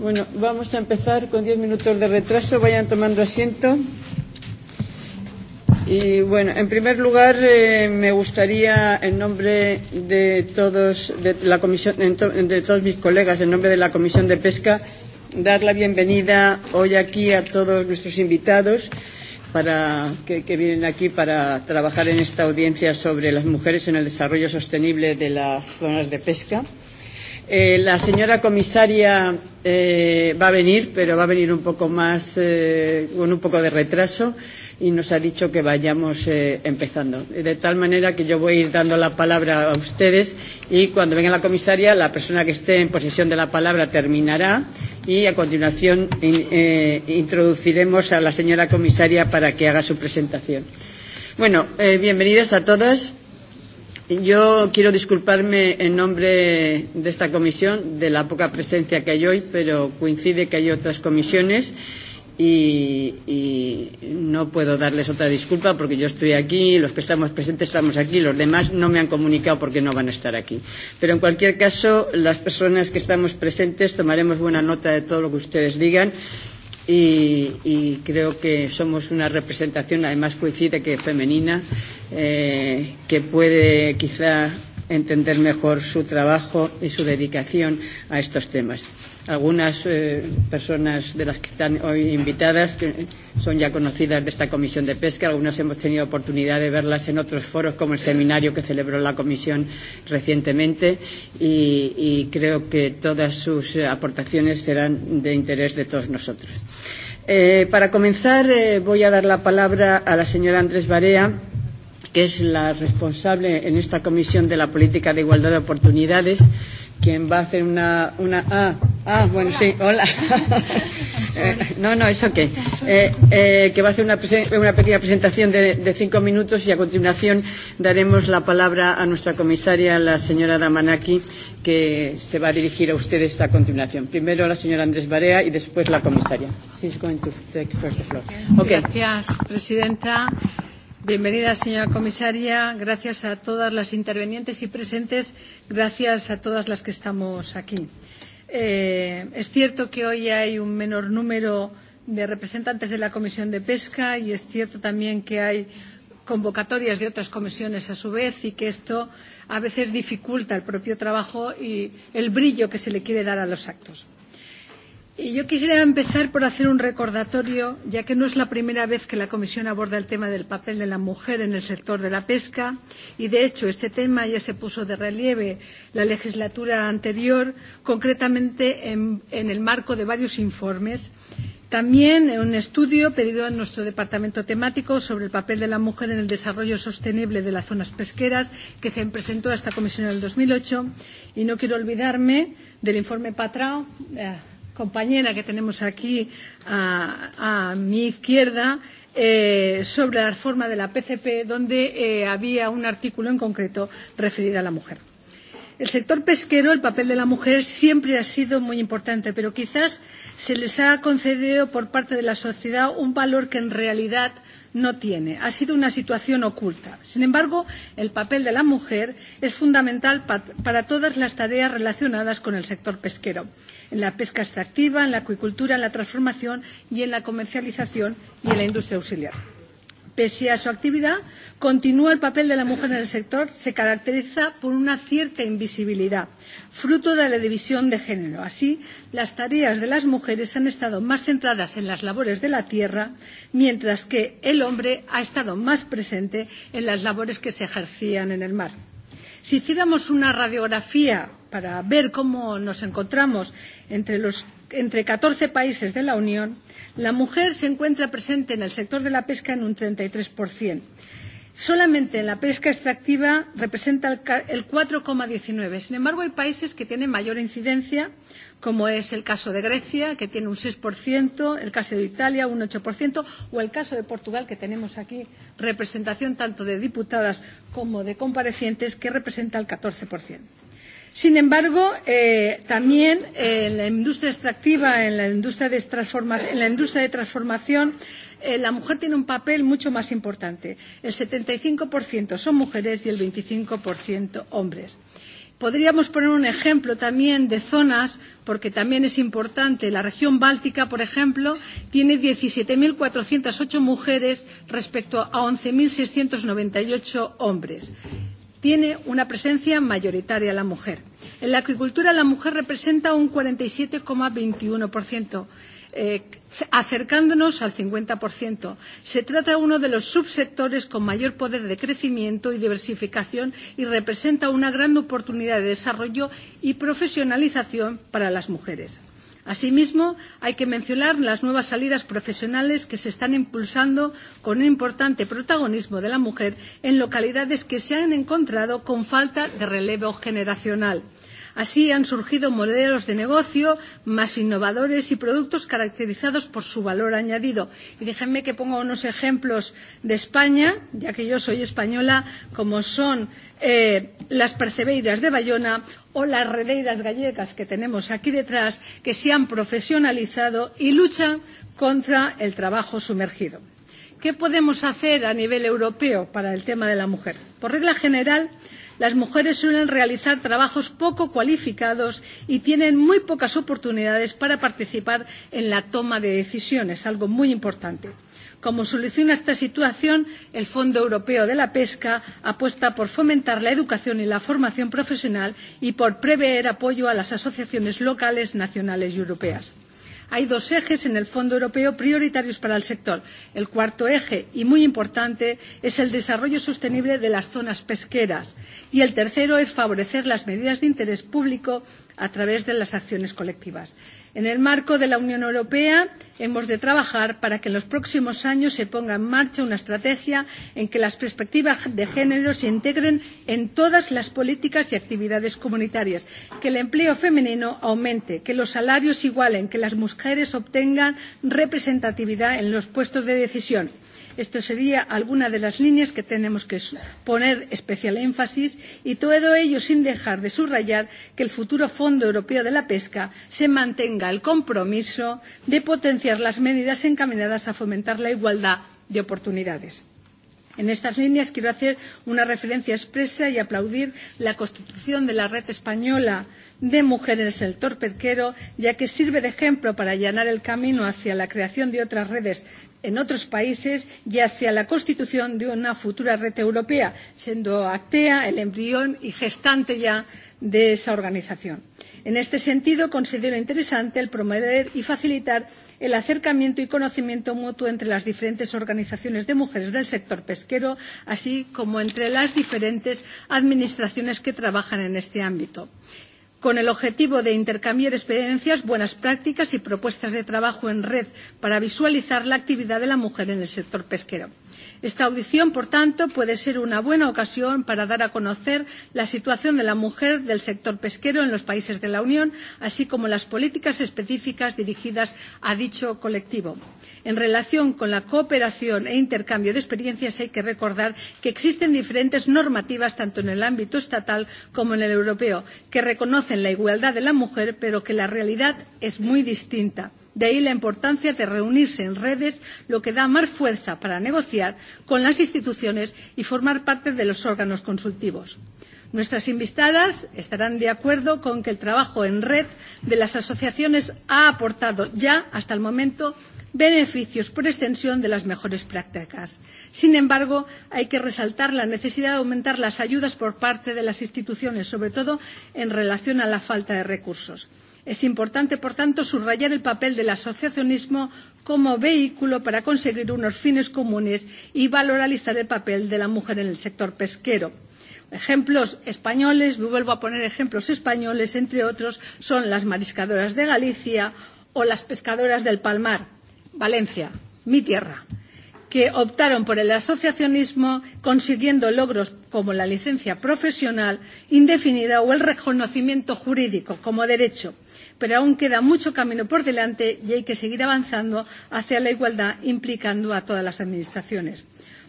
Bueno, vamos a empezar con diez minutos de retraso. Vayan tomando asiento. Y bueno, en primer lugar, eh, me gustaría, en nombre de todos, de la comisión, de todos mis colegas, en nombre de la Comisión de Pesca, dar la bienvenida hoy aquí a todos nuestros invitados para, que, que vienen aquí para trabajar en esta audiencia sobre las mujeres en el desarrollo sostenible de las zonas de pesca. Eh, la señora comisaria eh, va a venir, pero va a venir un poco más, eh, con un poco de retraso, y nos ha dicho que vayamos eh, empezando. De tal manera que yo voy a ir dando la palabra a ustedes y cuando venga la comisaria, la persona que esté en posesión de la palabra terminará y a continuación eh, introduciremos a la señora comisaria para que haga su presentación. Bueno, eh, bienvenidas a todas. Yo quiero disculparme en nombre de esta comisión de la poca presencia que hay hoy, pero coincide que hay otras comisiones y, y no puedo darles otra disculpa porque yo estoy aquí, los que estamos presentes estamos aquí, los demás no me han comunicado porque no van a estar aquí. Pero en cualquier caso, las personas que estamos presentes tomaremos buena nota de todo lo que ustedes digan y, y creo que somos una representación, además coincide que femenina, eh, que puede quizá entender mejor su trabajo y su dedicación a estos temas. Algunas eh, personas de las que están hoy invitadas que son ya conocidas de esta Comisión de Pesca, algunas hemos tenido oportunidad de verlas en otros foros como el seminario que celebró la Comisión recientemente y, y creo que todas sus aportaciones serán de interés de todos nosotros. Eh, para comenzar eh, voy a dar la palabra a la señora Andrés Barea que es la responsable en esta comisión de la política de igualdad de oportunidades, quien va a hacer una, una ah, ah, bueno, sí, hola. eh, no, no, es qué. Eh, eh, que va a hacer una, una pequeña presentación de, de cinco minutos y a continuación daremos la palabra a nuestra comisaria, la señora Damanaki, que se va a dirigir a ustedes a continuación. Primero la señora Andrés Barea y después la comisaria. She's going to take first the floor. Okay. Gracias, presidenta. Bienvenida, señora comisaria. Gracias a todas las intervinientes y presentes. Gracias a todas las que estamos aquí. Eh, es cierto que hoy hay un menor número de representantes de la Comisión de Pesca y es cierto también que hay convocatorias de otras comisiones a su vez y que esto a veces dificulta el propio trabajo y el brillo que se le quiere dar a los actos. Yo quisiera empezar por hacer un recordatorio, ya que no es la primera vez que la Comisión aborda el tema del papel de la mujer en el sector de la pesca y, de hecho, este tema ya se puso de relieve la legislatura anterior, concretamente en, el marco de varios informes. También en un estudio pedido a nuestro departamento temático sobre el papel de la mujer en el desarrollo sostenible de las zonas pesqueras, que se presentó a esta comisión en el dos mil ocho, Y no quiero olvidarme del informe Patrao, compañera que tenemos aquí a, a mi izquierda eh, sobre la reforma de la PCP, donde eh, había un artículo en concreto referido a la mujer. El sector pesquero, el papel de la mujer siempre ha sido muy importante, pero quizás se les ha concedido por parte de la sociedad un valor que en realidad no tiene. Ha sido una situación oculta. Sin embargo, el papel de la mujer es fundamental para todas las tareas relacionadas con el sector pesquero, en la pesca extractiva, en la acuicultura, en la transformación y en la comercialización y en la industria auxiliar. Pese a su actividad, continúa el papel de la mujer en el sector, se caracteriza por una cierta invisibilidad, fruto de la división de género. Así, las tareas de las mujeres han estado más centradas en las labores de la tierra, mientras que el hombre ha estado más presente en las labores que se ejercían en el mar. Si hiciéramos una radiografía para ver cómo nos encontramos entre los entre catorce países de la Unión, la mujer se encuentra presente en el sector de la pesca en un treinta y tres Solamente la pesca extractiva representa el cuatro diecinueve. Sin embargo, hay países que tienen mayor incidencia, como es el caso de Grecia, que tiene un seis, el caso de Italia, un ocho, o el caso de Portugal, que tenemos aquí representación tanto de diputadas como de comparecientes, que representa el catorce Sin embargo, eh, también eh, en la industria extractiva, en la industria de, transformación, en la industria de transformación, eh, la mujer tiene un papel mucho más importante. El 75% son mujeres y el 25% hombres. Podríamos poner un ejemplo también de zonas, porque también es importante. La región báltica, por ejemplo, tiene 17.408 mujeres respecto a 11.698 hombres tiene una presencia mayoritaria la mujer. En la acuicultura la mujer representa un 47,21%, eh, acercándonos al 50%. Se trata de uno de los subsectores con mayor poder de crecimiento y diversificación y representa una gran oportunidad de desarrollo y profesionalización para las mujeres. Asimismo, hay que mencionar las nuevas salidas profesionales que se están impulsando con un importante protagonismo de la mujer en localidades que se han encontrado con falta de relevo generacional. Así han surgido modelos de negocio más innovadores y productos caracterizados por su valor añadido. Y déjenme que ponga unos ejemplos de España, ya que yo soy española, como son eh, las percebeiras de Bayona o las redeiras gallegas que tenemos aquí detrás, que se han profesionalizado y luchan contra el trabajo sumergido. ¿Qué podemos hacer a nivel europeo para el tema de la mujer? Por regla general, las mujeres suelen realizar trabajos poco cualificados y tienen muy pocas oportunidades para participar en la toma de decisiones, algo muy importante. Como solución a esta situación, el Fondo Europeo de la Pesca apuesta por fomentar la educación y la formación profesional y por prever apoyo a las asociaciones locales, nacionales y europeas hay dos ejes en el Fondo Europeo prioritarios para el sector. El cuarto eje, y muy importante, es el desarrollo sostenible de las zonas pesqueras. Y el tercero es favorecer las medidas de interés público a través de las acciones colectivas. En el marco de la Unión Europea hemos de trabajar para que en los próximos años se ponga en marcha una estrategia en que las perspectivas de género se integren en todas las políticas y actividades comunitarias, que el empleo femenino aumente, que los salarios igualen, que las mujeres obtengan representatividad en los puestos de decisión. Esto sería alguna de las líneas que tenemos que poner especial énfasis y todo ello sin dejar de subrayar que el futuro Fondo Europeo de la Pesca se mantenga el compromiso de potenciar las medidas encaminadas a fomentar la igualdad de oportunidades. En estas líneas quiero hacer una referencia expresa y aplaudir la constitución de la Red Española de Mujeres en el sector pesquero, ya que sirve de ejemplo para allanar el camino hacia la creación de otras redes en otros países y hacia la constitución de una futura red europea, siendo Actea el embrión y gestante ya de esa organización. En este sentido, considero interesante el promover y facilitar el acercamiento y conocimiento mutuo entre las diferentes organizaciones de mujeres del sector pesquero, así como entre las diferentes administraciones que trabajan en este ámbito con el objetivo de intercambiar experiencias, buenas prácticas y propuestas de trabajo en red para visualizar la actividad de la mujer en el sector pesquero. Esta audición, por tanto, puede ser una buena ocasión para dar a conocer la situación de la mujer del sector pesquero en los países de la Unión, así como las políticas específicas dirigidas a dicho colectivo. En relación con la cooperación e intercambio de experiencias, hay que recordar que existen diferentes normativas, tanto en el ámbito estatal como en el europeo, que reconocen la igualdad de la mujer, pero que la realidad es muy distinta De ahí la importancia de reunirse en redes, lo que da más fuerza para negociar con las instituciones y formar parte de los órganos consultivos. Nuestras invitadas estarán de acuerdo con que el trabajo en red de las asociaciones ha aportado ya, hasta el momento, beneficios por extensión de las mejores prácticas. Sin embargo, hay que resaltar la necesidad de aumentar las ayudas por parte de las instituciones, sobre todo en relación a la falta de recursos. Es importante, por tanto, subrayar el papel del asociacionismo como vehículo para conseguir unos fines comunes y valorizar el papel de la mujer en el sector pesquero. Ejemplos españoles, vuelvo a poner ejemplos españoles, entre otros, son las mariscadoras de Galicia o las pescadoras del Palmar, Valencia, mi tierra, que optaron por el asociacionismo consiguiendo logros como la licencia profesional indefinida o el reconocimiento jurídico como derecho pero aún queda mucho camino por delante y hay que seguir avanzando hacia la igualdad implicando a todas las administraciones.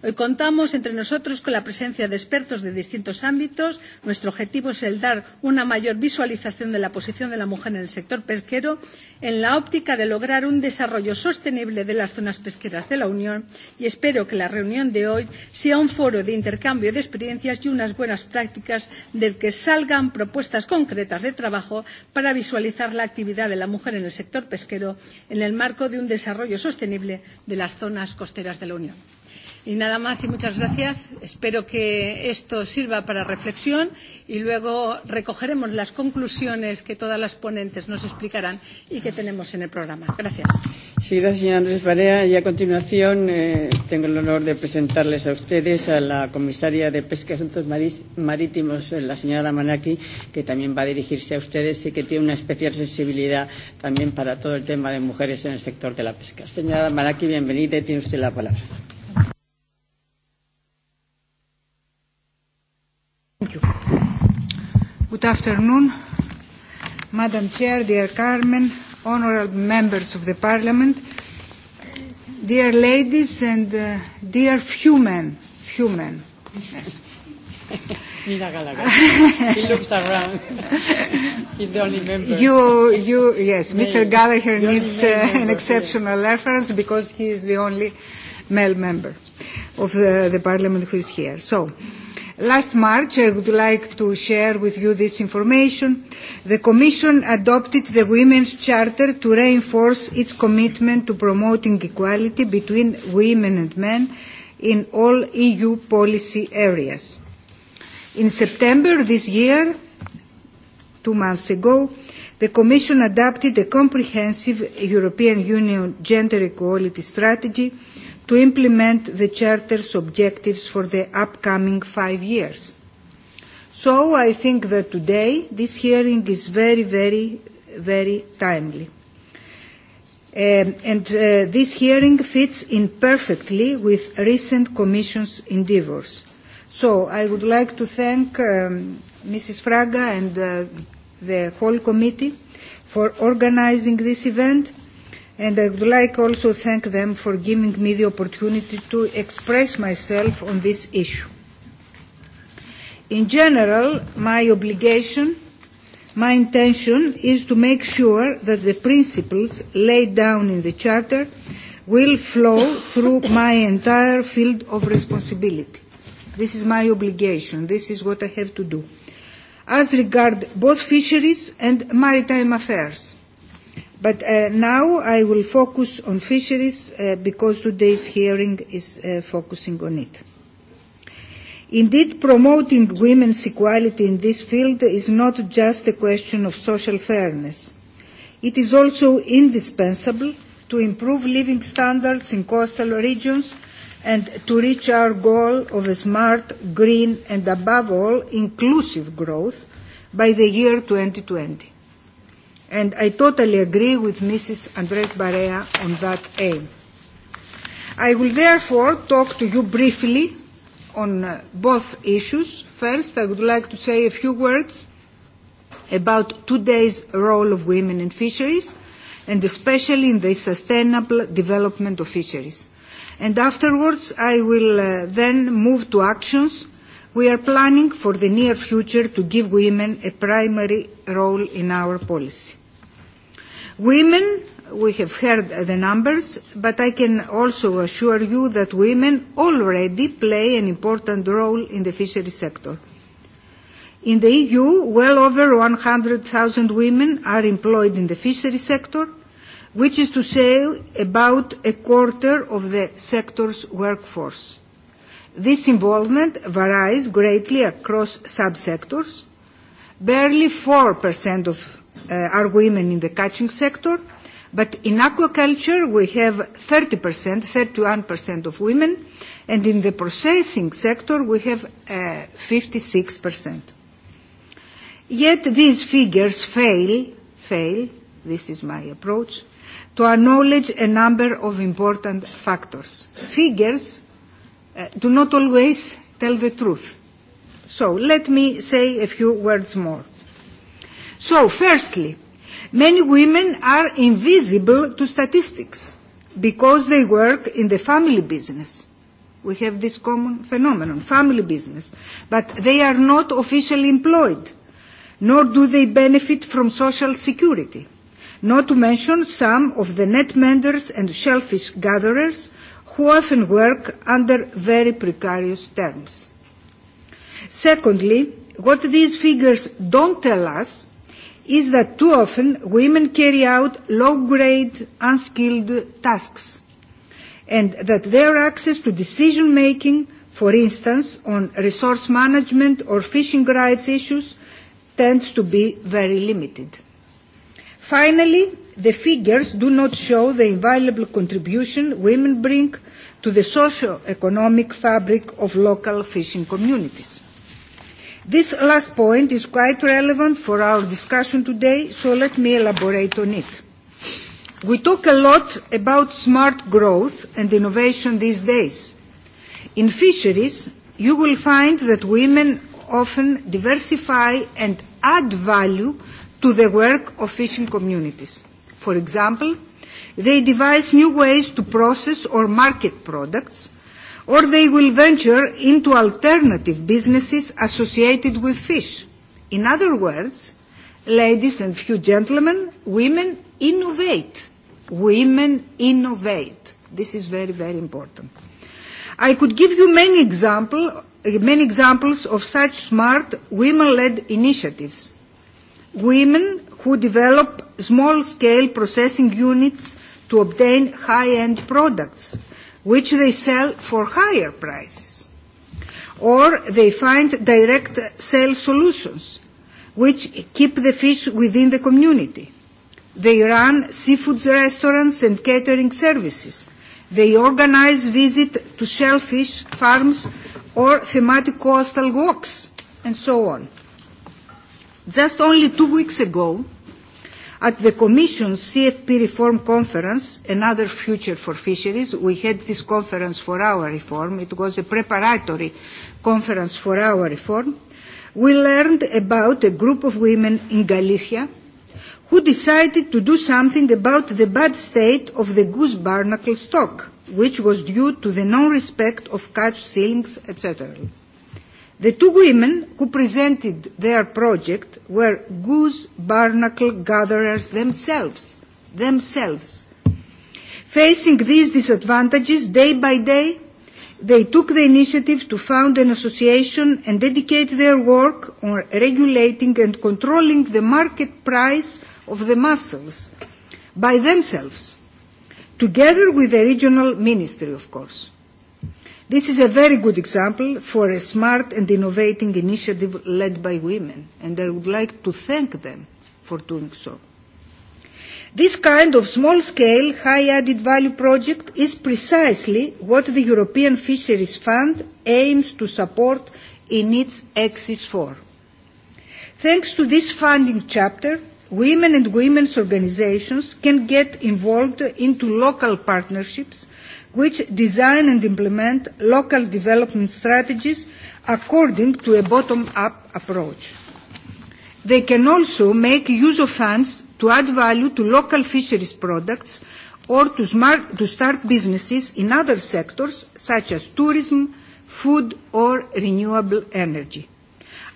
Hoy contamos entre nosotros con la presencia de expertos de distintos ámbitos. Nuestro objetivo es el dar una mayor visualización de la posición de la mujer en el sector pesquero en la óptica de lograr un desarrollo sostenible de las zonas pesqueras de la Unión y espero que la reunión de hoy sea un foro de intercambio de experiencias y unas buenas prácticas del que salgan propuestas concretas de trabajo para visualizar la actividad de la mujer en el sector pesquero en el marco de un desarrollo sostenible de las zonas costeras de la Unión. Y nada más y muchas gracias. Espero que esto sirva para reflexión y luego recogeremos las conclusiones que todas las ponentes nos explicarán y que tenemos en el programa. Gracias. Sí, gracias, señora Andrés Barea. Y a continuación eh, tengo el honor de presentarles a ustedes a la comisaria de Pesca y Asuntos Marítimos, la señora Manaki, que también va a dirigirse a ustedes y que tiene una especial sensibilidad también para todo el tema de mujeres en el sector de la pesca. Señora Manaki, bienvenida y tiene usted la palabra. Thank you. Good afternoon, Madam Chair, dear Carmen, honorable members of the Parliament, dear ladies and uh, dear human, human. Yes. Nina Gallagher. he looked around. He's the only member. You, you, yes, Mr. Gallagher needs uh, an exceptional reference because he is the only male member of the, the Parliament who is here. So. Uh, Last March, I would like to share with you this information. The Commission adopted the Women's Charter to reinforce its commitment to promoting equality between women and men in all EU policy areas. In September this year, two months ago, the Commission adopted a comprehensive European Union gender equality strategy to implement the Charter's objectives for the upcoming five years. So I think that today this hearing is very, very, very timely. Um, and uh, this hearing fits in perfectly with recent Commission's endeavours. So I would like to thank um, Mrs. Fraga and uh, the whole committee for organising this event and I would like also to thank them for giving me the opportunity to express myself on this issue. In general, my obligation, my intention is to make sure that the principles laid down in the Charter will flow through my entire field of responsibility. This is my obligation. This is what I have to do. As regards both fisheries and maritime affairs, But uh, now I will focus on fisheries uh, because today's hearing is uh, focusing on it. Indeed, promoting women's equality in this field is not just a question of social fairness. It is also indispensable to improve living standards in coastal regions and to reach our goal of a smart, green and above all inclusive growth by the year 2020 and I totally agree with Mrs. Andres Barea on that aim. I will therefore talk to you briefly on uh, both issues. First, I would like to say a few words about today's role of women in fisheries, and especially in the sustainable development of fisheries. And afterwards, I will uh, then move to actions we are planning for the near future to give women a primary role in our policy. Women, we have heard the numbers, but I can also assure you that women already play an important role in the fisheries sector. In the EU, well over 100,000 women are employed in the fisheries sector, which is to say about a quarter of the sector's workforce. This involvement varies greatly across subsectors. Barely 4% of uh, are women in the catching sector, but in aquaculture we have 30%, 31% of women, and in the processing sector we have uh, 56%. Yet these figures fail, fail, this is my approach, to acknowledge a number of important factors. Figures uh, do not always tell the truth. So let me say a few words more. So, firstly, many women are invisible to statistics because they work in the family business. We have this common phenomenon, family business. But they are not officially employed, nor do they benefit from social security. Not to mention some of the net menders and shellfish gatherers who often work under very precarious terms. Secondly, what these figures don't tell us is that too often women carry out low-grade, unskilled tasks, and that their access to decision-making, for instance, on resource management or fishing rights issues, tends to be very limited. Finally, the figures do not show the invaluable contribution women bring to the socio-economic fabric of local fishing communities. This last point is quite relevant for our discussion today, so let me elaborate on it. We talk a lot about smart growth and innovation these days. In fisheries, you will find that women often diversify and add value to the work of fishing communities. For example, they devise new ways to process or market products – or they will venture into alternative businesses associated with fish. In other words, ladies and few gentlemen, women innovate. Women innovate. This is very, very important. I could give you many, example, many examples of such smart women-led initiatives. Women who develop small-scale processing units to obtain high-end products – which they sell for higher prices. Or they find direct sale solutions, which keep the fish within the community. They run seafood restaurants and catering services. They organize visits to shellfish farms or thematic coastal walks, and so on. Just only two weeks ago, At the Commission CFP Reform Conference, another future for fisheries, we had this conference for our reform. It was a preparatory conference for our reform. We learned about a group of women in Galicia who decided to do something about the bad state of the goose barnacle stock, which was due to the non-respect of catch ceilings, etc. The two women who presented their project were goose barnacle gatherers themselves. themselves. Facing these disadvantages day by day, they took the initiative to found an association and dedicate their work on regulating and controlling the market price of the mussels by themselves, together with the regional ministry, of course. This is a very good example for a smart and innovating initiative led by women, and I would like to thank them for doing so. This kind of small-scale, high-added value project is precisely what the European Fisheries Fund aims to support in its Axis four. Thanks to this funding chapter, women and women's organizations can get involved into local partnerships which design and implement local development strategies according to a bottom-up approach. They can also make use of funds to add value to local fisheries products or to, smart, to start businesses in other sectors such as tourism, food or renewable energy.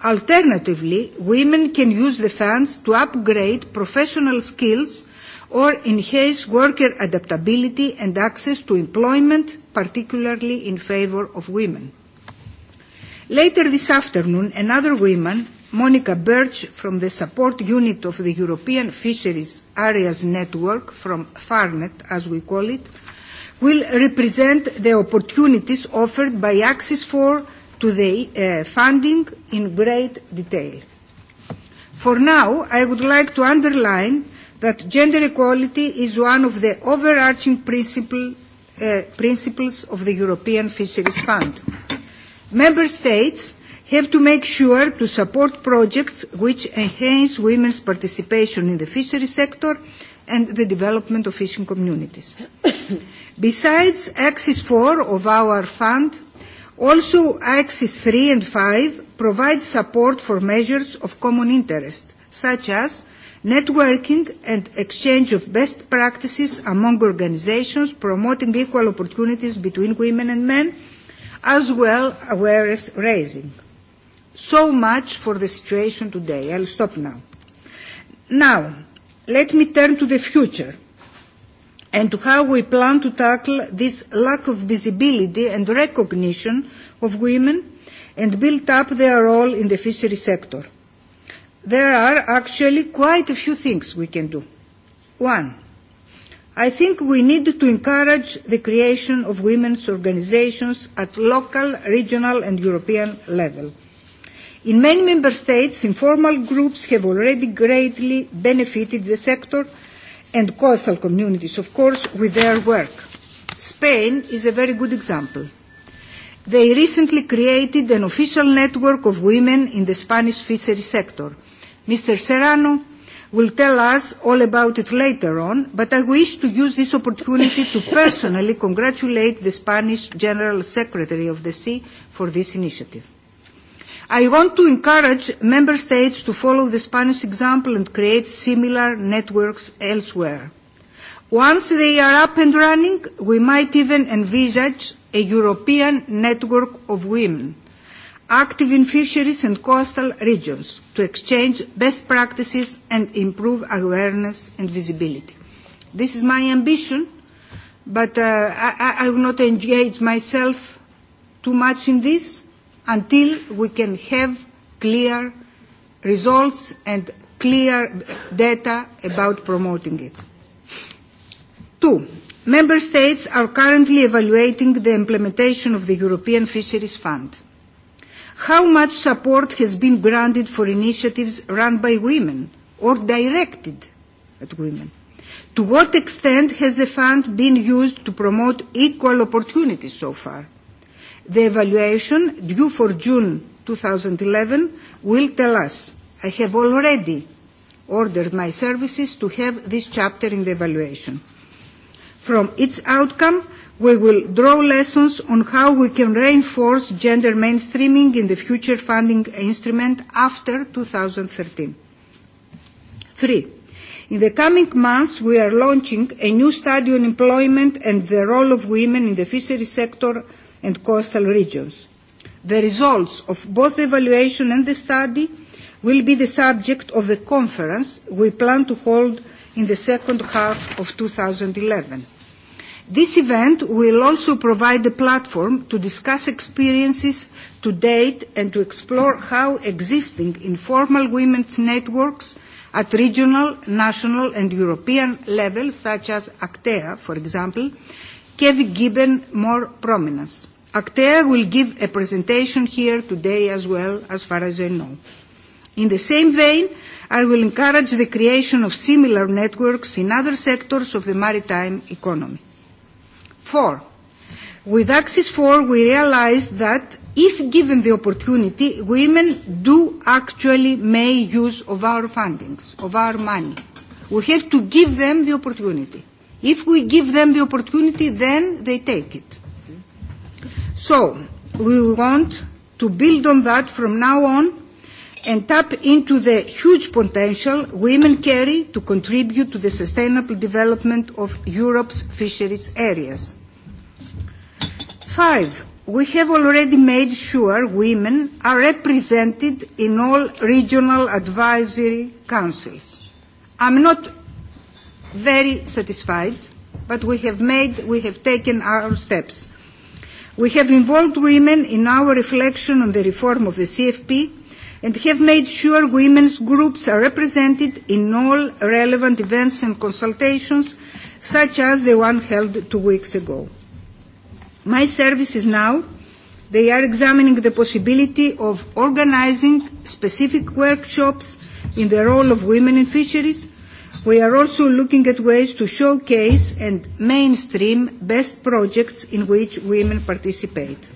Alternatively, women can use the funds to upgrade professional skills or enhance worker adaptability and access to employment, particularly in favour of women. Later this afternoon, another woman, Monica Birch from the support unit of the European Fisheries Areas Network, from FARNET as we call it, will represent the opportunities offered by Axis 4 to the uh, funding in great detail. For now, I would like to underline that gender equality is one of the overarching principle, uh, principles of the European Fisheries Fund. Member States have to make sure to support projects which enhance women's participation in the fisheries sector and the development of fishing communities. Besides Axis 4 of our fund, also Axis 3 and 5 provide support for measures of common interest, such as networking and exchange of best practices among organizations promoting equal opportunities between women and men, as well awareness raising. So much for the situation today. I'll stop now. Now, let me turn to the future and to how we plan to tackle this lack of visibility and recognition of women and build up their role in the fishery sector there are actually quite a few things we can do. One, I think we need to encourage the creation of women's organizations at local, regional and European level. In many member states, informal groups have already greatly benefited the sector and coastal communities, of course, with their work. Spain is a very good example. They recently created an official network of women in the Spanish fishery sector – Mr. Serrano will tell us all about it later on, but I wish to use this opportunity to personally congratulate the Spanish General Secretary of the Sea for this initiative. I want to encourage member states to follow the Spanish example and create similar networks elsewhere. Once they are up and running, we might even envisage a European network of women active in fisheries and coastal regions to exchange best practices and improve awareness and visibility. This is my ambition, but uh, I, I will not engage myself too much in this until we can have clear results and clear data about promoting it. Two, Member States are currently evaluating the implementation of the European Fisheries Fund How much support has been granted for initiatives run by women or directed at women? To what extent has the fund been used to promote equal opportunities so far? The evaluation due for June 2011 will tell us. I have already ordered my services to have this chapter in the evaluation. From its outcome, we will draw lessons on how we can reinforce gender mainstreaming in the future funding instrument after 2013. Three, in the coming months, we are launching a new study on employment and the role of women in the fisheries sector and coastal regions. The results of both the evaluation and the study will be the subject of the conference we plan to hold in the second half of 2011. This event will also provide a platform to discuss experiences to date and to explore how existing informal women's networks at regional, national and European levels, such as ACTEA, for example, can be given more prominence. ACTEA will give a presentation here today as well, as far as I know. In the same vein, I will encourage the creation of similar networks in other sectors of the maritime economy. Four. With Axis four we realized that if given the opportunity, women do actually make use of our fundings, of our money. We have to give them the opportunity. If we give them the opportunity, then they take it. So, we want to build on that from now on and tap into the huge potential women carry to contribute to the sustainable development of Europe's fisheries areas. Five, we have already made sure women are represented in all regional advisory councils. I'm not very satisfied, but we have made, we have taken our steps. We have involved women in our reflection on the reform of the CFP and have made sure women's groups are represented in all relevant events and consultations, such as the one held two weeks ago. My service is now, they are examining the possibility of organizing specific workshops in the role of women in fisheries. We are also looking at ways to showcase and mainstream best projects in which women participate.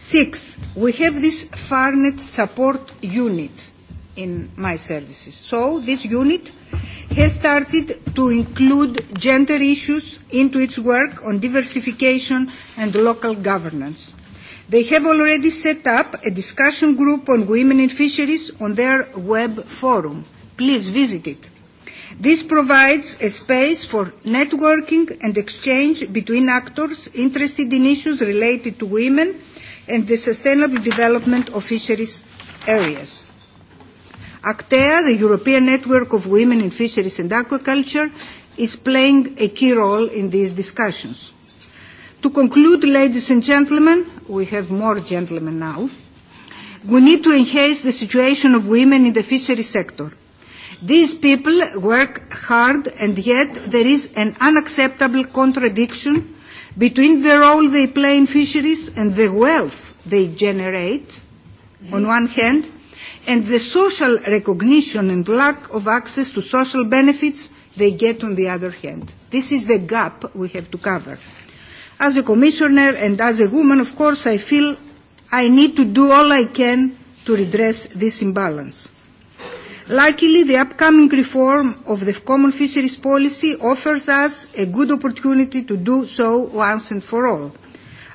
Sixth, we have this Farnet support unit in my services. So this unit has started to include gender issues into its work on diversification and local governance. They have already set up a discussion group on women in fisheries on their web forum. Please visit it. This provides a space for networking and exchange between actors interested in issues related to women and the sustainable development of fisheries areas. ACTEA, the European Network of Women in Fisheries and Aquaculture, is playing a key role in these discussions. To conclude, ladies and gentlemen, we have more gentlemen now, we need to enhance the situation of women in the fisheries sector. These people work hard and yet there is an unacceptable contradiction between the role they play in fisheries and the wealth they generate, on one hand, and the social recognition and lack of access to social benefits they get on the other hand. This is the gap we have to cover. As a commissioner and as a woman, of course, I feel I need to do all I can to redress this imbalance. Luckily, the upcoming reform of the common fisheries policy offers us a good opportunity to do so once and for all.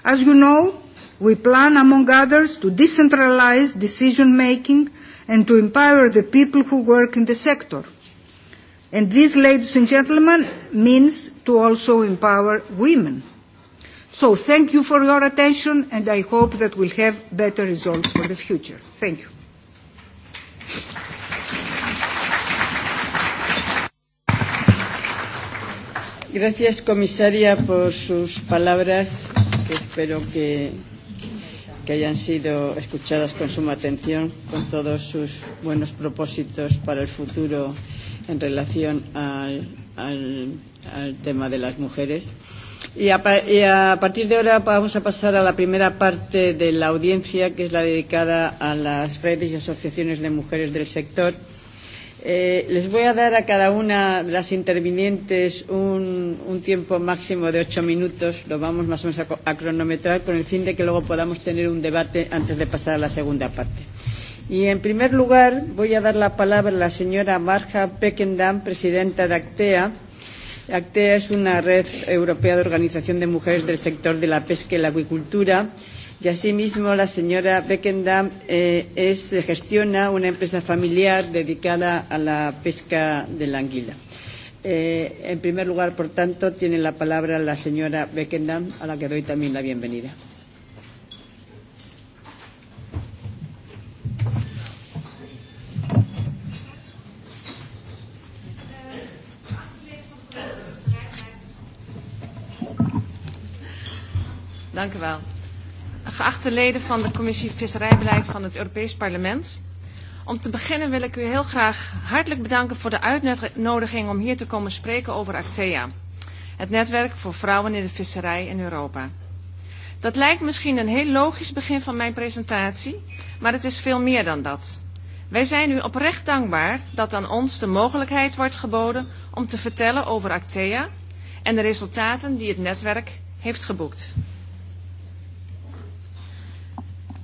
As you know, we plan, among others, to decentralize decision-making and to empower the people who work in the sector. And this, ladies and gentlemen, means to also empower women. So thank you for your attention, and I hope that we'll have better results for the future. Thank you. Gracias, comisaria, por sus palabras, que espero que, que hayan sido escuchadas con suma atención, con todos sus buenos propósitos para el futuro en relación al, al, al tema de las mujeres. Y a, y a partir de ahora vamos a pasar a la primera parte de la audiencia, que es la dedicada a las redes y asociaciones de mujeres del sector Eh, les voy a dar a cada una de las intervinientes un, un tiempo máximo de ocho minutos. Lo vamos más o menos a, a cronometrar con el fin de que luego podamos tener un debate antes de pasar a la segunda parte. Y en primer lugar voy a dar la palabra a la señora Marja Peckendam, presidenta de Actea. Actea es una red europea de organización de mujeres del sector de la pesca y la acuicultura Y asimismo, la señora Beckendam eh, es, gestiona una empresa familiar dedicada a la pesca de la anguila. Eh, en primer lugar, por tanto, tiene la palabra la señora Beckendam, a la que doy también la bienvenida. Dank u wel geachte leden van de Commissie Visserijbeleid van het Europees Parlement. Om te beginnen wil ik u heel graag hartelijk bedanken voor de uitnodiging om hier te komen spreken over Actea, het netwerk voor vrouwen in de visserij in Europa. Dat lijkt misschien een heel logisch begin van mijn presentatie, maar het is veel meer dan dat. Wij zijn u oprecht dankbaar dat aan ons de mogelijkheid wordt geboden om te vertellen over Actea en de resultaten die het netwerk heeft geboekt.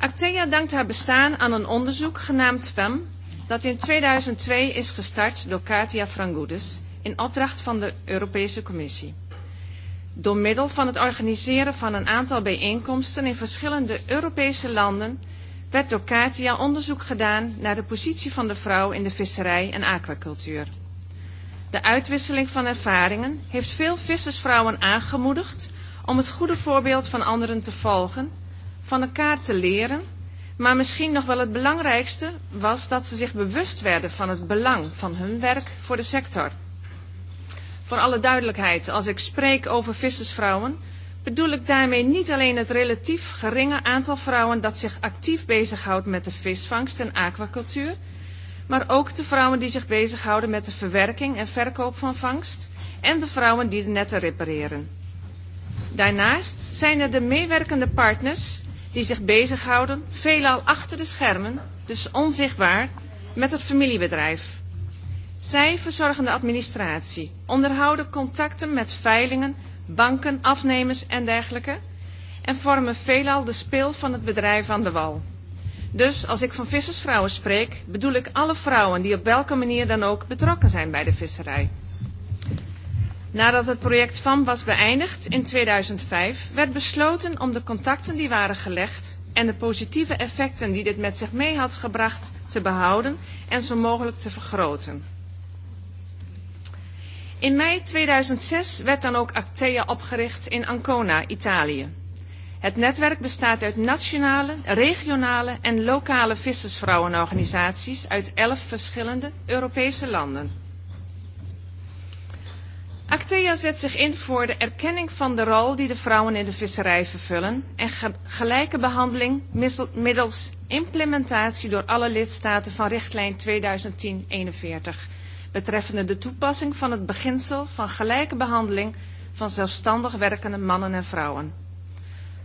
Actea dankt haar bestaan aan een onderzoek genaamd FEM, dat in 2002 is gestart door Katia Frangoudis in opdracht van de Europese Commissie. Door middel van het organiseren van een aantal bijeenkomsten in verschillende Europese landen werd door Katia onderzoek gedaan naar de positie van de vrouw in de visserij en aquacultuur. De uitwisseling van ervaringen heeft veel vissersvrouwen aangemoedigd om het goede voorbeeld van anderen te volgen van elkaar te leren. Maar misschien nog wel het belangrijkste was dat ze zich bewust werden van het belang van hun werk voor de sector. Voor alle duidelijkheid, als ik spreek over vissersvrouwen, bedoel ik daarmee niet alleen het relatief geringe aantal vrouwen dat zich actief bezighoudt met de visvangst en aquacultuur, maar ook de vrouwen die zich bezighouden met de verwerking en verkoop van vangst en de vrouwen die de netten repareren. Daarnaast zijn er de meewerkende partners die zich bezighouden, veelal achter de schermen, dus onzichtbaar, met het familiebedrijf. Zij verzorgen de administratie, onderhouden contacten met veilingen, banken, afnemers en dergelijke en vormen veelal de speel van het bedrijf aan de wal. Dus als ik van vissersvrouwen spreek, bedoel ik alle vrouwen die op welke manier dan ook betrokken zijn bij de visserij. Nadat het project FAM was beëindigd in 2005, werd besloten om de contacten die waren gelegd en de positieve effecten die dit met zich mee had gebracht te behouden en zo mogelijk te vergroten. In mei 2006 werd dan ook Actea opgericht in Ancona, Italië. Het netwerk bestaat uit nationale, regionale en lokale vissersvrouwenorganisaties uit elf verschillende Europese landen. Actea zet zich in voor de erkenning van de rol die de vrouwen in de visserij vervullen en ge gelijke behandeling middels implementatie door alle lidstaten van richtlijn 2010-41 betreffende de toepassing van het beginsel van gelijke behandeling van zelfstandig werkende mannen en vrouwen.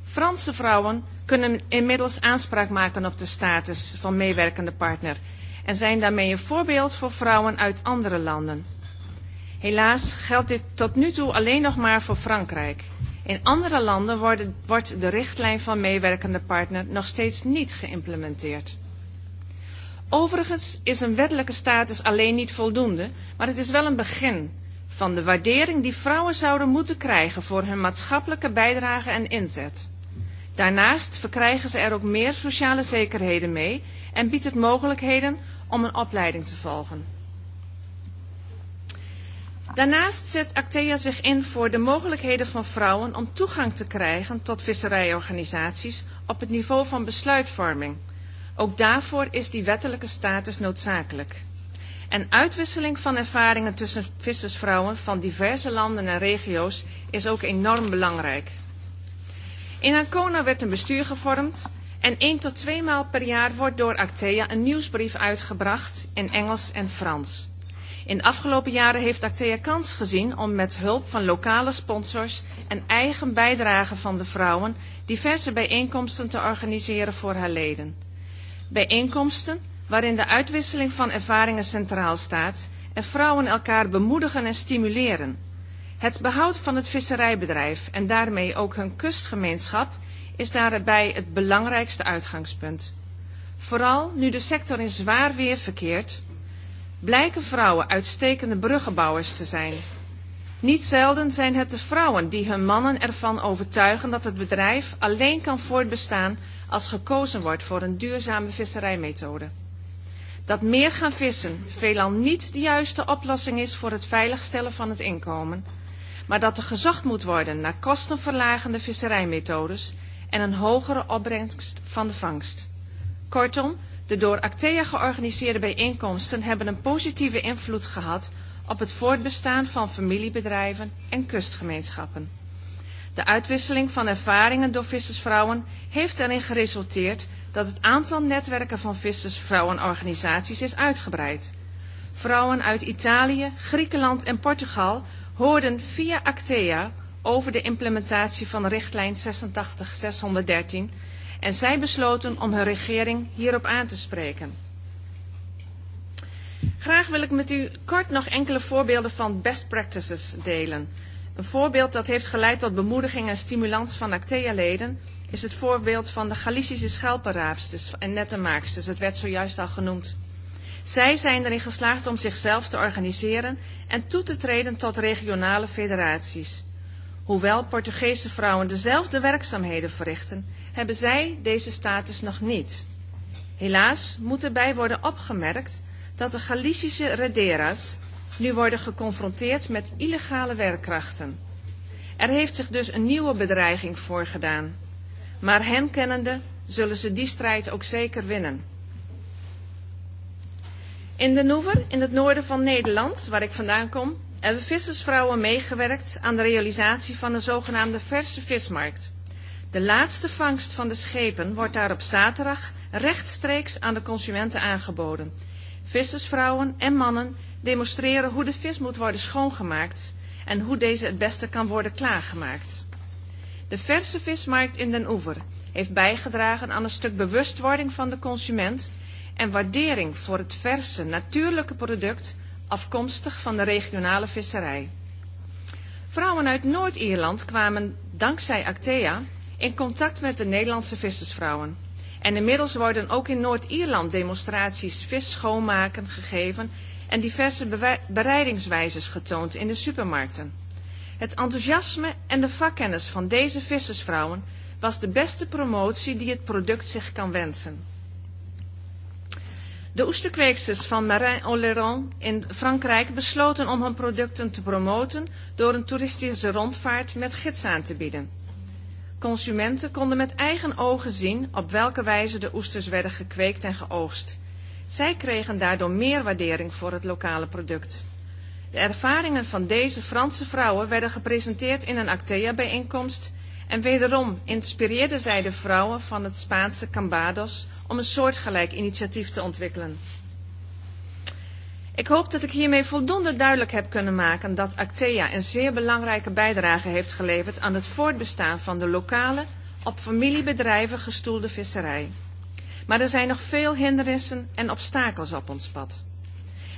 Franse vrouwen kunnen inmiddels aanspraak maken op de status van meewerkende partner en zijn daarmee een voorbeeld voor vrouwen uit andere landen. Helaas geldt dit tot nu toe alleen nog maar voor Frankrijk. In andere landen wordt de richtlijn van meewerkende partner nog steeds niet geïmplementeerd. Overigens is een wettelijke status alleen niet voldoende, maar het is wel een begin van de waardering die vrouwen zouden moeten krijgen voor hun maatschappelijke bijdrage en inzet. Daarnaast verkrijgen ze er ook meer sociale zekerheden mee en biedt het mogelijkheden om een opleiding te volgen. Daarnaast zet Actea zich in voor de mogelijkheden van vrouwen om toegang te krijgen tot visserijorganisaties op het niveau van besluitvorming. Ook daarvoor is die wettelijke status noodzakelijk. En uitwisseling van ervaringen tussen vissersvrouwen van diverse landen en regio's is ook enorm belangrijk. In Ancona werd een bestuur gevormd en één tot twee maal per jaar wordt door Actea een nieuwsbrief uitgebracht in Engels en Frans. In de afgelopen jaren heeft Actea kans gezien om met hulp van lokale sponsors en eigen bijdrage van de vrouwen diverse bijeenkomsten te organiseren voor haar leden. Bijeenkomsten waarin de uitwisseling van ervaringen centraal staat en vrouwen elkaar bemoedigen en stimuleren. Het behoud van het visserijbedrijf en daarmee ook hun kustgemeenschap is daarbij het belangrijkste uitgangspunt. Vooral nu de sector in zwaar weer verkeert, blijken vrouwen uitstekende bruggenbouwers te zijn. Niet zelden zijn het de vrouwen die hun mannen ervan overtuigen dat het bedrijf alleen kan voortbestaan als gekozen wordt voor een duurzame visserijmethode. Dat meer gaan vissen veelal niet de juiste oplossing is voor het veiligstellen van het inkomen, maar dat er gezocht moet worden naar kostenverlagende visserijmethodes en een hogere opbrengst van de vangst. Kortom, De door Actea georganiseerde bijeenkomsten hebben een positieve invloed gehad op het voortbestaan van familiebedrijven en kustgemeenschappen. De uitwisseling van ervaringen door vissersvrouwen heeft erin geresulteerd dat het aantal netwerken van vissersvrouwenorganisaties is uitgebreid. Vrouwen uit Italië, Griekenland en Portugal hoorden via Actea over de implementatie van richtlijn 86613 en zij besloten om hun regering hierop aan te spreken. Graag wil ik met u kort nog enkele voorbeelden van best practices delen. Een voorbeeld dat heeft geleid tot bemoediging en stimulans van Actea-leden is het voorbeeld van de Galicische schelpenraapsters en nettenmaaksters. Het werd zojuist al genoemd. Zij zijn erin geslaagd om zichzelf te organiseren en toe te treden tot regionale federaties. Hoewel Portugese vrouwen dezelfde werkzaamheden verrichten, hebben zij deze status nog niet. Helaas moet erbij worden opgemerkt dat de Galicische rederas nu worden geconfronteerd met illegale werkkrachten. Er heeft zich dus een nieuwe bedreiging voorgedaan. Maar hen kennende zullen ze die strijd ook zeker winnen. In de Noever, in het noorden van Nederland, waar ik vandaan kom, hebben vissersvrouwen meegewerkt aan de realisatie van de zogenaamde verse vismarkt. De laatste vangst van de schepen wordt daar op zaterdag rechtstreeks aan de consumenten aangeboden. Vissersvrouwen en mannen demonstreren hoe de vis moet worden schoongemaakt en hoe deze het beste kan worden klaargemaakt. De verse vismarkt in Den Oever heeft bijgedragen aan een stuk bewustwording van de consument en waardering voor het verse, natuurlijke product afkomstig van de regionale visserij. Vrouwen uit Noord-Ierland kwamen dankzij Actea in contact met de Nederlandse vissersvrouwen. En inmiddels worden ook in Noord-Ierland demonstraties vis schoonmaken gegeven en diverse bereidingswijzes getoond in de supermarkten. Het enthousiasme en de vakkennis van deze vissersvrouwen was de beste promotie die het product zich kan wensen. De oesterkweeksters van Marin Oleron in Frankrijk besloten om hun producten te promoten door een toeristische rondvaart met gids aan te bieden. Consumenten konden met eigen ogen zien op welke wijze de oesters werden gekweekt en geoogst. Zij kregen daardoor meer waardering voor het lokale product. De ervaringen van deze Franse vrouwen werden gepresenteerd in een Actea-bijeenkomst en wederom inspireerden zij de vrouwen van het Spaanse Cambados om een soortgelijk initiatief te ontwikkelen. Ik hoop dat ik hiermee voldoende duidelijk heb kunnen maken dat Actea een zeer belangrijke bijdrage heeft geleverd aan het voortbestaan van de lokale, op familiebedrijven gestoelde visserij. Maar er zijn nog veel hindernissen en obstakels op ons pad.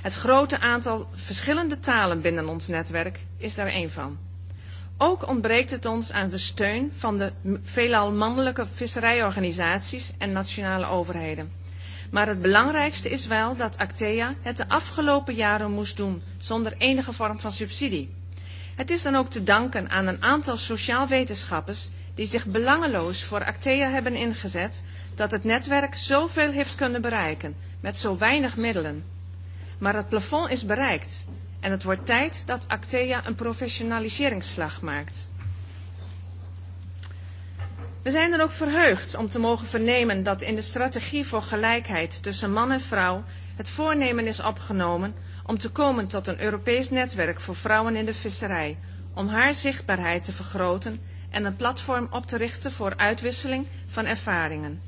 Het grote aantal verschillende talen binnen ons netwerk is daar één van. Ook ontbreekt het ons aan de steun van de veelal mannelijke visserijorganisaties en nationale overheden Maar het belangrijkste is wel dat Actea het de afgelopen jaren moest doen, zonder enige vorm van subsidie. Het is dan ook te danken aan een aantal sociaal wetenschappers die zich belangeloos voor Actea hebben ingezet, dat het netwerk zoveel heeft kunnen bereiken, met zo weinig middelen. Maar het plafond is bereikt en het wordt tijd dat Actea een professionaliseringsslag maakt. We zijn dan ook verheugd om te mogen vernemen dat in de strategie voor gelijkheid tussen man en vrouw het voornemen is opgenomen om te komen tot een Europees netwerk voor vrouwen in de visserij, om haar zichtbaarheid te vergroten en een platform op te richten voor uitwisseling van ervaringen.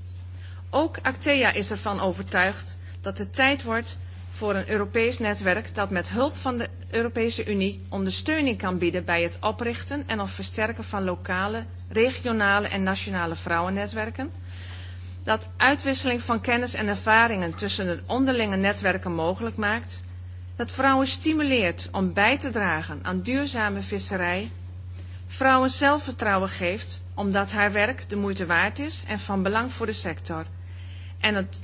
Ook Actea is ervan overtuigd dat het tijd wordt voor een Europees netwerk dat met hulp van de Europese Unie ondersteuning kan bieden bij het oprichten en of versterken van lokale, regionale en nationale vrouwennetwerken. Dat uitwisseling van kennis en ervaringen tussen de onderlinge netwerken mogelijk maakt. Dat vrouwen stimuleert om bij te dragen aan duurzame visserij. Vrouwen zelfvertrouwen geeft omdat haar werk de moeite waard is en van belang voor de sector. En het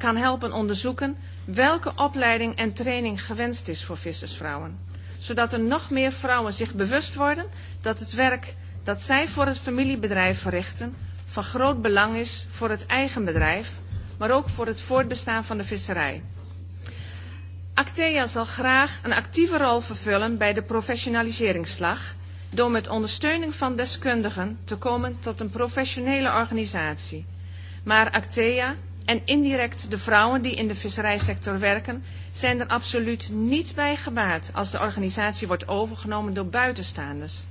kan helpen onderzoeken welke opleiding en training gewenst is voor vissersvrouwen. Zodat er nog meer vrouwen zich bewust worden dat het werk dat zij voor het familiebedrijf verrichten van groot belang is voor het eigen bedrijf, maar ook voor het voortbestaan van de visserij. Actea zal graag een actieve rol vervullen bij de professionaliseringsslag door met ondersteuning van deskundigen te komen tot een professionele organisatie. Maar Actea En indirect de vrouwen die in de visserijsector werken, zijn er absoluut niet bij gebaat als de organisatie wordt overgenomen door buitenstaanders.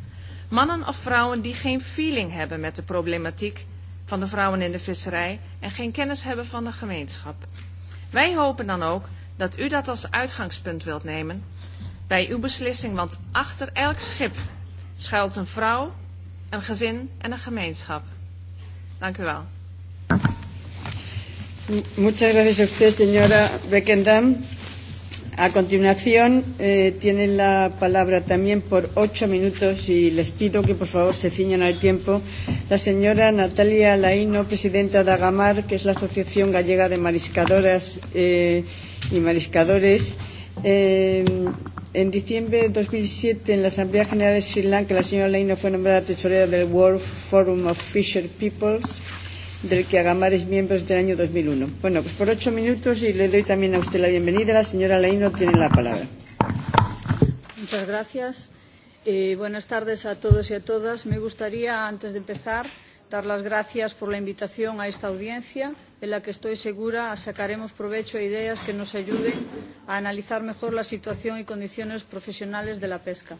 Mannen of vrouwen die geen feeling hebben met de problematiek van de vrouwen in de visserij en geen kennis hebben van de gemeenschap. Wij hopen dan ook dat u dat als uitgangspunt wilt nemen bij uw beslissing, want achter elk schip schuilt een vrouw, een gezin en een gemeenschap. Dank u wel. Muchas gracias a usted, señora Beckendam. A continuación, eh, tienen la palabra también por ocho minutos y les pido que, por favor, se ciñan al tiempo la señora Natalia Laino, presidenta de Agamar, que es la Asociación Gallega de Mariscadoras eh, y Mariscadores. Eh, en diciembre de 2007, en la Asamblea General de Sri Lanka, la señora Laino fue nombrada tesorera del World Forum of Fisher Peoples del que Agamar es miembro desde el año 2001. Bueno, pues por ocho minutos y le doy también a usted la bienvenida. La señora Leino tiene la palabra. Muchas gracias. Eh, buenas tardes a todos y a todas. Me gustaría, antes de empezar, dar las gracias por la invitación a esta audiencia, en la que estoy segura sacaremos provecho a ideas que nos ayuden a analizar mejor la situación y condiciones profesionales de la pesca.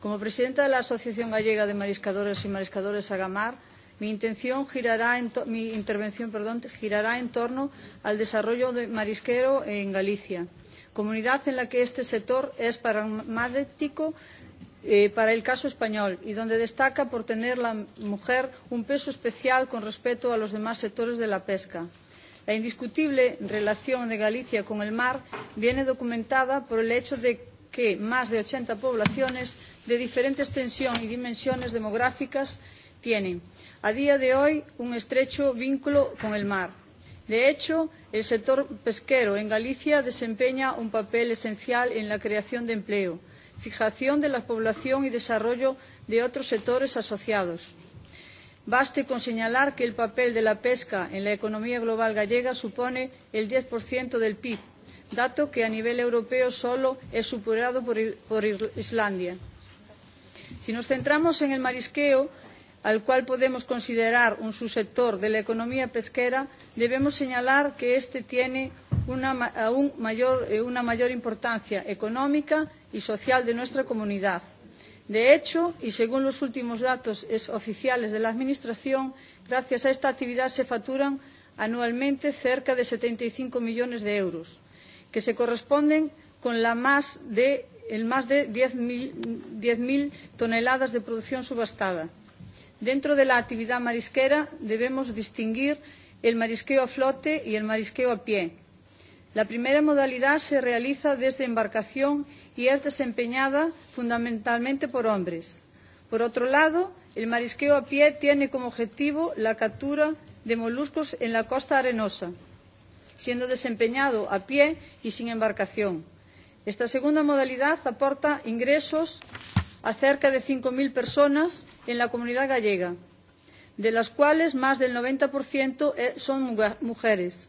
Como presidenta de la Asociación Gallega de Mariscadores y Mariscadores Agamar, Mi intención girará en to mi intervención perdón, girará en torno al desarrollo de marisquero en Galicia, comunidad en la que este sector es paradigmático eh, para el caso español y donde destaca por tener la mujer un peso especial con respecto a los demás sectores de la pesca. La indiscutible relación de Galicia con el mar viene documentada por el hecho de que más de 80 poblaciones de diferente extensión y dimensiones demográficas tienen a día de hoy un estrecho vínculo con el mar. De hecho, el sector pesquero en Galicia desempeña un papel esencial en la creación de empleo, fijación de la población y desarrollo de otros sectores asociados. Baste con señalar que el papel de la pesca en la economía global gallega supone el 10% del PIB, dato que a nivel europeo solo es superado por Islandia. Si nos centramos en el marisqueo, al cual podemos considerar un subsector de la economía pesquera, debemos señalar que este tiene una, aún mayor, una mayor importancia económica y social de nuestra comunidad. De hecho, y según los últimos datos oficiales de la Administración, gracias a esta actividad se facturan anualmente cerca de setenta y cinco millones de euros, que se corresponden con la más de, el más de diez 10 toneladas de producción subastada Dentro de la actividad marisquera debemos distinguir el marisqueo a flote y el marisqueo a pie. La primera modalidad se realiza desde embarcación y es desempeñada fundamentalmente por hombres. Por otro lado, el marisqueo a pie tiene como objetivo la captura de moluscos en la costa arenosa, siendo desempeñado a pie y sin embarcación. Esta segunda modalidad aporta ingresos a cerca de cinco 5.000 personas en la comunidad gallega, de las cuales más del 90% son mujeres.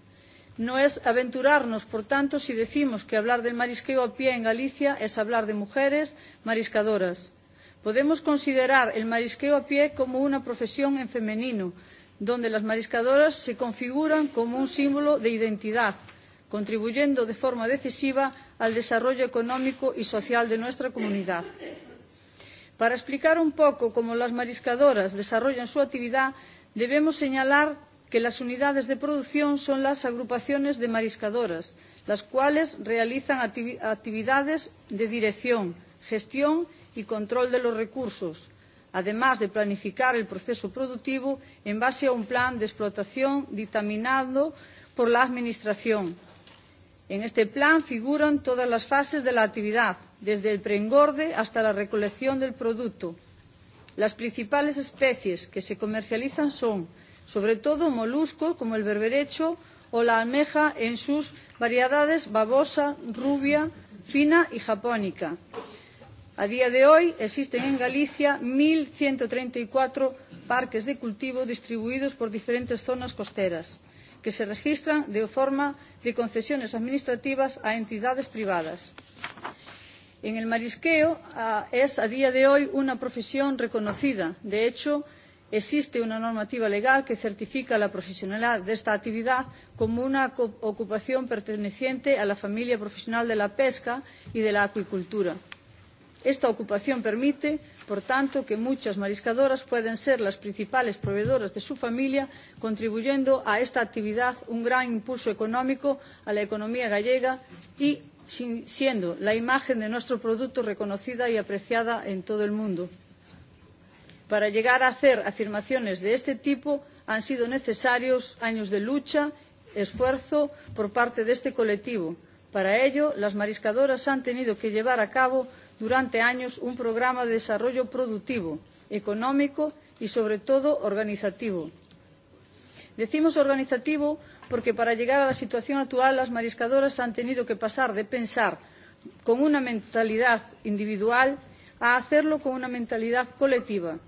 No es aventurarnos, por tanto, si decimos que hablar del marisqueo a pie en Galicia es hablar de mujeres mariscadoras. Podemos considerar el marisqueo a pie como una profesión en femenino, donde las mariscadoras se configuran como un símbolo de identidad, contribuyendo de forma decisiva al desarrollo económico y social de nuestra comunidad. Para explicar un poco cómo las mariscadoras desarrollan su actividad, debemos señalar que las unidades de producción son las agrupaciones de mariscadoras, las cuales realizan actividades de dirección, gestión y control de los recursos, además de planificar el proceso productivo en base a un plan de explotación dictaminado por la Administración, En este plan figuran todas las fases de la actividad, desde el preengorde hasta la recolección del producto. Las principales especies que se comercializan son, sobre todo, moluscos como el berberecho o la almeja en sus variedades babosa, rubia, fina y japónica. A día de hoy existen en Galicia 1.134 parques de cultivo distribuidos por diferentes zonas costeras que se registran de forma de concesiones administrativas a entidades privadas. En el marisqueo es a día de hoy una profesión reconocida. De hecho, existe una normativa legal que certifica la profesionalidad de esta actividad como una ocupación perteneciente a la familia profesional de la pesca y de la acuicultura. Esta ocupación permite por tanto que muchas mariscadoras pueden ser las principales proveedoras de su familia, contribuyendo a esta actividad un gran impulso económico a la economía gallega y siendo la imagen de nuestro producto reconocida y apreciada en todo el mundo. Para llegar a hacer afirmaciones de este tipo han sido necesarios años de lucha, esfuerzo por parte de este colectivo. Para ello, las mariscadoras han tenido que llevar a cabo durante años un programa de desarrollo productivo, económico y, sobre todo, organizativo. Decimos organizativo porque para llegar a la situación actual las mariscadoras han tenido que pasar de pensar con una mentalidad individual a hacerlo con una mentalidad colectiva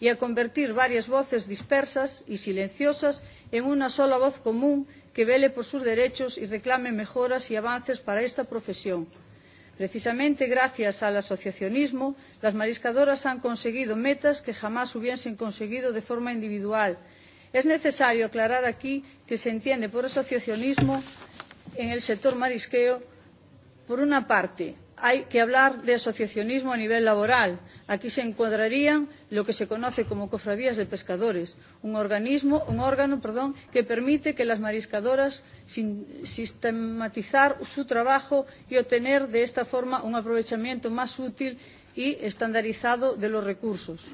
y a convertir varias voces dispersas y silenciosas en una sola voz común que vele por sus derechos y reclame mejoras y avances para esta profesión Precisamente gracias al asociacionismo, las mariscadoras han conseguido metas que jamás hubiesen conseguido de forma individual. Es necesario aclarar aquí que se entiende por asociacionismo en el sector marisqueo, por una parte, hay que hablar de asociacionismo a nivel laboral. Aquí se encuadrarían lo que se conoce como cofradías de pescadores, un, organismo, un órgano perdón, que permite que las mariscadoras sin sistematizar su trabajo y obtener de esta forma un aprovechamiento más útil y estandarizado de los recursos.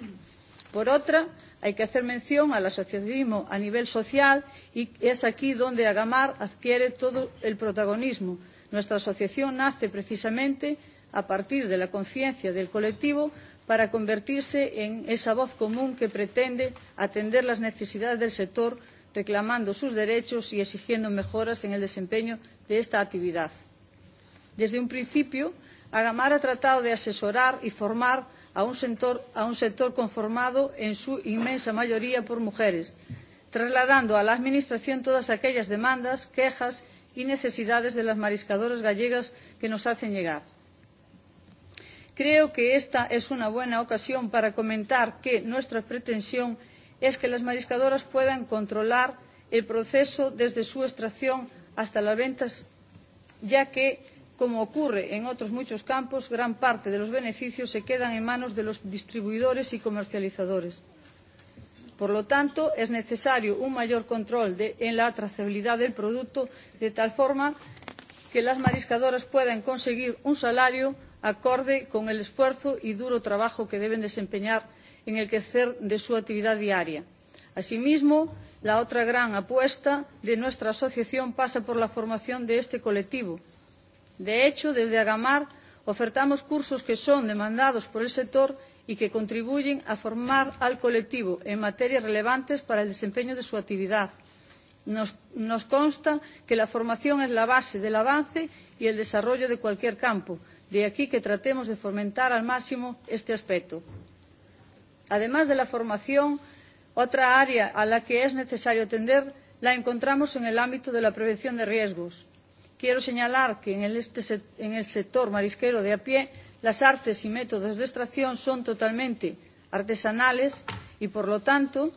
Por otra, hay que hacer mención al asociacionismo a nivel social y es aquí donde Agamar adquiere todo el protagonismo Nuestra asociación nace precisamente a partir de la conciencia del colectivo para convertirse en esa voz común que pretende atender las necesidades del sector, reclamando sus derechos y exigiendo mejoras en el desempeño de esta actividad. Desde un principio, Agamar ha tratado de asesorar y formar a un sector, a un sector conformado en su inmensa mayoría por mujeres, trasladando a la Administración todas aquellas demandas, quejas y necesidades de las mariscadoras gallegas que nos hacen llegar. Creo que esta es una buena ocasión para comentar que nuestra pretensión es que las mariscadoras puedan controlar el proceso desde su extracción hasta las ventas, ya que, como ocurre en otros muchos campos, gran parte de los beneficios se quedan en manos de los distribuidores y comercializadores. Por lo tanto, es necesario un mayor control de, en la trazabilidad del producto, de tal forma que las mariscadoras puedan conseguir un salario acorde con el esfuerzo y duro trabajo que deben desempeñar en el crecer de su actividad diaria. Asimismo, la otra gran apuesta de nuestra asociación pasa por la formación de este colectivo. De hecho, desde Agamar ofertamos cursos que son demandados por el sector y que contribuyen a formar al colectivo en materias relevantes para el desempeño de su actividad. Nos, nos consta que la formación es la base del avance y el desarrollo de cualquier campo, de aquí que tratemos de fomentar al máximo este aspecto. Además de la formación, otra área a la que es necesario atender la encontramos en el ámbito de la prevención de riesgos. Quiero señalar que en el, este, en el sector marisquero de a pie las artes y métodos de extracción son totalmente artesanales y, por lo tanto,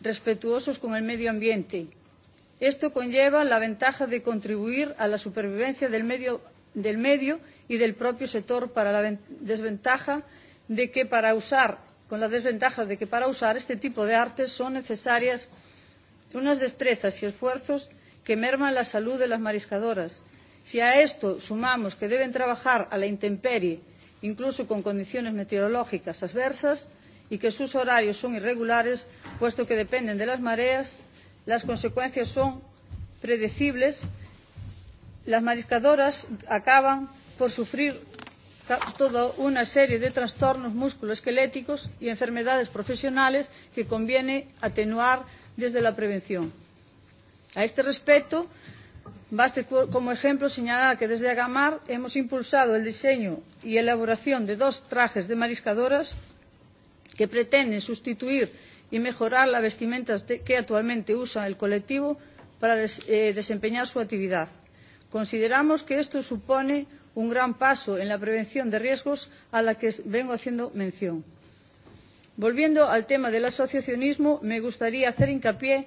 respetuosos con el medio ambiente. Esto conlleva la ventaja de contribuir a la supervivencia del medio, del medio y del propio sector para la desventaja de que para usar con la desventaja de que para usar este tipo de artes son necesarias unas destrezas y esfuerzos que merman la salud de las mariscadoras. Si a esto sumamos que deben trabajar a la intemperie incluso con condiciones meteorológicas adversas, y que sus horarios son irregulares, puesto que dependen de las mareas, las consecuencias son predecibles, las mariscadoras acaban por sufrir toda una serie de trastornos musculoesqueléticos y enfermedades profesionales que conviene atenuar desde la prevención. A este respecto, Baste como ejemplo señalar que desde Agamar hemos impulsado el diseño y elaboración de dos trajes de mariscadoras que pretenden sustituir y mejorar las vestimentas que actualmente usa el colectivo para desempeñar su actividad. Consideramos que esto supone un gran paso en la prevención de riesgos a la que vengo haciendo mención. Volviendo al tema del asociacionismo, me gustaría hacer hincapié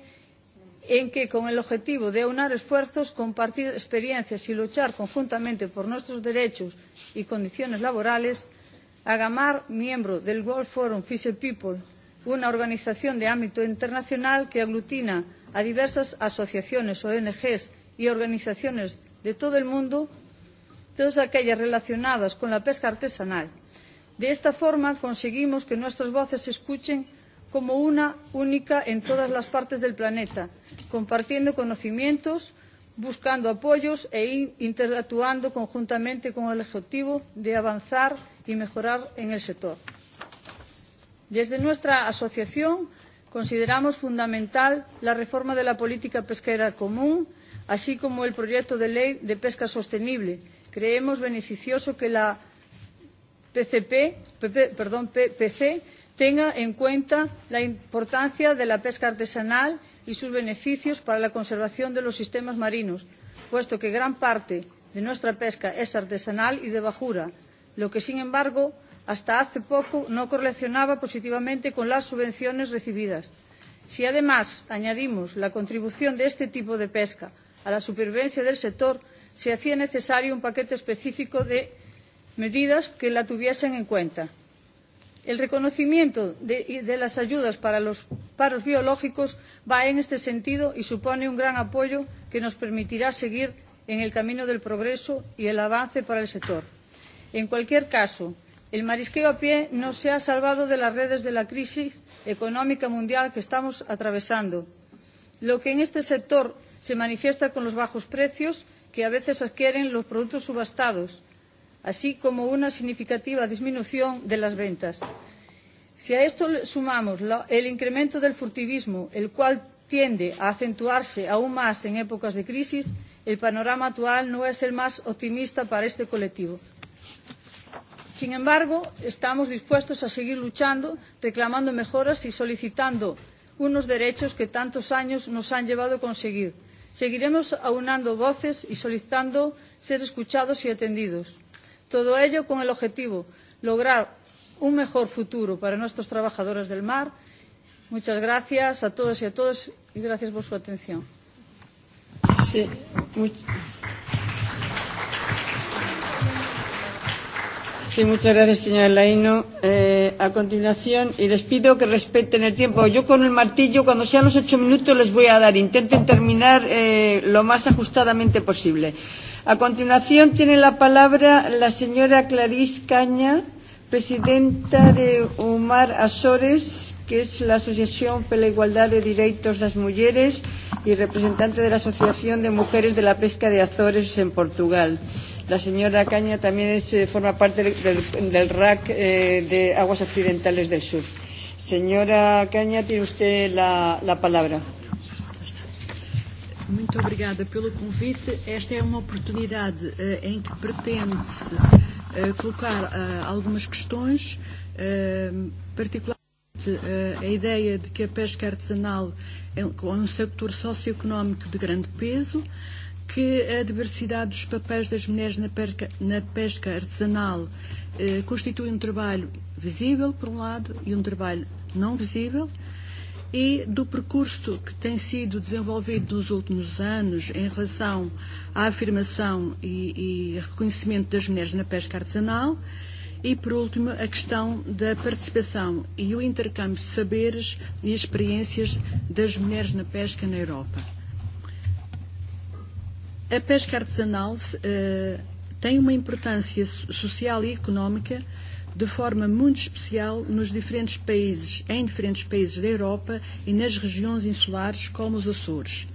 en que con el objetivo de aunar esfuerzos, compartir experiencias y luchar conjuntamente por nuestros derechos y condiciones laborales, Agamar, miembro del World Forum Fisher People, una organización de ámbito internacional que aglutina a diversas asociaciones, ONG y organizaciones de todo el mundo, todas aquellas relacionadas con la pesca artesanal. De esta forma conseguimos que nuestras voces se escuchen como una única en todas las partes del planeta, compartiendo conocimientos, buscando apoyos e interactuando conjuntamente con el objetivo de avanzar y mejorar en el sector. Desde nuestra asociación consideramos fundamental la reforma de la política pesquera común, así como el proyecto de ley de pesca sostenible. Creemos beneficioso que la PCP, PP, perdón, tenga en cuenta la importancia de la pesca artesanal y sus beneficios para la conservación de los sistemas marinos, puesto que gran parte de nuestra pesca es artesanal y de bajura, lo que, sin embargo, hasta hace poco no correlacionaba positivamente con las subvenciones recibidas. Si además añadimos la contribución de este tipo de pesca a la supervivencia del sector, se hacía necesario un paquete específico de medidas que la tuviesen en cuenta. El reconocimiento de, las ayudas para los paros biológicos va en este sentido y supone un gran apoyo que nos permitirá seguir en el camino del progreso y el avance para el sector. En cualquier caso, el marisqueo a pie no se ha salvado de las redes de la crisis económica mundial que estamos atravesando. Lo que en este sector se manifiesta con los bajos precios que a veces adquieren los productos subastados, así como una significativa disminución de las ventas. Si a esto sumamos el incremento del furtivismo, el cual tiende a acentuarse aún más en épocas de crisis, el panorama actual no es el más optimista para este colectivo. Sin embargo, estamos dispuestos a seguir luchando, reclamando mejoras y solicitando unos derechos que tantos años nos han llevado a conseguir. Seguiremos aunando voces y solicitando ser escuchados y atendidos. Todo ello con el objetivo de lograr un mejor futuro para nuestros trabajadores del mar. Muchas gracias a todos y a todas y gracias por su atención. Sí, Sí, muchas gracias, señora Laino. Eh, a continuación, y les pido que respeten el tiempo. Yo con el martillo, cuando sean los ocho minutos, les voy a dar. Intenten terminar eh, lo más ajustadamente posible. A continuación tiene la palabra la señora Clarice Caña, presidenta de Umar Azores, que es la Asociación para la Igualdad de Derechos las Mujeres y representante de la Asociación de Mujeres de la Pesca de Azores en Portugal. La señora Caña también es, forma parte del, del RAC eh, de Aguas Occidentales del Sur. Señora Caña, tiene usted la, la palabra. Muito obrigada pelo convite. Esta é uma oportunidade uh, em que pretende-se uh, colocar uh, algumas questões, uh, particularmente uh, a ideia de que a pesca artesanal é um, é um setor socioeconómico de grande peso, que a diversidade dos papéis das mulheres na pesca, na pesca artesanal uh, constitui um trabalho visível, por um lado, e um trabalho não visível, e do percurso que tem sido desenvolvido nos últimos anos em relação à afirmação e, e reconhecimento das mulheres na pesca artesanal e, por último, a questão da participação e o intercâmbio de saberes e experiências das mulheres na pesca na Europa. A pesca artesanal uh, tem uma importância social e económica de forma muito especial nos diferentes países, em diferentes países da Europa e nas regiões insulares como os Açores.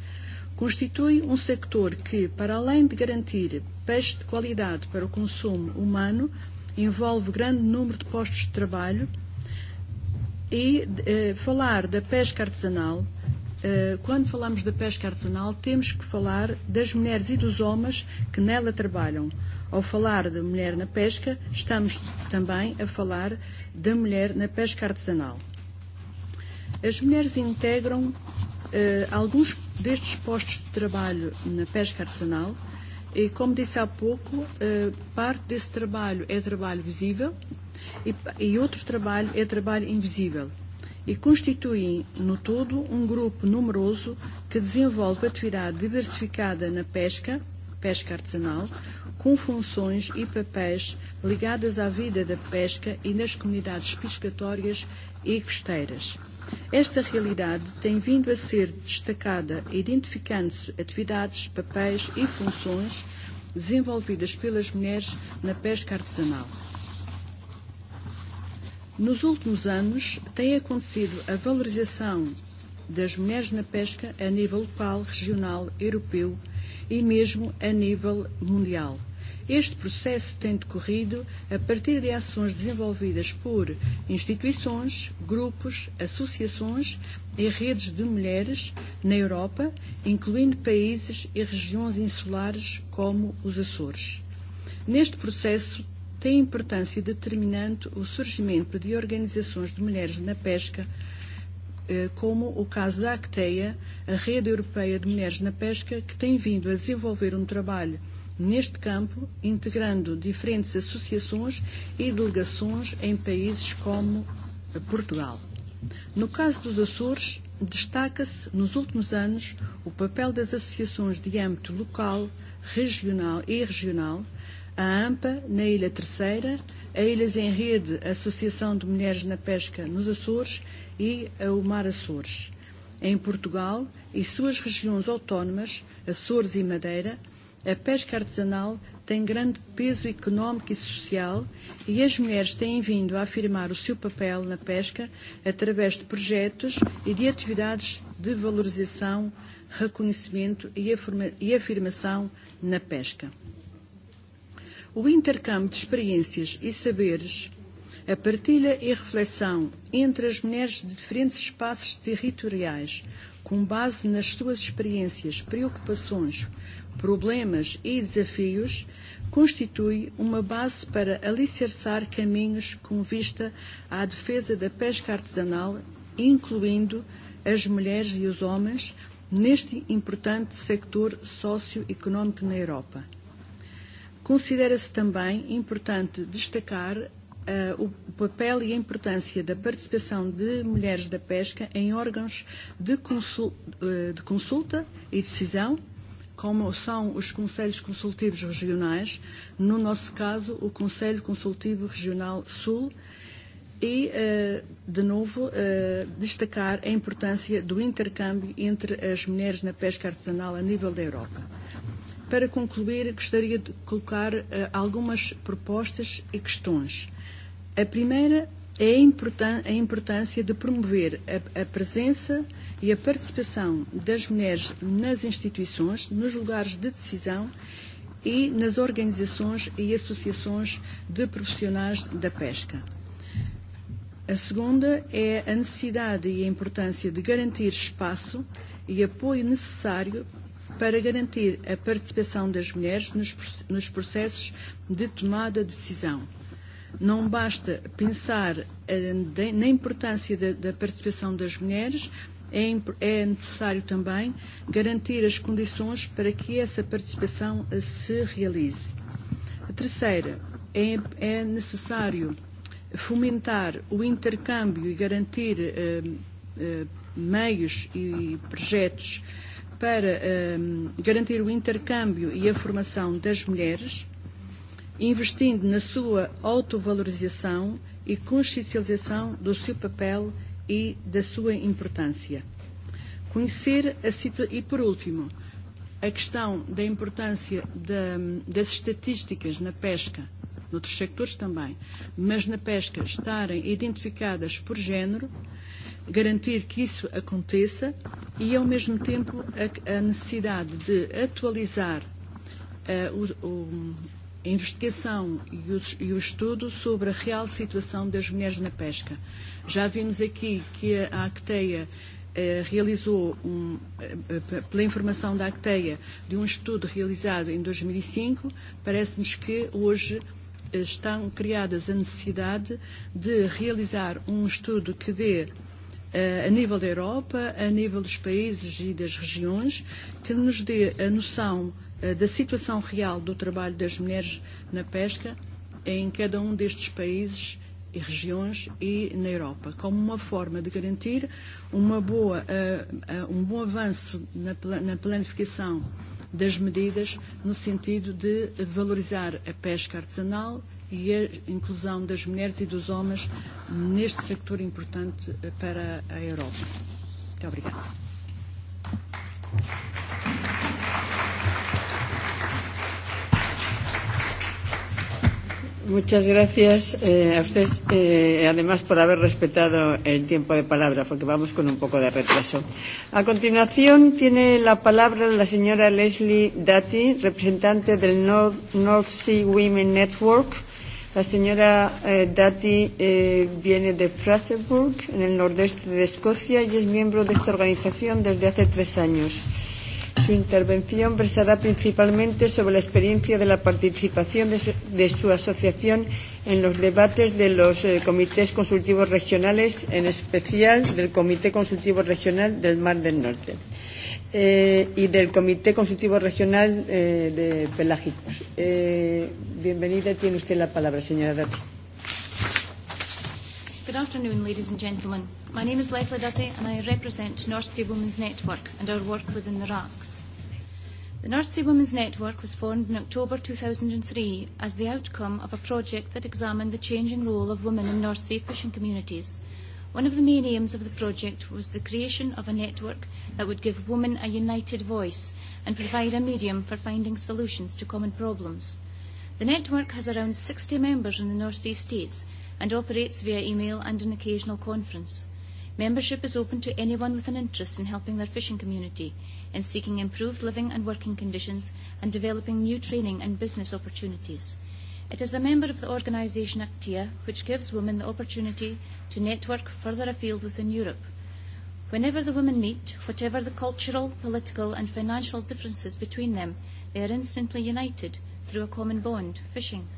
Constitui um sector que, para além de garantir peixe de qualidade para o consumo humano, envolve grande número de postos de trabalho e eh, falar da pesca artesanal quando falamos da pesca artesanal, temos que falar das mulheres e dos homens que nela trabalham, Ao falar da mulher na pesca, estamos também a falar da mulher na pesca artesanal. As mulheres integram uh, alguns destes postos de trabalho na pesca artesanal e, como disse há pouco, uh, parte desse trabalho é trabalho visível e, e outro trabalho é trabalho invisível e constituem, no todo, um grupo numeroso que desenvolve atividade diversificada na pesca, pesca artesanal, com funções e papéis ligadas à vida da pesca e nas comunidades pescatórias e costeiras. Esta realidade tem vindo a ser destacada, identificando-se atividades, papéis e funções desenvolvidas pelas mulheres na pesca artesanal. Nos últimos anos, tem acontecido a valorização das mulheres na pesca a nível local, regional, europeu e mesmo a nível mundial Este processo tem decorrido a partir de ações desenvolvidas por instituições, grupos, associações e redes de mulheres na Europa, incluindo países e regiões insulares como os Açores. Neste processo tem importância determinante o surgimento de organizações de mulheres na pesca, como o caso da Acteia, a Rede Europeia de Mulheres na Pesca, que tem vindo a desenvolver um trabalho neste campo, integrando diferentes associações e delegações em países como Portugal. No caso dos Açores, destaca-se nos últimos anos o papel das associações de âmbito local, regional e regional, a AMPA na Ilha Terceira, a Ilhas em Rede, a Associação de Mulheres na Pesca nos Açores e a Mar Açores. Em Portugal e suas regiões autónomas, Açores e Madeira, A pesca artesanal tem grande peso económico e social e as mulheres têm vindo a afirmar o seu papel na pesca através de projetos e de atividades de valorização, reconhecimento e afirmação na pesca. O intercâmbio de experiências e saberes, a partilha e reflexão entre as mulheres de diferentes espaços territoriais, com base nas suas experiências, preocupações, problemas e desafios, constitui uma base para alicerçar caminhos com vista à defesa da pesca artesanal, incluindo as mulheres e os homens, neste importante sector socioeconómico na Europa. Considera-se também importante destacar uh, o papel e a importância da participação de mulheres da pesca em órgãos de, consul, uh, de consulta e decisão, como são os Conselhos Consultivos Regionais, no nosso caso, o Conselho Consultivo Regional Sul, e, de novo, destacar a importância do intercâmbio entre as mulheres na pesca artesanal a nível da Europa. Para concluir, gostaria de colocar algumas propostas e questões. A primeira é a importância de promover a presença e a participação das mulheres nas instituições, nos lugares de decisão e nas organizações e associações de profissionais da pesca. A segunda é a necessidade e a importância de garantir espaço e apoio necessário para garantir a participação das mulheres nos, processos de tomada de decisão. Não basta pensar na importância da participação das mulheres é, é necessário também garantir as condições para que essa participação se realize. A terceira, é, é necessário fomentar o intercâmbio e garantir eh, eh, meios e projetos para eh, garantir o intercâmbio e a formação das mulheres, investindo na sua autovalorização e consciencialização do seu papel e da sua importância. Conhecer a situação. e, por último, a questão da importância de, das estatísticas na pesca, noutros sectores também, mas na pesca estarem identificadas por género, garantir que isso aconteça e, ao mesmo tempo, a, a necessidade de atualizar a, o, o, a investigação e o, e o estudo sobre a real situação das mulheres na pesca Já vimos aqui que a Acteia realizou, um, pela informação da Acteia, de um estudo realizado em 2005, parece-nos que hoje estão criadas a necessidade de realizar um estudo que dê a nível da Europa, a nível dos países e das regiões, que nos dê a noção da situação real do trabalho das mulheres na pesca em cada um destes países e regiões e na Europa, como uma forma de garantir uma boa, um bom avanço na, na planificação das medidas no sentido de valorizar a pesca artesanal e a inclusão das mulheres e dos homens neste sector importante para a Europa. Muito obrigada. Muchas gracias eh, a usted, eh, además por haber respetado el tiempo de palabra, porque vamos con un poco de retraso. A continuación tiene la palabra la señora Leslie Dati, representante del North, North Sea Women Network. La señora eh, Dati eh, viene de Fraserburg, en el nordeste de Escocia, y es miembro de esta organización desde hace tres años. Su intervención versará principalmente sobre la experiencia de la participación de su, de su asociación en los debates de los eh, comités consultivos regionales, en especial del Comité Consultivo Regional del Mar del Norte eh, y del Comité Consultivo Regional eh, de Pelágicos. Eh, bienvenida, tiene usted la palabra, señora Dati. Good afternoon, ladies and gentlemen. My name is Leslie Duthie and I represent North Sea Women's Network and our work within the RACs. The North Sea Women's Network was formed in October 2003 as the outcome of a project that examined the changing role of women in North Sea fishing communities. One of the main aims of the project was the creation of a network that would give women a united voice and provide a medium for finding solutions to common problems. The network has around 60 members in the North Sea states and operates via email and an occasional conference. Membership is open to anyone with an interest in helping their fishing community, in seeking improved living and working conditions, and developing new training and business opportunities. It is a member of the organisation ACTIA which gives women the opportunity to network further afield within Europe. Whenever the women meet, whatever the cultural, political and financial differences between them, they are instantly united through a common bond, fishing.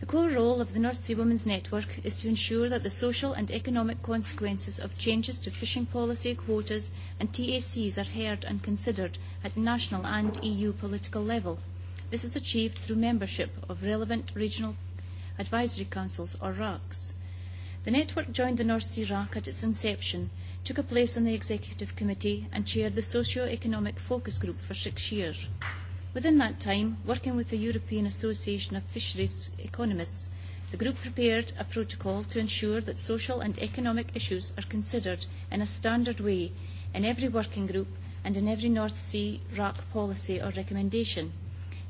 The core role of the North Sea Women's Network is to ensure that the social and economic consequences of changes to fishing policy, quotas and TACs are heard and considered at national and EU political level. This is achieved through membership of relevant regional advisory councils or RACs. The network joined the North Sea RAC at its inception, took a place on the executive committee and chaired the socio-economic focus group for six years. Within that time, working with the European Association of Fisheries Economists, the group prepared a protocol to ensure that social and economic issues are considered in a standard way in every working group and in every North Sea RAC policy or recommendation.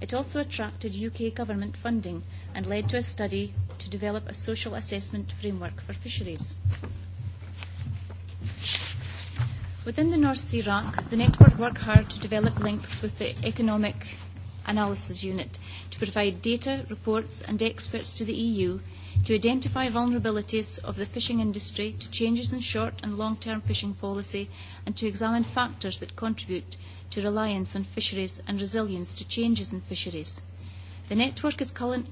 It also attracted UK government funding and led to a study to develop a social assessment framework for fisheries. Within the North Sea Rock, the network work hard to develop links with the Economic Analysis Unit to provide data, reports and experts to the EU to identify vulnerabilities of the fishing industry to changes in short and long-term fishing policy and to examine factors that contribute to reliance on fisheries and resilience to changes in fisheries. The network is currently,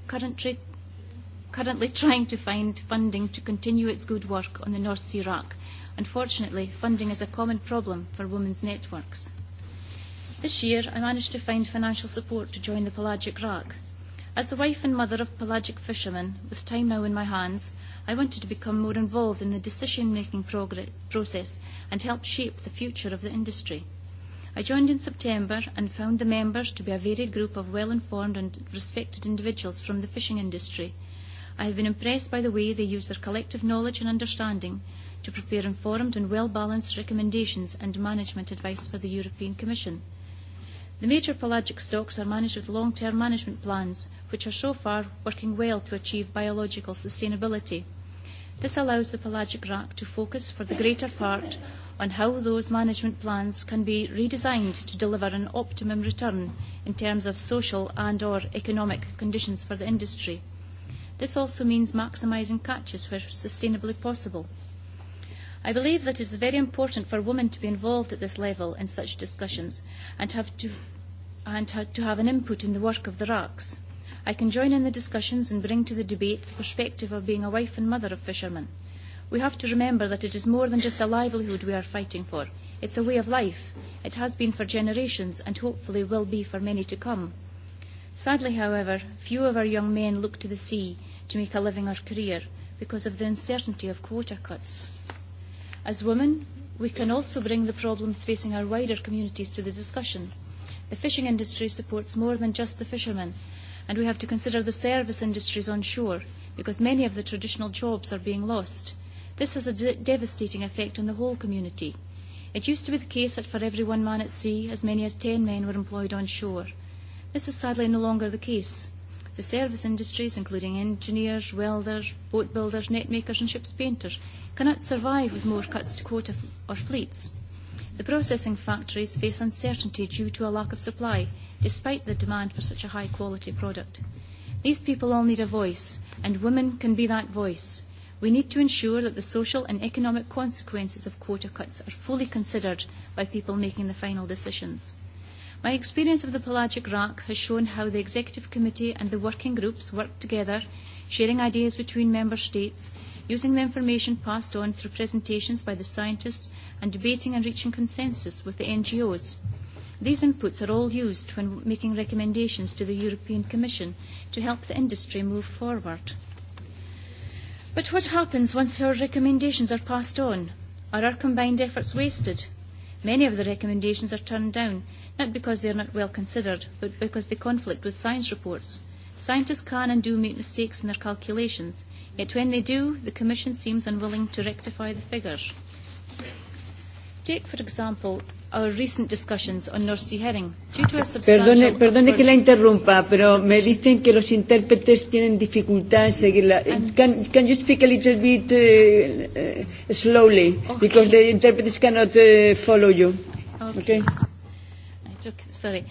trying to find funding to continue its good work on the North Sea Rock Unfortunately, funding is a common problem for women's networks. This year, I managed to find financial support to join the Pelagic Rack. As the wife and mother of pelagic fishermen, with time now in my hands, I wanted to become more involved in the decision-making process and help shape the future of the industry. I joined in September and found the members to be a varied group of well-informed and respected individuals from the fishing industry. I have been impressed by the way they use their collective knowledge and understanding to prepare informed and well-balanced recommendations and management advice for the European Commission. The major pelagic stocks are managed with long-term management plans, which are so far working well to achieve biological sustainability. This allows the pelagic rack to focus for the greater part on how those management plans can be redesigned to deliver an optimum return in terms of social and or economic conditions for the industry. This also means maximising catches where sustainably possible. I believe that it is very important for women to be involved at this level in such discussions and, have to, and to have an input in the work of the RACs. I can join in the discussions and bring to the debate the perspective of being a wife and mother of fishermen. We have to remember that it is more than just a livelihood we are fighting for. It's a way of life. It has been for generations and hopefully will be for many to come. Sadly, however, few of our young men look to the sea to make a living or career because of the uncertainty of quota cuts. As women, we can also bring the problems facing our wider communities to the discussion. The fishing industry supports more than just the fishermen, and we have to consider the service industries on shore, because many of the traditional jobs are being lost. This has a devastating effect on the whole community. It used to be the case that for every one man at sea, as many as ten men were employed on shore. This is sadly no longer the case the service industries, including engineers, welders, boat builders, net makers and ships painters, cannot survive with more cuts to quota or fleets. The processing factories face uncertainty due to a lack of supply, despite the demand for such a high quality product. These people all need a voice, and women can be that voice. We need to ensure that the social and economic consequences of quota cuts are fully considered by people making the final decisions. My experience of the pelagic rack has shown how the Executive Committee and the working groups work together, sharing ideas between Member States, using the information passed on through presentations by the scientists, and debating and reaching consensus with the NGOs. These inputs are all used when making recommendations to the European Commission to help the industry move forward. But what happens once our recommendations are passed on? Are our combined efforts wasted? Many of the recommendations are turned down not because they are not well considered, but because they conflict with science reports. Scientists can and do make mistakes in their calculations, yet when they do, the Commission seems unwilling to rectify the figures. Take, for example, our recent discussions on North Sea herring. Due to a substantial... Perdone, perdone que la interrumpa, pero me dicen que los intérpretes tienen dificultad en seguirla. Can, can you speak a little bit uh, uh, slowly? Okay. Because the interpreters cannot uh, follow you. Okay. okay sorry.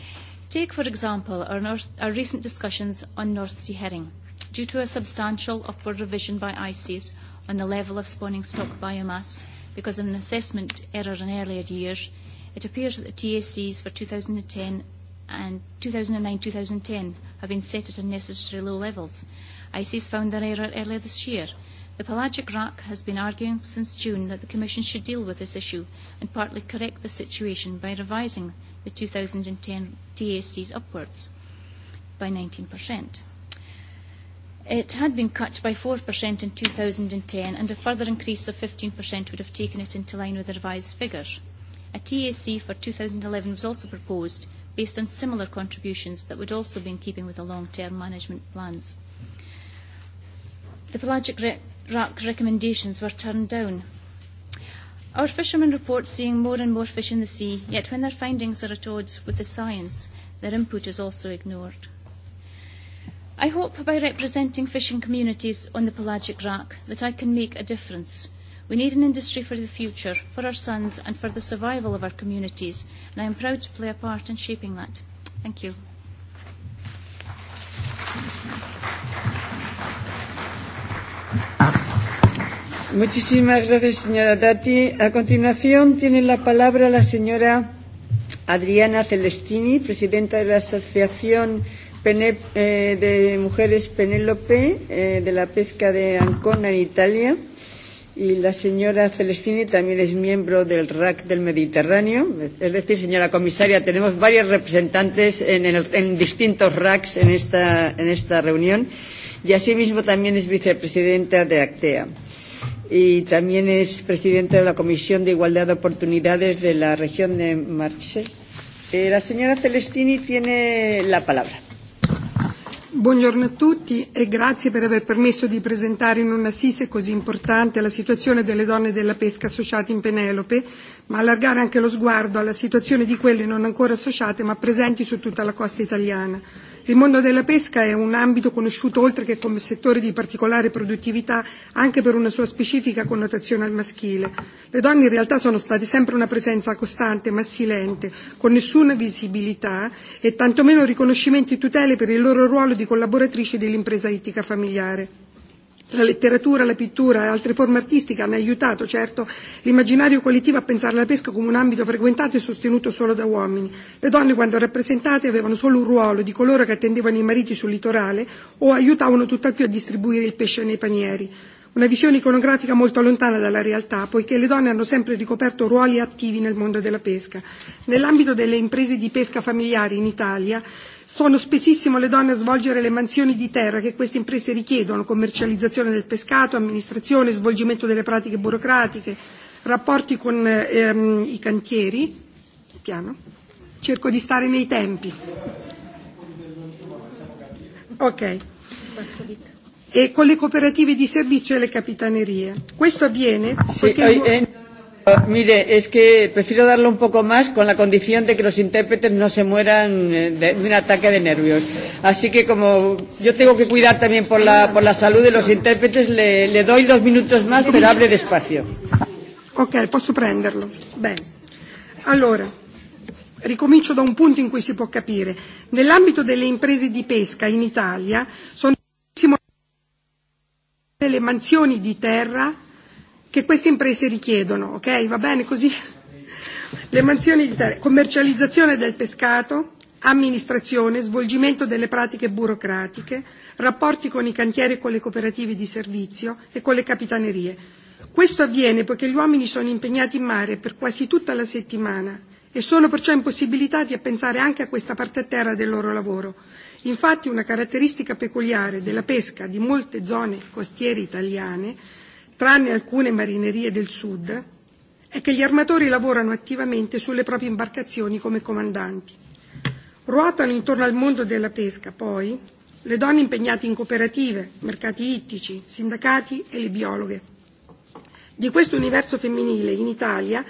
Take, for example, our, North, our recent discussions on North Sea herring. Due to a substantial upward revision by ICES on the level of spawning stock biomass because of an assessment error in earlier years, it appears that the TACs for 2010 and 2009-2010 have been set at unnecessarily low levels. ICES found their error earlier this year. The pelagic rack has been arguing since June that the Commission should deal with this issue and partly correct the situation by revising the 2010 TACs upwards by 19%. It had been cut by 4% in 2010, and a further increase of 15% would have taken it into line with the revised figures. A TAC for 2011 was also proposed based on similar contributions that would also be in keeping with the long-term management plans. The pelagic RAC recommendations were turned down Our fishermen report seeing more and more fish in the sea, yet when their findings are at odds with the science, their input is also ignored. I hope by representing fishing communities on the pelagic rack that I can make a difference. We need an industry for the future, for our sons and for the survival of our communities, and I am proud to play a part in shaping that. Thank you. Muchísimas gracias, señora Dati. A continuación tiene la palabra la señora Adriana Celestini, presidenta de la Asociación Pene, eh, de Mujeres Penélope eh, de la Pesca de Ancona en Italia. Y la señora Celestini también es miembro del RAC del Mediterráneo. Es decir, señora comisaria, tenemos varios representantes en, el, en distintos RACs en esta, en esta reunión. Y asimismo también es vicepresidenta de ACTEA y también es presidenta de la Comisión de Igualdad de Oportunidades de la región de Marche. Eh, la signora Celestini tiene la palabra. Buongiorno a tutti e grazie per aver permesso di presentare in SISE così importante la situazione delle donne della pesca associate in Penelope, ma allargare anche lo sguardo alla situazione di quelle non ancora associate ma presenti su tutta la costa italiana. Il mondo della pesca è un ambito conosciuto oltre che come settore di particolare produttività anche per una sua specifica connotazione al maschile. Le donne in realtà sono state sempre una presenza costante ma silente, con nessuna visibilità e tantomeno riconoscimenti e tutele per il loro ruolo di collaboratrici dell'impresa ittica familiare. La letteratura, la pittura e altre forme artistiche hanno aiutato, certo, l'immaginario collettivo a pensare alla pesca come un ambito frequentato e sostenuto solo da uomini. Le donne, quando rappresentate, avevano solo un ruolo di coloro che attendevano i mariti sul litorale o aiutavano tutt'al più a distribuire il pesce nei panieri. Una visione iconografica molto lontana dalla realtà, poiché le donne hanno sempre ricoperto ruoli attivi nel mondo della pesca. Nell'ambito delle imprese di pesca familiari in Italia, Sono spessissimo le donne a svolgere le mansioni di terra che queste imprese richiedono, commercializzazione del pescato, amministrazione, svolgimento delle pratiche burocratiche, rapporti con ehm, i cantieri. Piano. Cerco di stare nei tempi. Ok. E con le cooperative di servizio e le capitanerie. Questo avviene eh. Mire, es que prefiero darle un poco más con la condición de que los intérpretes no se mueran de, un ataque de nervios. Así que como yo tengo que cuidar también por la, por la salud de los intérpretes, le, le doy dos minutos más, pero hable despacio. Ok, posso prenderlo. Bene. Allora, ricomincio da un punto in cui si può capire. Nell'ambito delle imprese di pesca in Italia sono le mansioni di terra che queste imprese richiedono, ok? Va bene così? Le mansioni di terra commercializzazione del pescato, amministrazione, svolgimento delle pratiche burocratiche, rapporti con i cantieri e con le cooperative di servizio e con le capitanerie. Questo avviene poiché gli uomini sono impegnati in mare per quasi tutta la settimana e sono perciò impossibilitati a pensare anche a questa parte a terra del loro lavoro. Infatti una caratteristica peculiare della pesca di molte zone costiere italiane tranne alcune marinerie del sud, è che gli armatori lavorano attivamente sulle proprie imbarcazioni come comandanti. Ruotano intorno al mondo della pesca, poi, le donne impegnate in cooperative, mercati ittici, sindacati e le biologhe. Di questo universo femminile in Italia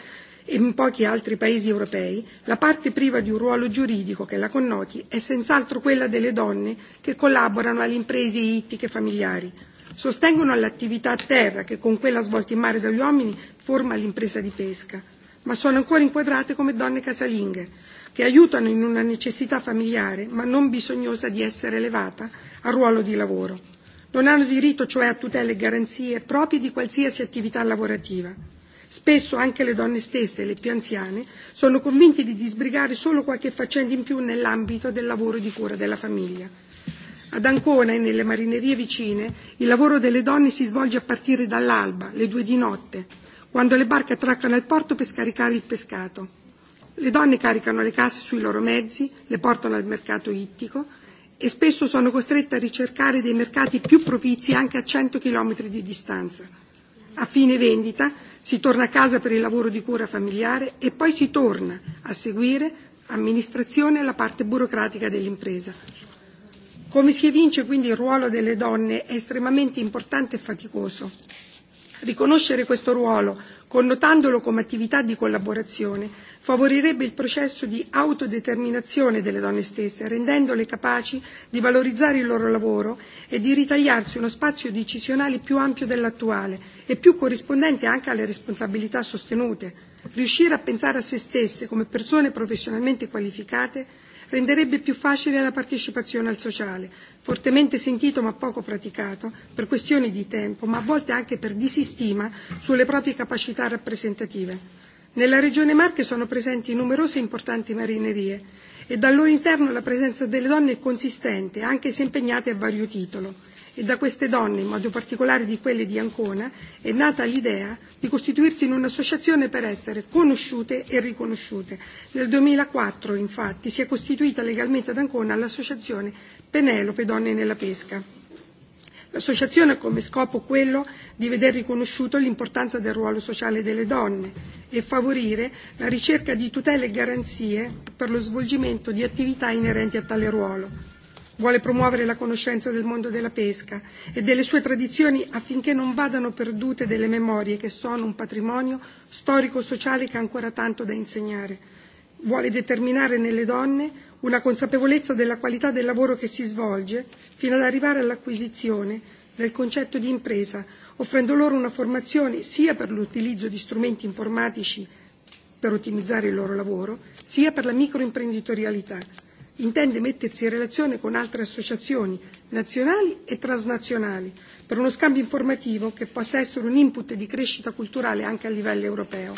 e in pochi altri paesi europei, la parte priva di un ruolo giuridico che la connoti è senz'altro quella delle donne che collaborano alle imprese ittiche familiari, Sostengono l'attività a terra che con quella svolta in mare dagli uomini forma l'impresa di pesca, ma sono ancora inquadrate come donne casalinghe che aiutano in una necessità familiare ma non bisognosa di essere elevata a ruolo di lavoro. Non hanno diritto cioè a tutele e garanzie proprie di qualsiasi attività lavorativa. Spesso anche le donne stesse, le più anziane, sono convinte di disbrigare solo qualche faccenda in più nell'ambito del lavoro di cura della famiglia. Ad Ancona e nelle marinerie vicine il lavoro delle donne si svolge a partire dall'alba, le due di notte, quando le barche attraccano al porto per scaricare il pescato. Le donne caricano le casse sui loro mezzi, le portano al mercato ittico e spesso sono costrette a ricercare dei mercati più propizi anche a 100 km di distanza. A fine vendita si torna a casa per il lavoro di cura familiare e poi si torna a seguire amministrazione e la parte burocratica dell'impresa. Come si evince quindi il ruolo delle donne è estremamente importante e faticoso. Riconoscere questo ruolo, connotandolo come attività di collaborazione, favorirebbe il processo di autodeterminazione delle donne stesse, rendendole capaci di valorizzare il loro lavoro e di ritagliarsi uno spazio decisionale più ampio dell'attuale e più corrispondente anche alle responsabilità sostenute. Riuscire a pensare a se stesse come persone professionalmente qualificate renderebbe più facile la partecipazione al sociale, fortemente sentito ma poco praticato per questioni di tempo, ma a volte anche per disistima sulle proprie capacità rappresentative. Nella regione Marche sono presenti numerose e importanti marinerie e dal loro interno la presenza delle donne è consistente, anche se impegnate a vario titolo e da queste donne, in modo particolare di quelle di Ancona, è nata l'idea di costituirsi in un'associazione per essere conosciute e riconosciute. Nel 2004, infatti, si è costituita legalmente ad Ancona l'associazione Penelope Donne nella Pesca. L'associazione ha come scopo quello di vedere riconosciuto l'importanza del ruolo sociale delle donne e favorire la ricerca di tutele e garanzie per lo svolgimento di attività inerenti a tale ruolo Vuole promuovere la conoscenza del mondo della pesca e delle sue tradizioni affinché non vadano perdute delle memorie che sono un patrimonio storico-sociale che ha ancora tanto da insegnare. Vuole determinare nelle donne una consapevolezza della qualità del lavoro che si svolge fino ad arrivare all'acquisizione del concetto di impresa, offrendo loro una formazione sia per l'utilizzo di strumenti informatici per ottimizzare il loro lavoro, sia per la microimprenditorialità intende mettersi in relazione con altre associazioni nazionali e transnazionali per uno scambio informativo che possa essere un input di crescita culturale anche a livello europeo.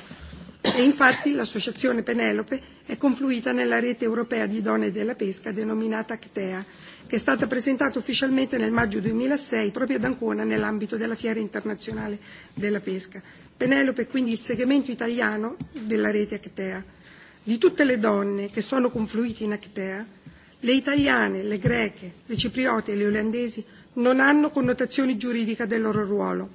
E infatti l'associazione Penelope è confluita nella rete europea di donne della pesca denominata CTEA, che è stata presentata ufficialmente nel maggio duemilasei proprio ad Ancona nell'ambito della Fiera internazionale della pesca. Penelope è quindi il segmento italiano della rete ACTEA di tutte le donne che sono confluite in Actea, le italiane, le greche, le cipriote e le olandesi non hanno connotazione giuridica del loro ruolo.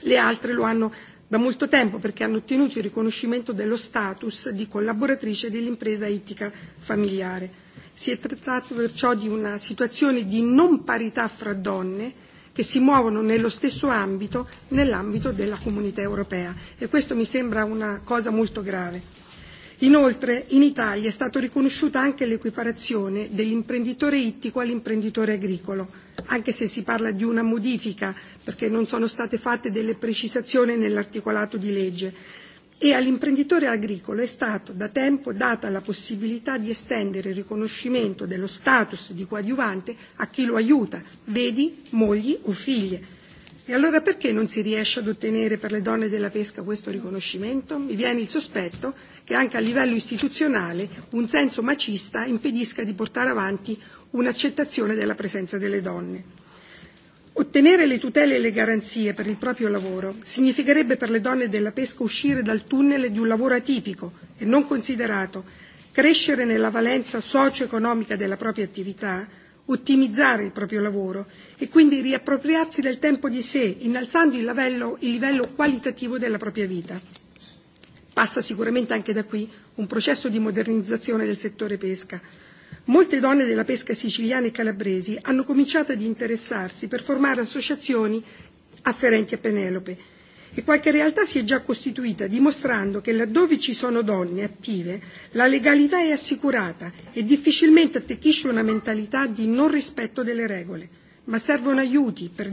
Le altre lo hanno da molto tempo perché hanno ottenuto il riconoscimento dello status di collaboratrice dell'impresa ittica familiare. Si è trattato perciò di una situazione di non parità fra donne che si muovono nello stesso ambito nell'ambito della comunità europea e questo mi sembra una cosa molto grave. Inoltre in Italia è stata riconosciuta anche l'equiparazione dell'imprenditore ittico all'imprenditore agricolo, anche se si parla di una modifica perché non sono state fatte delle precisazioni nell'articolato di legge e all'imprenditore agricolo è stata da tempo data la possibilità di estendere il riconoscimento dello status di coadiuvante a chi lo aiuta, vedi mogli o figlie E allora perché non si riesce ad ottenere per le donne della pesca questo riconoscimento? Mi viene il sospetto che anche a livello istituzionale un senso macista impedisca di portare avanti un'accettazione della presenza delle donne. Ottenere le tutele e le garanzie per il proprio lavoro significherebbe per le donne della pesca uscire dal tunnel di un lavoro atipico e non considerato, crescere nella valenza socio-economica della propria attività, ottimizzare il proprio lavoro e quindi riappropriarsi del tempo di sé, innalzando il livello, il livello qualitativo della propria vita. Passa sicuramente anche da qui un processo di modernizzazione del settore pesca. Molte donne della pesca siciliana e calabresi hanno cominciato ad interessarsi per formare associazioni afferenti a Penelope e qualche realtà si è già costituita dimostrando che laddove ci sono donne attive la legalità è assicurata e difficilmente attecchisce una mentalità di non rispetto delle regole ma servono aiuti per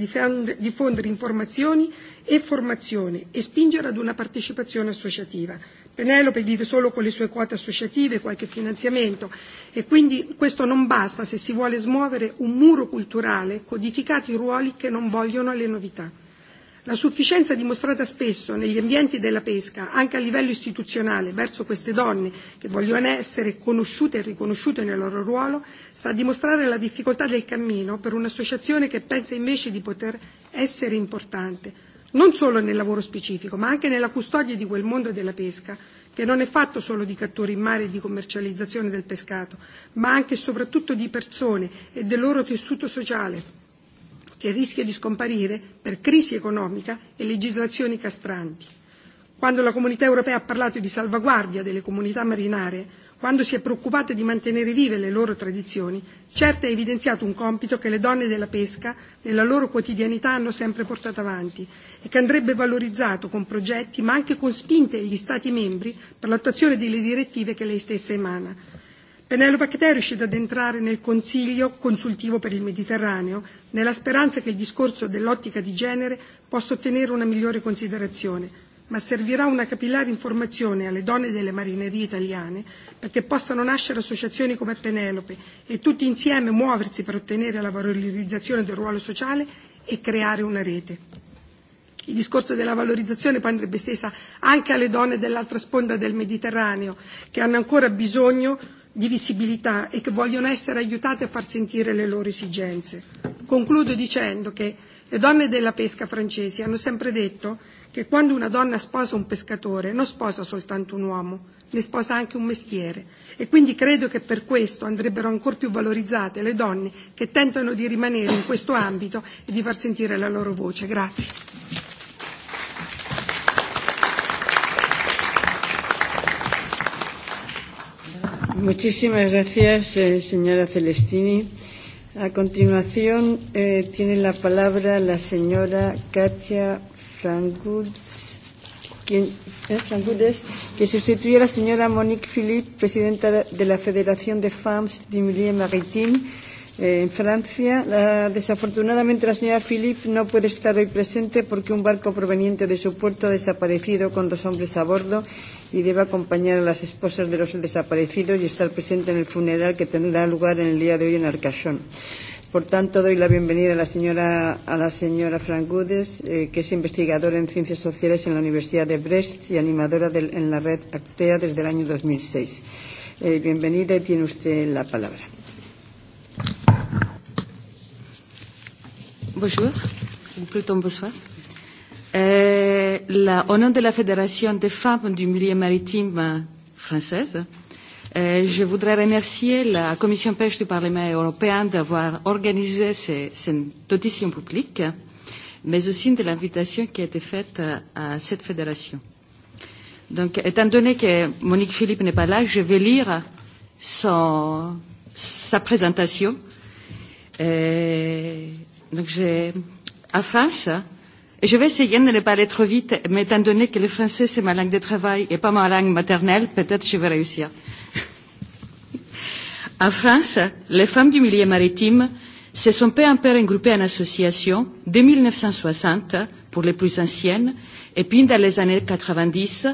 diffondere informazioni e formazione e spingere ad una partecipazione associativa. Penelope vive solo con le sue quote associative, e qualche finanziamento e quindi questo non basta se si vuole smuovere un muro culturale codificato in ruoli che non vogliono le novità. La sufficienza dimostrata spesso negli ambienti della pesca, anche a livello istituzionale, verso queste donne che vogliono essere conosciute e riconosciute nel loro ruolo, sta a dimostrare la difficoltà del cammino per un'associazione che pensa invece di poter essere importante, non solo nel lavoro specifico, ma anche nella custodia di quel mondo della pesca, che non è fatto solo di cattura in mare e di commercializzazione del pescato, ma anche e soprattutto di persone e del loro tessuto sociale che rischia di scomparire per crisi economica e legislazioni castranti. Quando la comunità europea ha parlato di salvaguardia delle comunità marinare, quando si è preoccupata di mantenere vive le loro tradizioni, certo ha evidenziato un compito che le donne della pesca nella loro quotidianità hanno sempre portato avanti e che andrebbe valorizzato con progetti ma anche con spinte agli Stati membri per l'attuazione delle direttive che lei stessa emana. Penelope Cate è riuscita ad entrare nel Consiglio consultivo per il Mediterraneo nella speranza che il discorso dell'ottica di genere possa ottenere una migliore considerazione, ma servirà una capillare informazione alle donne delle marinerie italiane perché possano nascere associazioni come Penelope e tutti insieme muoversi per ottenere la valorizzazione del ruolo sociale e creare una rete. Il discorso della valorizzazione poi andrebbe stesa anche alle donne dell'altra sponda del Mediterraneo, che hanno ancora bisogno di visibilità e che vogliono essere aiutate a far sentire le loro esigenze. Concludo dicendo che le donne della pesca francesi hanno sempre detto che quando una donna sposa un pescatore non sposa soltanto un uomo, ne sposa anche un mestiere e quindi credo che per questo andrebbero ancor più valorizzate le donne che tentano di rimanere in questo ambito e di far sentire la loro voce. Grazie. Muchísimas gracias, eh, señora Celestini. A continuación eh, tiene la palabra la señora Katia Frangudes, eh, que sustituye a la señora Monique Philippe, presidenta de la Federación de Femmes du Milieu Maritime en Francia. La, desafortunadamente, la señora Philippe no puede estar hoy presente porque un barco proveniente de su puerto ha desaparecido con dos hombres a bordo y debe acompañar a las esposas de los desaparecidos y estar presente en el funeral que tendrá lugar en el día de hoy en Arcachón. Por tanto, doy la bienvenida a la señora, a la señora Frank Gudes, eh, que es investigadora en ciencias sociales en la Universidad de Brest y animadora de, en la red Actea desde el año 2006. Eh, bienvenida y tiene usted la palabra. Bonjour, ou plutôt bonsoir. Euh, la, au nom de la Fédération des femmes du milieu maritime française, euh, je voudrais remercier la Commission pêche du Parlement européen d'avoir organisé cette audition publique, mais aussi de l'invitation qui a été faite à cette fédération. Donc, étant donné que Monique Philippe n'est pas là, je vais lire son, sa présentation. Euh, donc j'ai à France. Et je vais essayer de ne pas aller trop vite, mais étant donné que le français c'est ma langue de travail et pas ma langue maternelle, peut-être je vais réussir. en France, les femmes du milieu maritime se sont peu en peu regroupées en association dès 1960 pour les plus anciennes et puis dans les années 90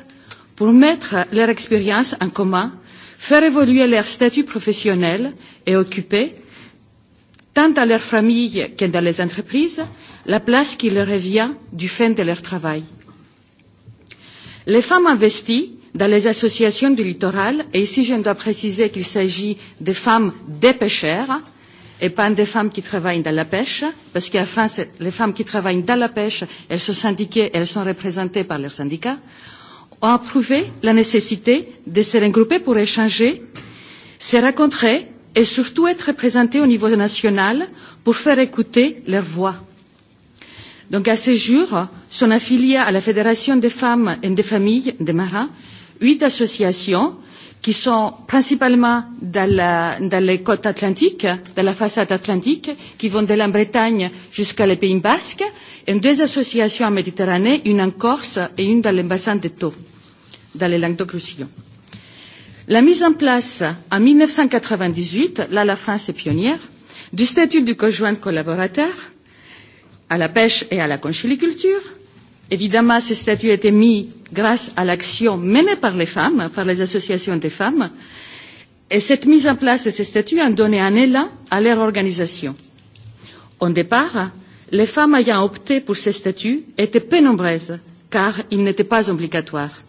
pour mettre leur expérience en commun, faire évoluer leur statut professionnel et occuper tant dans leur famille que dans les entreprises, la place qui leur revient du fait de leur travail. Les femmes investies dans les associations du littoral, et ici je dois préciser qu'il s'agit des femmes des pêcheurs et pas des femmes qui travaillent dans la pêche, parce qu'en France, les femmes qui travaillent dans la pêche, elles sont syndiquées, elles sont représentées par leurs syndicats, ont approuvé la nécessité de se regrouper pour échanger, se rencontrer et surtout être représentés au niveau national pour faire écouter leur voix. Donc à ce jour, sont affiliées à la Fédération des femmes et des familles des marins huit associations qui sont principalement dans, la, dans les côtes atlantiques, dans la façade atlantique, qui vont de la Bretagne jusqu'à les Pays Basques, et deux associations en Méditerranée, une en Corse et une dans le bassin de Taux, dans les Languedoc-Roussillon. La mise en place en 1998, là la France est pionnière, du statut du conjoint collaborateur à la pêche et à la conchiliculture Évidemment, ce statut a été mis grâce à l'action menée par les femmes, par les associations des femmes, et cette mise en place de ces statuts a donné un élan à leur organisation. Au départ, les femmes ayant opté pour ces statuts étaient peu nombreuses, car ils n'étaient pas obligatoires.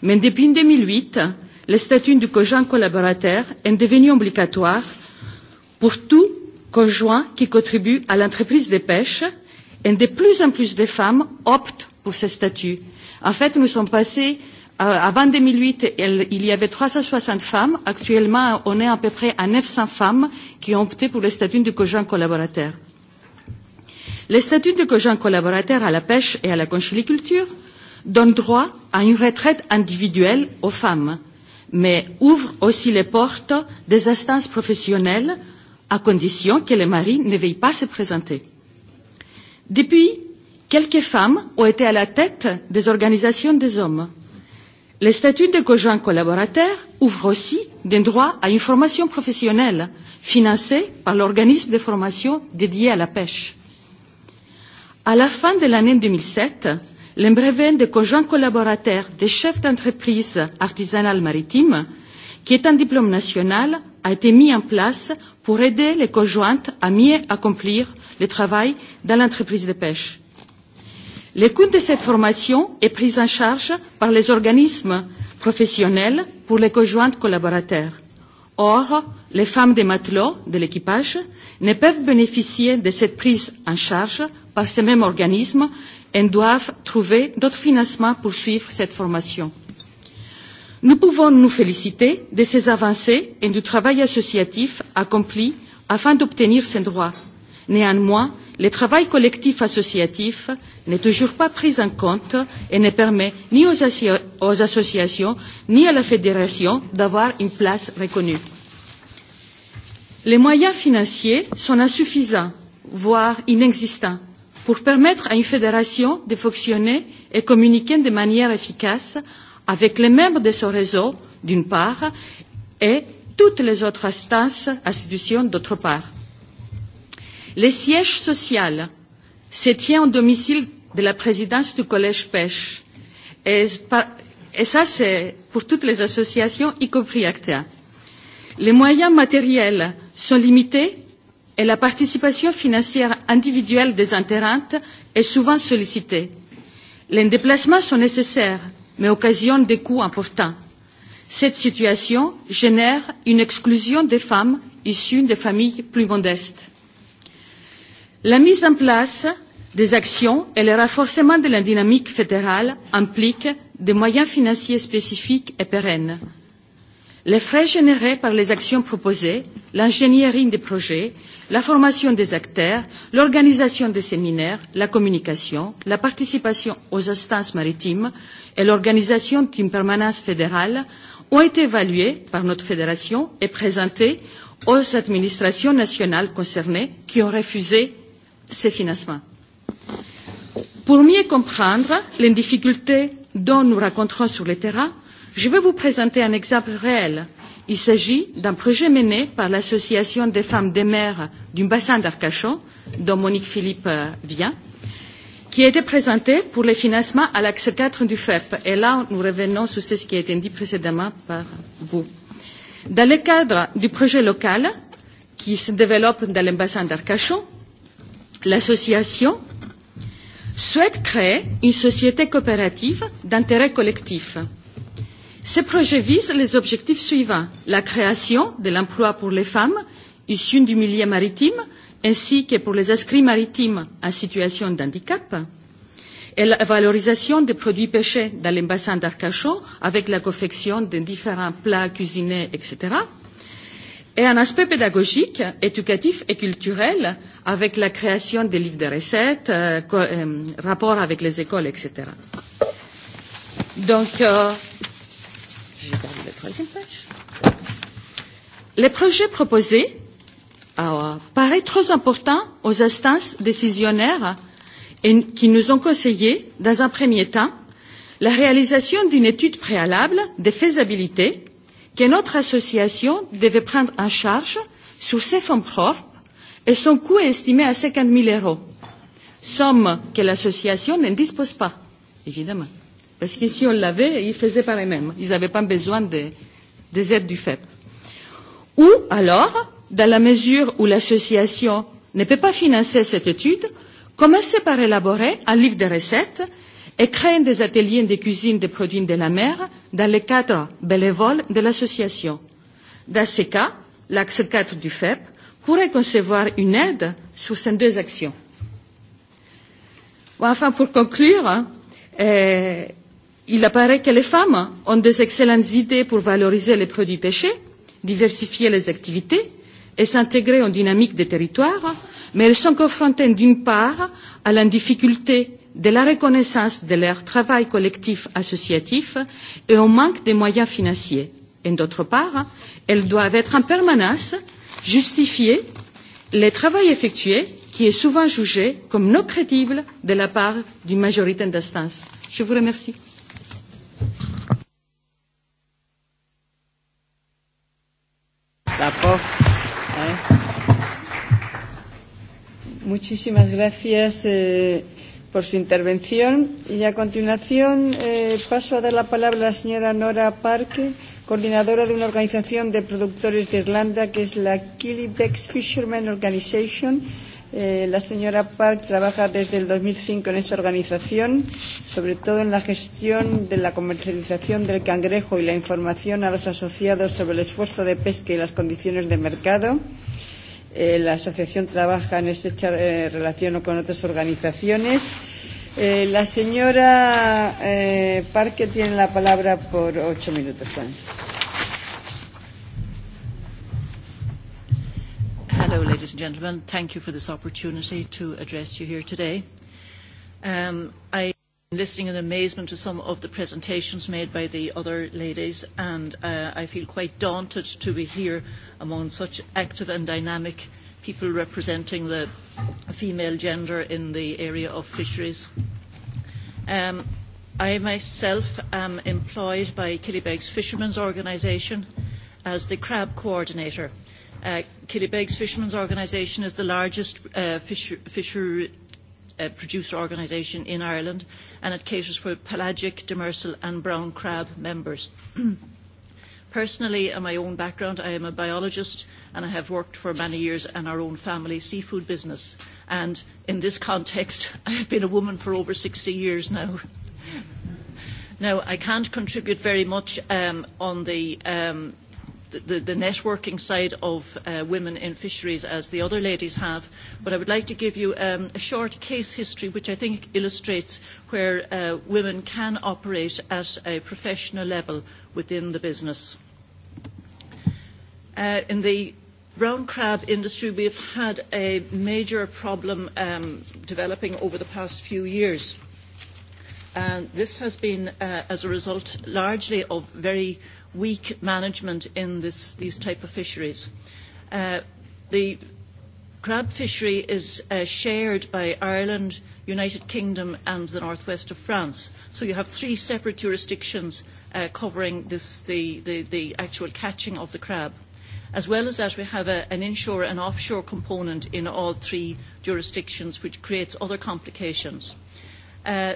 Mais depuis deux mille huit, Le statut du conjoint collaborateur est devenu obligatoire pour tout conjoint qui contribue à l'entreprise de pêche et de plus en plus de femmes optent pour ce statut. En fait, nous sommes passés avant deux mille huit, il y avait trois cent soixante femmes. Actuellement, on est à peu près à neuf cents femmes qui ont opté pour le statut de conjoint collaborateur. Le statut de conjoint collaborateur à la pêche et à la conchyliculture donne droit à une retraite individuelle aux femmes mais ouvre aussi les portes des instances professionnelles à condition que les maris ne veuillent pas se présenter. Depuis, quelques femmes ont été à la tête des organisations des hommes. Le statut de conjoint collaborateur ouvre aussi des droits à une formation professionnelle financée par l'organisme de formation dédié à la pêche. À la fin de l'année 2007, les brevets des conjoints collaborateurs des chefs d'entreprise artisanale maritime, qui est un diplôme national, a été mis en place pour aider les conjointes à mieux accomplir le travail dans l'entreprise de pêche. Le coût de cette formation est pris en charge par les organismes professionnels pour les conjointes collaborateurs. Or, les femmes des matelots de l'équipage ne peuvent bénéficier de cette prise en charge par ces mêmes organismes et doivent trouver d'autres financements pour suivre cette formation. Nous pouvons nous féliciter de ces avancées et du travail associatif accompli afin d'obtenir ces droits. Néanmoins, le travail collectif associatif n'est toujours pas pris en compte et ne permet ni aux, aux associations ni à la fédération d'avoir une place reconnue. Les moyens financiers sont insuffisants, voire inexistants pour permettre à une fédération de fonctionner et communiquer de manière efficace avec les membres de ce réseau, d'une part, et toutes les autres instances, institutions, d'autre part. Le siège social se tient au domicile de la présidence du collège pêche. Et, et ça, c'est pour toutes les associations, y compris ACTA. Les moyens matériels sont limités et la participation financière individuelle des adhérentes est souvent sollicitée. Les déplacements sont nécessaires, mais occasionnent des coûts importants. Cette situation génère une exclusion des femmes issues de familles plus modestes. La mise en place des actions et le renforcement de la dynamique fédérale impliquent des moyens financiers spécifiques et pérennes. Les frais générés par les actions proposées, l'ingénierie des projets, la formation des acteurs, l'organisation des séminaires, la communication, la participation aux instances maritimes et l'organisation d'une permanence fédérale ont été évalués par notre fédération et présentés aux administrations nationales concernées qui ont refusé ces financements. Pour mieux comprendre les difficultés dont nous rencontrons sur le terrain, Je vais vous présenter un exemple réel. Il s'agit d'un projet mené par l'Association des femmes des maires du bassin d'Arcachon, dont Monique Philippe vient, qui a été présenté pour le financement à l'axe 4 du FEP. Et là, nous revenons sur ce qui a été dit précédemment par vous. Dans le cadre du projet local qui se développe dans le bassin d'Arcachon, l'association souhaite créer une société coopérative d'intérêt collectif Ce projet vise les objectifs suivants la création de l'emploi pour les femmes issues du milieu maritime, ainsi que pour les inscrits maritimes en situation d'handicap, et la valorisation des produits pêchés dans les bassins d'Arcachon avec la confection de différents plats cuisinés, etc. Et un aspect pédagogique, éducatif et culturel avec la création des livres de recettes, euh, rapports avec les écoles, etc. Donc, euh, J'ai perdu la troisième page. Les projets proposés euh, paraissent trop importants aux instances décisionnaires et qui nous ont conseillé, dans un premier temps, la réalisation d'une étude préalable de faisabilité que notre association devait prendre en charge sur ses fonds propres et son coût est estimé à 50 000 euros, somme que l'association ne dispose pas, évidemment. Parce que si on l'avait, ils faisaient par eux-mêmes. Ils n'avaient pas besoin de, des aides du FEP. Ou alors, dans la mesure où l'association ne peut pas financer cette étude, commencer par élaborer un livre de recettes et créer des ateliers de cuisine des produits de la mer dans le cadre bénévole de l'association. Dans ce cas, l'axe 4 du FEP pourrait concevoir une aide sur ces deux actions. Enfin, pour conclure, euh, Il apparaît que les femmes ont des excellentes idées pour valoriser les produits pêchés, diversifier les activités et s'intégrer en dynamique des territoires, mais elles sont confrontées d'une part à la difficulté de la reconnaissance de leur travail collectif associatif et au manque de moyens financiers. Et d'autre part, elles doivent être en permanence justifier le travail effectué qui est souvent jugé comme non crédible de la part d'une majorité d'instances. Je vous remercie. Jacob. Muchísimas gracias eh, por su intervención. Y a continuación eh, paso a dar la palabra a la señora Nora Parque, coordinadora de una organización de productores de Irlanda que es la Killybex Fishermen Organization Eh, la señora Park trabaja desde el 2005 en esta organización, sobre todo en la gestión de la comercialización del cangrejo y la información a los asociados sobre el esfuerzo de pesca y las condiciones de mercado. Eh, la asociación trabaja en estrecha eh, relación con otras organizaciones. Eh, la señora eh, Parque tiene la palabra por ocho minutos. También. Hello, ladies and gentlemen. Thank you for this opportunity to address you here today. Um, I am listening in amazement to some of the presentations made by the other ladies, and uh, I feel quite daunted to be here among such active and dynamic people representing the female gender in the area of fisheries. Um, I myself am employed by Killybegs Fishermen's Organisation as the crab coordinator. Killybegs Fishermen's Organisation is the largest uh, fisher, fisher uh, producer organisation in Ireland, and it caters for pelagic, demersal, and brown crab members. Personally, in my own background, I am a biologist and I have worked for many years in our own family seafood business. And in this context, I have been a woman for over sixty years now. Now, I can't contribute very much on the the, the networking side of uh, women in fisheries as the other ladies have, but I would like to give you um, a short case history which I think illustrates where uh, women can operate at a professional level within the business. Uh, in the brown crab industry, we have had a major problem um, developing over the past few years. And this has been uh, as a result largely of very weak management in this, these type of fisheries. Uh, the crab fishery is uh, shared by Ireland, United Kingdom and the northwest of France. So you have three separate jurisdictions uh, covering this, the, the, the actual catching of the crab. As well as that, we have a, an inshore and offshore component in all three jurisdictions, which creates other complications. Uh,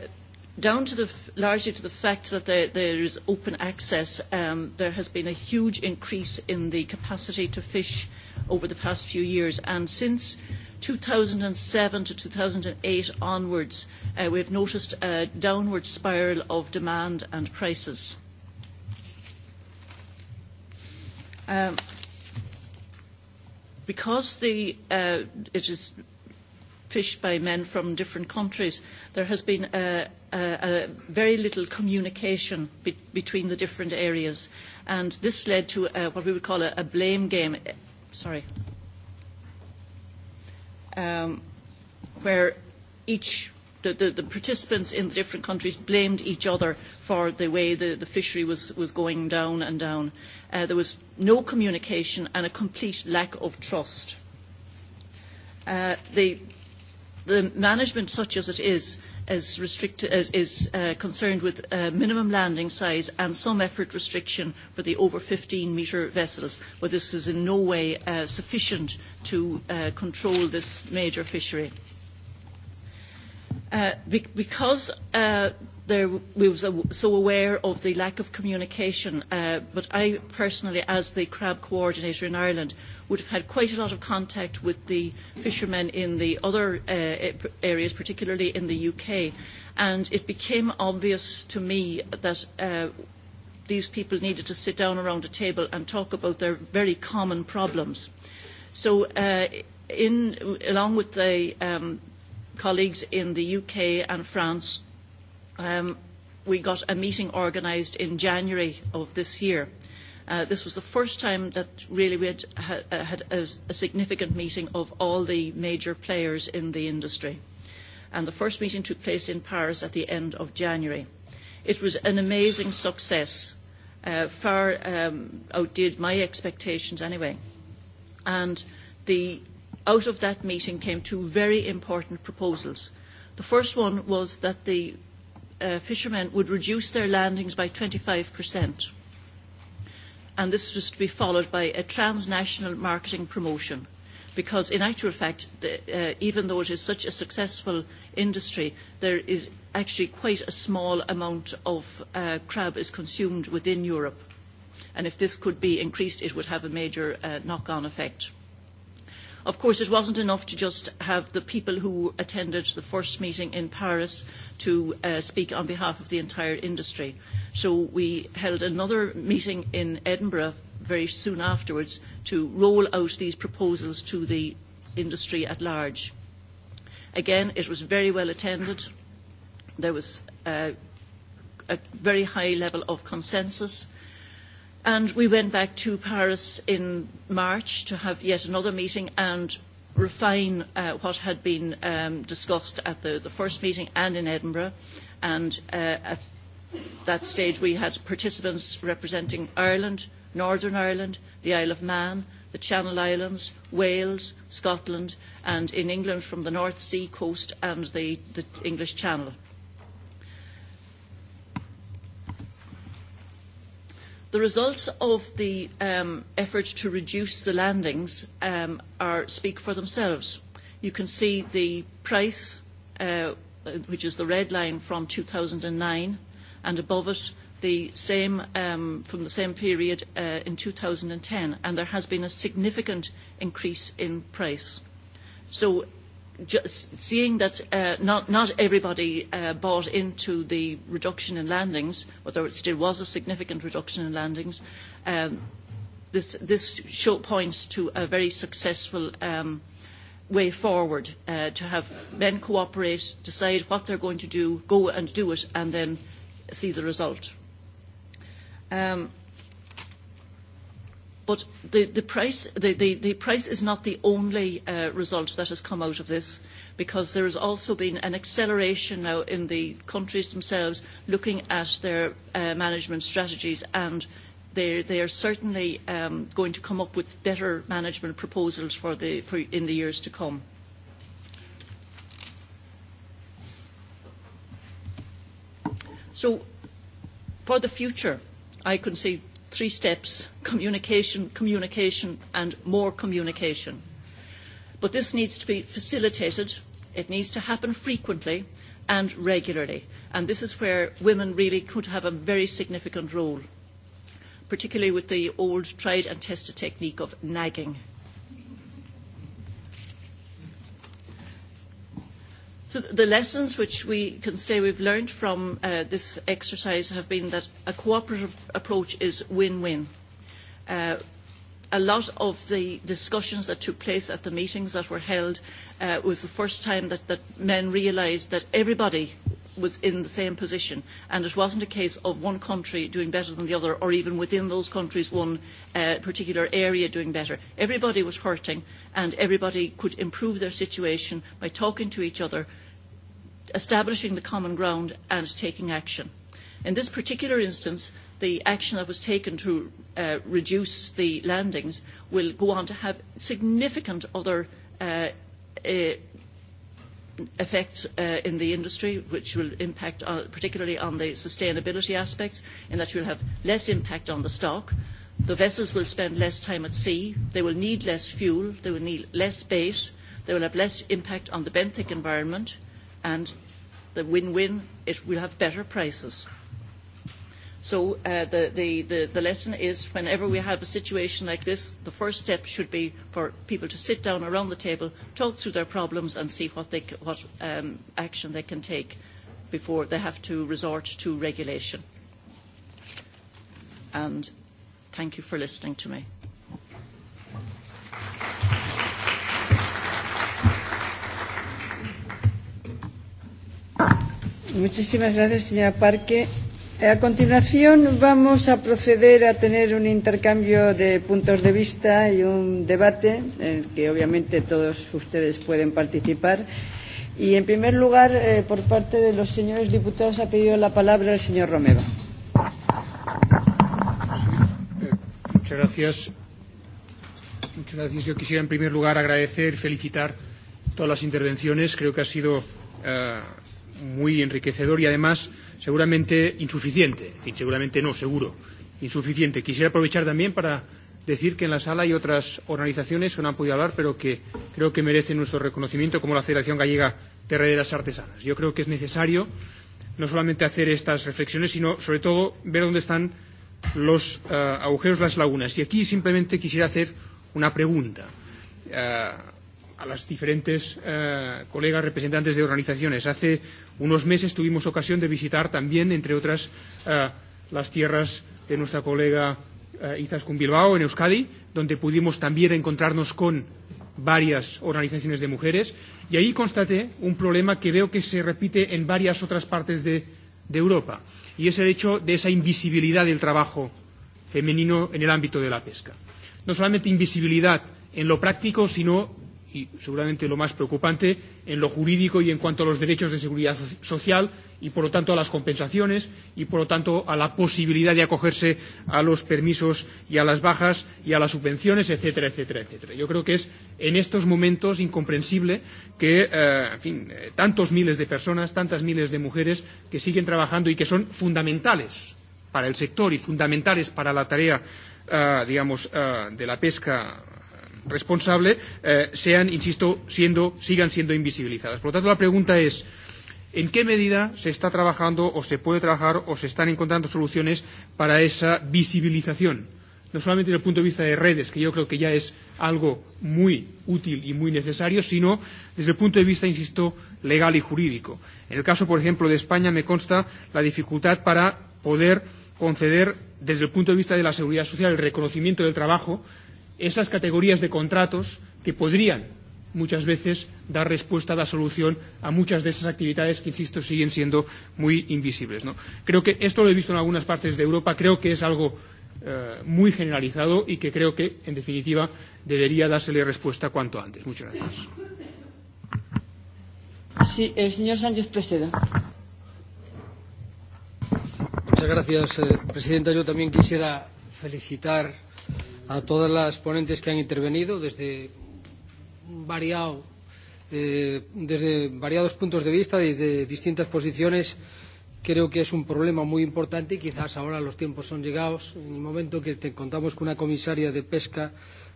down to the, largely to the fact that there, there is open access. Um, there has been a huge increase in the capacity to fish over the past few years. And since 2007 to 2008 onwards, uh, we've noticed a downward spiral of demand and prices. Um, because the, uh, it is fished by men from different countries, there has been very little communication be- between the different areas. And this led to what we would call a, a blame game. Sorry. Um, where each the, the, the participants in the different countries blamed each other for the way the, the fishery was, was going down and down. Uh, there was no communication and a complete lack of trust. Uh, the, the management, such as it is, as, restrict, as is uh, concerned with uh, minimum landing size and some effort restriction for the over 15 metre vessels, but this is in no way uh, sufficient to uh, control this major fishery be- because uh, there we were so aware of the lack of communication, uh, but I personally, as the crab coordinator in Ireland, would have had quite a lot of contact with the fishermen in the other uh, areas, particularly in the UK, and it became obvious to me that. Uh, these people needed to sit down around a table and talk about their very common problems. So, uh, in, along with the um, colleagues in the UK and France, we got a meeting organised in January of this year. this was the first time that really we had, had a, a significant meeting of all the major players in the industry. And the first meeting took place in Paris at the end of January. It was an amazing success, far outdid my expectations anyway. And the out of that meeting came two very important proposals. The first one was that the uh, fishermen would reduce their landings by 25%. And this was to be followed by a transnational marketing promotion. Because in actual fact, the, uh, even though it is such a successful industry, there is actually quite a small amount of uh, crab is consumed within Europe. And if this could be increased, it would have a major uh, knock-on effect. Of course, it wasn't enough to just have the people who attended the first meeting in Paris to uh, speak on behalf of the entire industry. So we held another meeting in Edinburgh very soon afterwards to roll out these proposals to the industry at large. Again, it was very well attended. There was uh, a very high level of consensus And we went back to Paris in March to have yet another meeting and refine what had been discussed at the, first meeting and in Edinburgh. And at that stage, we had participants representing Ireland, Northern Ireland, the Isle of Man, the Channel Islands, Wales, Scotland, and in England from the North Sea coast and the English Channel The results of the um, effort to reduce the landings um, are, speak for themselves. You can see the price, uh, which is the red line from 2009, and above it, the same um, from the same period uh, in 2010, and there has been a significant increase in price. So just seeing that uh, not, not everybody uh, bought into the reduction in landings, although it still was a significant reduction in landings, um, this, this show points to a very successful um, way forward uh, to have men cooperate, decide what they're going to do, go and do it, and then see the result. Um, But the, the, price, the, the, the price is not the only uh, result that has come out of this, because there has also been an acceleration now in the countries themselves looking at their uh, management strategies, and they they are certainly um, going to come up with better management proposals for the, for in the years to come. So, for the future, I can see three steps communication, communication, and more communication. But this needs to be facilitated, it needs to happen frequently and regularly. And this is where women really could have a very significant role, particularly with the old tried and tested technique of nagging So the lessons which we can say we've learned from uh, this exercise have been that a cooperative approach is win-win. Uh, a lot of the discussions that took place at the meetings that were held uh, was the first time that, that men realised that everybody was in the same position. And it wasn't a case of one country doing better than the other, or even within those countries, one uh, particular area doing better. Everybody was hurting, and everybody could improve their situation by talking to each other, establishing the common ground, and taking action. In this particular instance, the action that was taken to uh, reduce the landings will go on to have significant other uh, uh, effect in the industry, which will impact particularly on the sustainability aspects, in that you will have less impact on the stock. The vessels will spend less time at sea. They will need less fuel. They will need less bait. They will have less impact on the benthic environment. And the win-win, it will have better prices. So uh, the, the, the, the lesson is whenever we have a situation like this, the first step should be for people to sit down around the table, talk through their problems and see what, they, what um, action they can take before they have to resort to regulation. And thank you for listening to me. Muchísimas gracias, señora Parque. A continuación vamos a proceder a tener un intercambio de puntos de vista y un debate en el que obviamente todos ustedes pueden participar. Y en primer lugar, eh, por parte de los señores diputados, ha pedido la palabra el señor Romero. Muchas gracias. Muchas gracias. Yo quisiera en primer lugar agradecer, felicitar todas las intervenciones. Creo que ha sido eh, muy enriquecedor y además seguramente insuficiente, en fin, seguramente no, seguro, insuficiente. Quisiera aprovechar también para decir que en la sala hay otras organizaciones que no han podido hablar, pero que creo que merecen nuestro reconocimiento, como la Federación Gallega de Herreras Artesanas. Yo creo que es necesario no solamente hacer estas reflexiones, sino sobre todo ver dónde están los uh, agujeros, las lagunas. Y aquí simplemente quisiera hacer una pregunta. Uh, a las diferentes eh, colegas representantes de organizaciones. Hace unos meses tuvimos ocasión de visitar también, entre otras, eh, las tierras de nuestra colega eh, Izaskun Bilbao en Euskadi, donde pudimos también encontrarnos con varias organizaciones de mujeres. Y ahí constaté un problema que veo que se repite en varias otras partes de, de Europa, y es el hecho de esa invisibilidad del trabajo femenino en el ámbito de la pesca. No solamente invisibilidad en lo práctico, sino y seguramente lo más preocupante en lo jurídico y en cuanto a los derechos de seguridad social y por lo tanto a las compensaciones y por lo tanto a la posibilidad de acogerse a los permisos y a las bajas y a las subvenciones, etcétera, etcétera, etcétera. Yo creo que es en estos momentos incomprensible que eh, en fin, tantos miles de personas, tantas miles de mujeres que siguen trabajando y que son fundamentales para el sector y fundamentales para la tarea, eh, digamos, eh, de la pesca responsable eh, sean, insisto, siendo, sigan siendo invisibilizadas. Por lo tanto, la pregunta es ¿en qué medida se está trabajando o se puede trabajar o se están encontrando soluciones para esa visibilización? no solamente desde el punto de vista de redes, que yo creo que ya es algo muy útil y muy necesario, sino desde el punto de vista, insisto, legal y jurídico. En el caso, por ejemplo, de España me consta la dificultad para poder conceder, desde el punto de vista de la seguridad social, el reconocimiento del trabajo esas categorías de contratos que podrían muchas veces dar respuesta, dar solución a muchas de esas actividades que, insisto, siguen siendo muy invisibles. ¿no? Creo que esto lo he visto en algunas partes de Europa, creo que es algo eh, muy generalizado y que creo que, en definitiva, debería dársele respuesta cuanto antes. Muchas gracias. Sí, el señor Sánchez Preseda. Muchas gracias, eh, Presidenta. Yo también quisiera felicitar a todas las ponentes que han intervenido desde variado desde variados puntos de vista, desde distintas posiciones, creo que es un problema muy importante y quizás ahora los tiempos son llegados. En el momento que te contamos con una comisaria de pesca,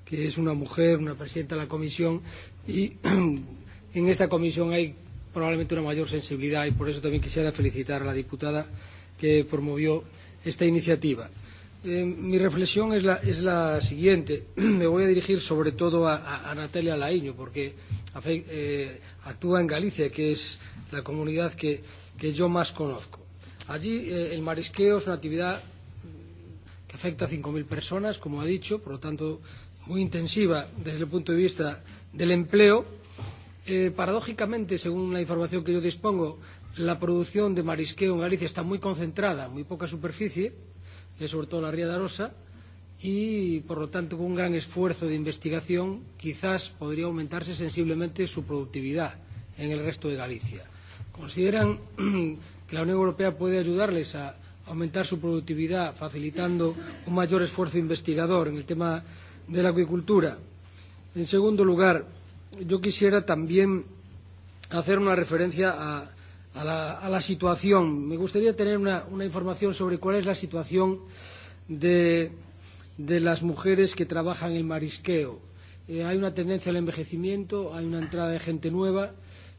que es una mujer, una presidenta de la comisión, y en esta comisión hay probablemente una mayor sensibilidad y por eso también quisiera felicitar a la diputada que promovió esta iniciativa mi reflexión es la, es la siguiente. Me voy a dirigir sobre todo a, a, Natalia Laíño, porque eh, actúa en Galicia, que es la comunidad que, que yo más conozco. Allí eh, el marisqueo es una actividad que afecta a 5.000 personas, como ha dicho, por lo tanto muy intensiva desde el punto de vista del empleo. Eh, paradójicamente, según la información que yo dispongo, la producción de marisqueo en Galicia está muy concentrada, muy poca superficie sobre todo la Ría de Arosa, y por lo tanto con un gran esfuerzo de investigación quizás podría aumentarse sensiblemente su productividad en el resto de Galicia. ¿Consideran que la Unión Europea puede ayudarles a aumentar su productividad facilitando un mayor esfuerzo investigador en el tema de la acuicultura? En segundo lugar, yo quisiera también hacer una referencia a a la, a la situación. Me gustaría tener una, una información sobre cuál es la situación de, de las mujeres que trabajan el marisqueo. Eh, hay una tendencia al envejecimiento, hay una entrada de gente nueva.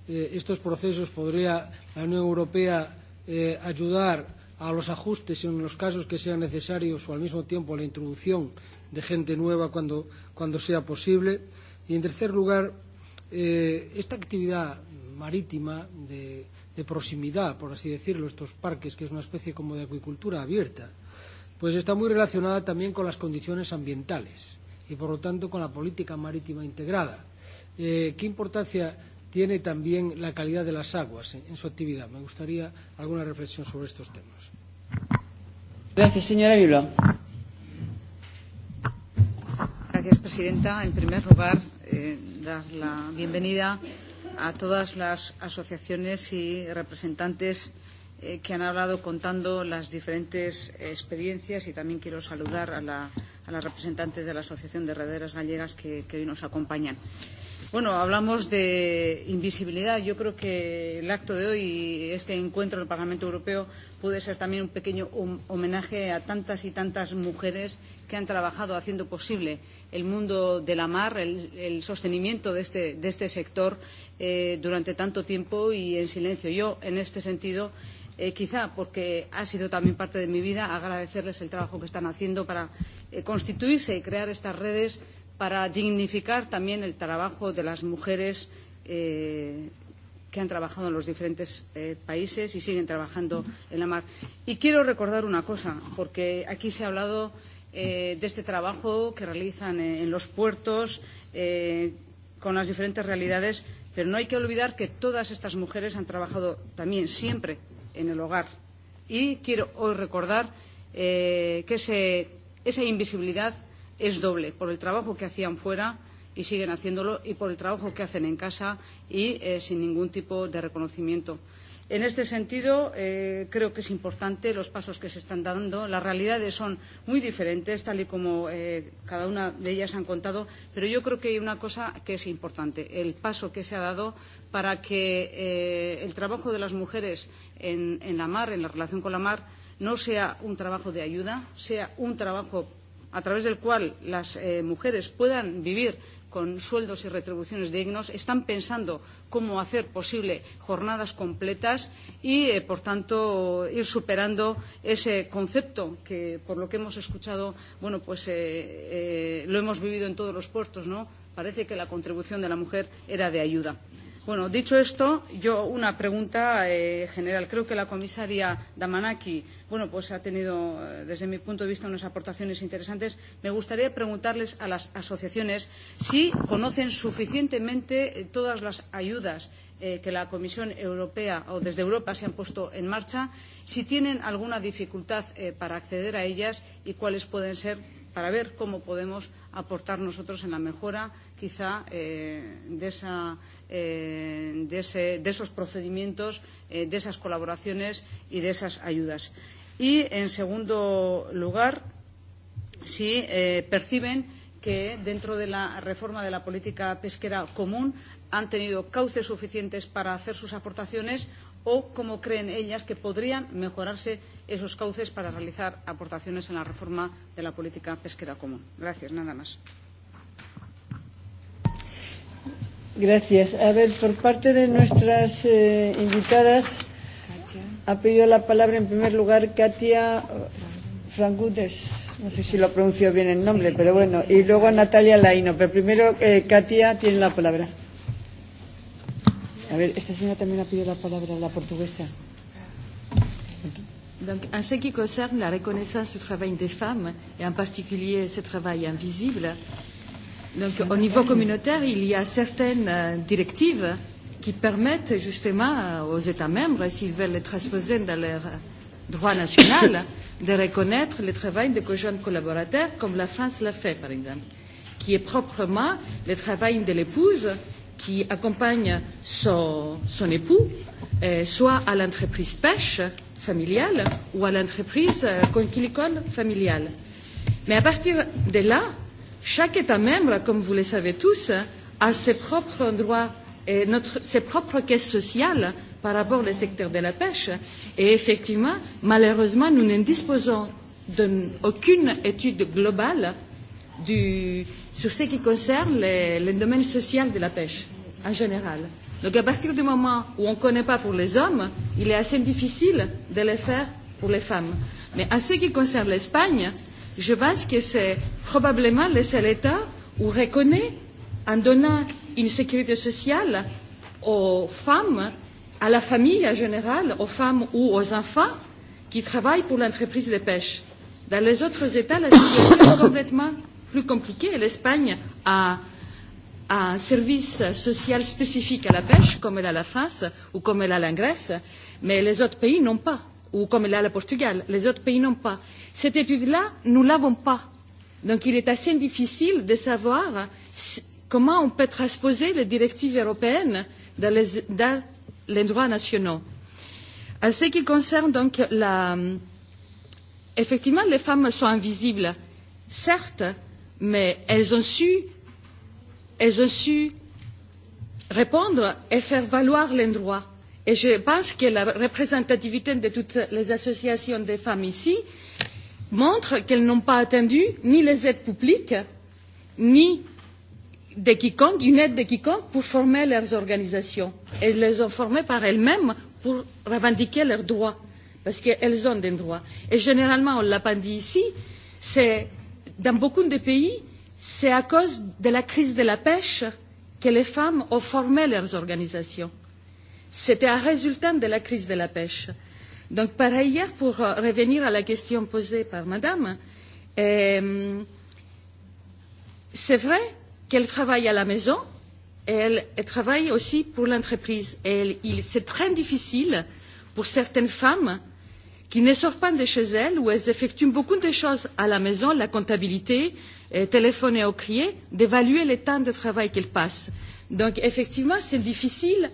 Eh, estos procesos podría la Unión Europea eh, ayudar a los ajustes en los casos que sean necesarios o al mismo tiempo a la introducción de gente nueva cuando, cuando sea posible. Y en tercer lugar, eh, esta actividad marítima de, de proximidad, por así decirlo, estos parques, que es una especie como de acuicultura abierta, pues está muy relacionada también con las condiciones ambientales y, por lo tanto, con la política marítima integrada. Eh, ¿Qué importancia tiene también la calidad de las aguas en, en su actividad? Me gustaría alguna reflexión sobre estos temas. Gracias, señora Bilbao. Gracias, presidenta. En primer lugar, eh, dar la bienvenida a a todas las asociaciones y representantes que han hablado contando las diferentes experiencias y también quiero saludar a, las representantes de la Asociación de Rederas Gallegas que, hoy nos acompañan. Bueno, hablamos de invisibilidad. Yo creo que el acto de hoy, este encuentro en el Parlamento Europeo, puede ser también un pequeño homenaje a tantas y tantas mujeres que han trabajado haciendo posible el mundo de la mar, el, el sostenimiento de este, de este sector eh, durante tanto tiempo y en silencio. Yo, en este sentido, eh, quizá porque ha sido también parte de mi vida, agradecerles el trabajo que están haciendo para eh, constituirse y crear estas redes para dignificar también el trabajo de las mujeres eh, que han trabajado en los diferentes eh, países y siguen trabajando en la mar. Y quiero recordar una cosa, porque aquí se ha hablado eh, de este trabajo que realizan en, en los puertos eh, con las diferentes realidades, pero no hay que olvidar que todas estas mujeres han trabajado también siempre en el hogar. Y quiero hoy recordar eh, que ese, esa invisibilidad es doble, por el trabajo que hacían fuera y siguen haciéndolo y por el trabajo que hacen en casa y eh, sin ningún tipo de reconocimiento. En este sentido, eh, creo que es importante los pasos que se están dando. Las realidades son muy diferentes, tal y como eh, cada una de ellas han contado, pero yo creo que hay una cosa que es importante, el paso que se ha dado para que eh, el trabajo de las mujeres en, en la mar, en la relación con la mar, no sea un trabajo de ayuda, sea un trabajo a través del cual las mujeres puedan vivir con sueldos y retribuciones dignos, están pensando cómo hacer posible jornadas completas y, por tanto, ir superando ese concepto que, por lo que hemos escuchado, bueno, pues lo hemos vivido en todos los puertos, ¿no? Parece que la contribución de la mujer era de ayuda. Bueno, dicho esto, yo una pregunta eh, general. Creo que la comisaria Damanaki, bueno, pues ha tenido desde mi punto de vista unas aportaciones interesantes. Me gustaría preguntarles a las asociaciones si conocen suficientemente todas las ayudas que la Comisión Europea o desde Europa se han puesto en marcha, si tienen alguna dificultad para acceder a ellas y cuáles pueden ser para ver cómo podemos aportar nosotros en la mejora quizá de esa eh, de, ese, de esos procedimientos, eh, de esas colaboraciones y de esas ayudas. Y, en segundo lugar, si eh, perciben que dentro de la reforma de la política pesquera común han tenido cauces suficientes para hacer sus aportaciones o cómo creen ellas que podrían mejorarse esos cauces para realizar aportaciones en la reforma de la política pesquera común. Gracias, nada más. Gracias. A ver, por parte de nuestras eh, invitadas, Katia. ha pedido la palabra en primer lugar Katia Frangudes, no sé si lo pronuncio bien el nombre, sí. pero bueno, y luego Natalia Laino, pero primero eh, Katia tiene la palabra. A ver, esta señora también ha pedido la palabra, la portuguesa. Donc, en ce qui concerne la reconnaissance du travail des femmes, et en particulier ce travail invisible, Donc au niveau communautaire, il y a certaines directives qui permettent justement aux États membres, s'ils veulent les transposer dans leur droit national, de reconnaître le travail de conjoints collaborateurs, comme la France l'a fait par exemple, qui est proprement le travail de l'épouse qui accompagne son, son époux, euh, soit à l'entreprise pêche familiale ou à l'entreprise euh, conquilicole familiale. Mais à partir de là, Chaque État membre, comme vous le savez tous, a ses propres droits et notre, ses propres caisses sociales par rapport au secteur de la pêche. Et effectivement, malheureusement, nous ne disposons d'aucune étude globale du, sur ce qui concerne les, le domaine social de la pêche en général. Donc à partir du moment où on ne connaît pas pour les hommes, il est assez difficile de le faire pour les femmes. Mais en ce qui concerne l'Espagne, je pense que c'est probablement le seul État où reconnaît, en donnant une sécurité sociale aux femmes, à la famille en général, aux femmes ou aux enfants qui travaillent pour l'entreprise de pêche. Dans les autres États, la situation est complètement plus compliquée. L'Espagne a un service social spécifique à la pêche, comme elle a la France ou comme elle a la Grèce, mais les autres pays n'ont pas ou comme là le Portugal. Les autres pays n'ont pas. Cette étude-là, nous ne l'avons pas. Donc il est assez difficile de savoir comment on peut transposer les directives européennes dans les, dans les droits nationaux. En ce qui concerne donc la... Effectivement, les femmes sont invisibles, certes, mais elles ont su, elles ont su répondre et faire valoir les droits Et je pense que la représentativité de toutes les associations des femmes ici montre qu'elles n'ont pas attendu ni les aides publiques, ni de quiconque, une aide de quiconque pour former leurs organisations. Elles les ont formées par elles-mêmes pour revendiquer leurs droits, parce qu'elles ont des droits. Et généralement, on ne l'a pas dit ici, c'est dans beaucoup de pays, c'est à cause de la crise de la pêche que les femmes ont formé leurs organisations C'était un résultat de la crise de la pêche. Donc, par ailleurs, pour revenir à la question posée par Madame, euh, c'est vrai qu'elle travaille à la maison et elle, elle travaille aussi pour l'entreprise. c'est très difficile pour certaines femmes qui ne sortent pas de chez elles, où elles effectuent beaucoup de choses à la maison, la comptabilité, euh, téléphoner au crier, d'évaluer le temps de travail qu'elles passent. Donc effectivement, c'est difficile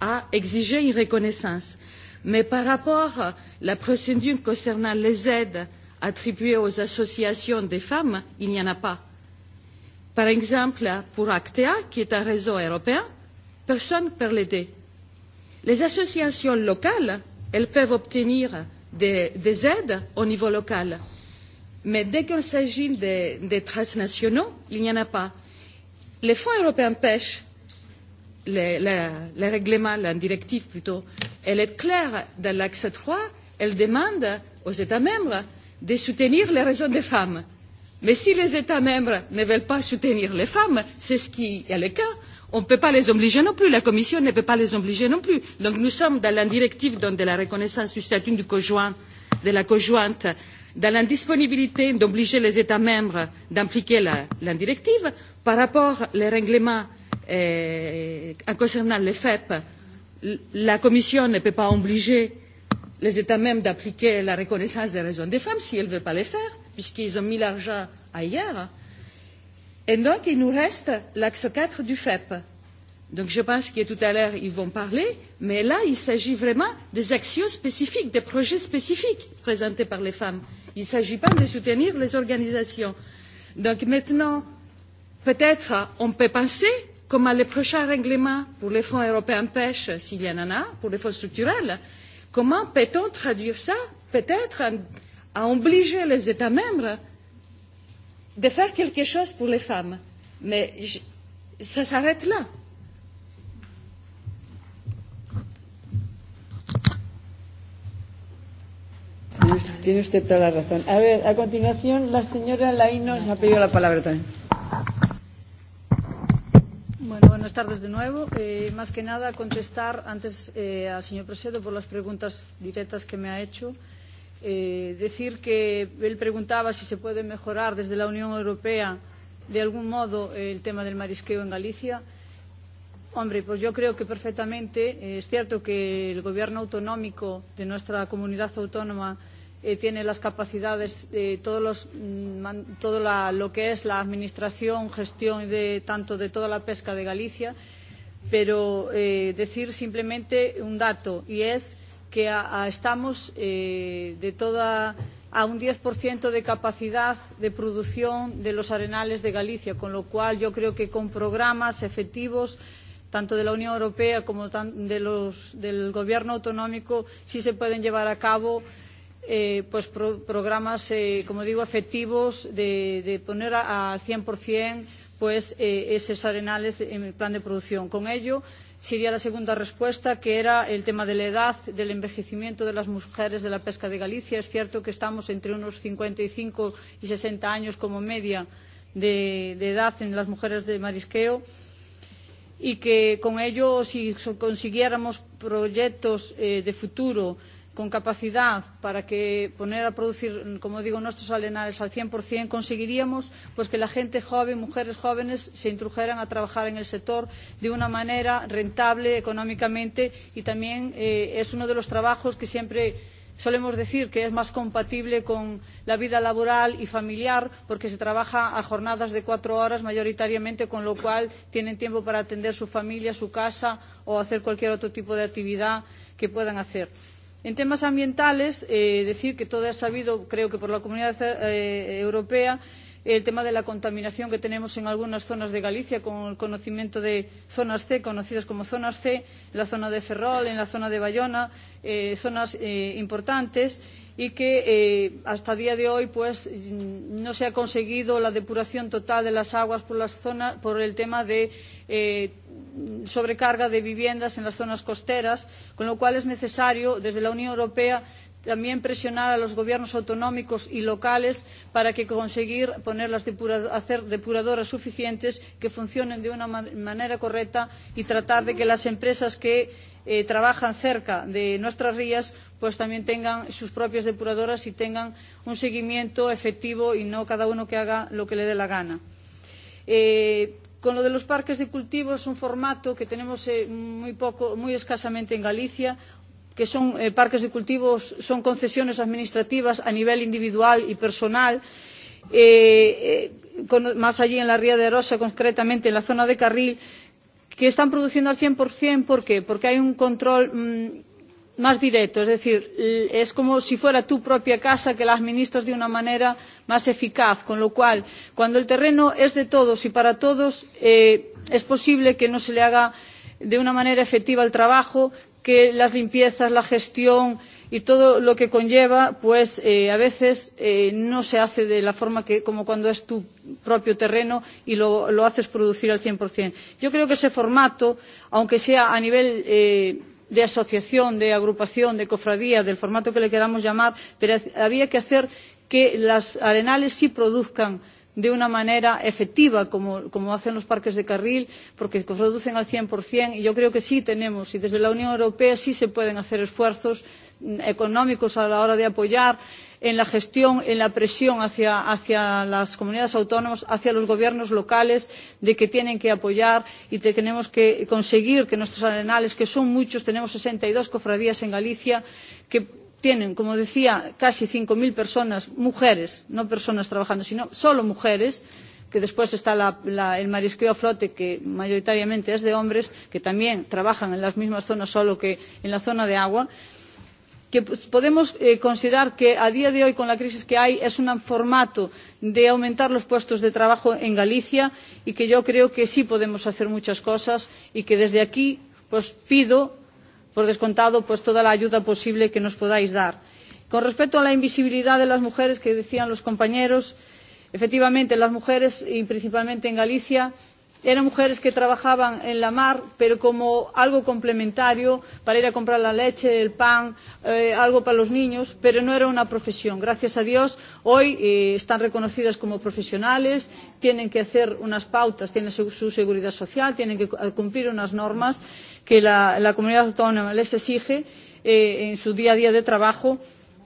à exiger une reconnaissance. Mais par rapport à la procédure concernant les aides attribuées aux associations des femmes, il n'y en a pas. Par exemple, pour Actea, qui est un réseau européen, personne ne peut l'aider. Les associations locales, elles peuvent obtenir des, aides au niveau local. Mais dès qu'il s'agit des, des transnationaux, il n'y en a pas. Les fonds européens pêche le, règlement, la directive plutôt, elle est claire. Dans l'axe 3, elle demande aux États membres de soutenir les raisons des femmes. Mais si les États membres ne veulent pas soutenir les femmes, c'est ce qui est le cas, on ne peut pas les obliger non plus, la Commission ne peut pas les obliger non plus. Donc nous sommes dans la directive donc, de la reconnaissance du statut du conjoint, de la conjointe, dans l'indisponibilité d'obliger les États membres d'impliquer la, la directive par rapport au règlement concernant les FEP, la Commission ne peut pas obliger les États membres d'appliquer la reconnaissance des raisons des femmes si elle ne veut pas les faire, puisqu'ils ont mis l'argent ailleurs. Et donc, il nous reste l'axe quatre du FEP. Donc, je pense que tout à l'heure, ils vont parler, mais là, il s'agit vraiment des actions spécifiques, des projets spécifiques présentés par les femmes. Il ne s'agit pas de soutenir les organisations. Donc, maintenant, peut-être, on peut penser comme à le prochain règlement pour les Fonds européens de pêche, s'il y en a, pour les fonds structurels, comment peut-on traduire cela peut-être à obliger les États membres de faire quelque chose pour les femmes Mais ça s'arrête là. Tiene usted toda la razón. A ver, a continuación, la señora ha pedido la palabra también. Bueno, buenas tardes de nuevo. Eh, más que nada, contestar antes eh, al señor Presedo por las preguntas directas que me ha hecho. Eh, decir que él preguntaba si se puede mejorar desde la Unión Europea de algún modo el tema del marisqueo en Galicia. Hombre, pues yo creo que perfectamente. Eh, es cierto que el gobierno autonómico de nuestra comunidad autónoma eh, tiene las capacidades, eh, todo, los, todo la, lo que es la administración, gestión de, tanto de toda la pesca de Galicia, pero eh, decir simplemente un dato, y es que a, a estamos eh, de toda a un 10% de capacidad de producción de los arenales de Galicia, con lo cual yo creo que con programas efectivos tanto de la Unión Europea como de los, del Gobierno autonómico sí se pueden llevar a cabo programas, como digo, efectivos de, poner al cien pues, esos arenales en el plan de producción. Con ello, sería la segunda respuesta, que era el tema de la edad, del envejecimiento de las mujeres de la pesca de Galicia. Es cierto que estamos entre unos cincuenta y cinco y sesenta años como media de, edad en las mujeres de marisqueo y que con ello, si consiguiéramos proyectos de futuro con capacidad para que poner a producir, como digo, nuestros alenares al 100%, conseguiríamos pues, que la gente joven, mujeres jóvenes, se introdujeran a trabajar en el sector de una manera rentable económicamente y también eh, es uno de los trabajos que siempre solemos decir que es más compatible con la vida laboral y familiar porque se trabaja a jornadas de cuatro horas mayoritariamente, con lo cual tienen tiempo para atender su familia, su casa o hacer cualquier otro tipo de actividad que puedan hacer. En temas ambientales, eh, decir que todo es sabido, creo que por la comunidad eh, europea, el tema de la contaminación que tenemos en algunas zonas de Galicia con el conocimiento de zonas C, conocidas como zonas C, en la zona de Ferrol, en la zona de Bayona, eh, zonas eh, importantes y que eh, hasta el día de hoy pues, no se ha conseguido la depuración total de las aguas por, las zonas, por el tema de eh, sobrecarga de viviendas en las zonas costeras, con lo cual es necesario desde la Unión Europea también presionar a los gobiernos autonómicos y locales para que conseguir poner las hacer depuradoras suficientes que funcionen de una manera correcta y tratar de que las empresas que eh, trabajan cerca de nuestras rías pues también tengan sus propias depuradoras y tengan un seguimiento efectivo y no cada uno que haga lo que le dé la gana. Eh, Con lo de los parques de cultivo es un formato que tenemos muy, poco, muy escasamente en Galicia, que son parques de cultivo, son concesiones administrativas a nivel individual y personal. más allí en la Ría de Rosa, concretamente en la zona de Carril, que están produciendo al 100%, ¿por qué? Porque hay un control más directo, es decir, es como si fuera tu propia casa que la administras de una manera más eficaz, con lo cual, cuando el terreno es de todos y para todos, eh, es posible que no se le haga de una manera efectiva el trabajo, que las limpiezas, la gestión y todo lo que conlleva, pues eh, a veces eh, no se hace de la forma que, como cuando es tu propio terreno y lo, lo haces producir al 100%. Yo creo que ese formato, aunque sea a nivel eh, de asociación, de agrupación, de cofradía, del formato que le queramos llamar, pero había que hacer que las arenales sí produzcan de una manera efectiva, como, como hacen los parques de carril, porque producen al 100%, y yo creo que sí tenemos, y desde la Unión Europea sí se pueden hacer esfuerzos económicos a la hora de apoyar en la gestión, en la presión hacia, hacia las comunidades autónomas, hacia los gobiernos locales, de que tienen que apoyar y de que tenemos que conseguir que nuestros arenales, que son muchos, tenemos sesenta y dos cofradías en Galicia, que tienen, como decía, casi cinco 5.000 personas, mujeres, no personas trabajando, sino solo mujeres, que después está la, la, el marisqueo a flote, que mayoritariamente es de hombres, que también trabajan en las mismas zonas, solo que en la zona de agua. Eh, que podemos eh, considerar que a día de hoy, con la crisis que hay, es un formato de aumentar los puestos de trabajo en Galicia y que yo creo que sí podemos hacer muchas cosas y que desde aquí pues, pido, por descontado, pues, toda la ayuda posible que nos podáis dar. Con respecto a la invisibilidad de las mujeres que decían los compañeros, efectivamente las mujeres, y principalmente en Galicia, eran mujeres que trabajaban en la mar, pero como algo complementario para ir a comprar la leche, el pan, eh, algo para los niños, pero no era una profesión. Gracias a Dios, hoy eh, están reconocidas como profesionales, tienen que hacer unas pautas, tienen su, su seguridad social, tienen que cumplir unas normas que la, la comunidad autónoma les exige eh, en su día a día de trabajo,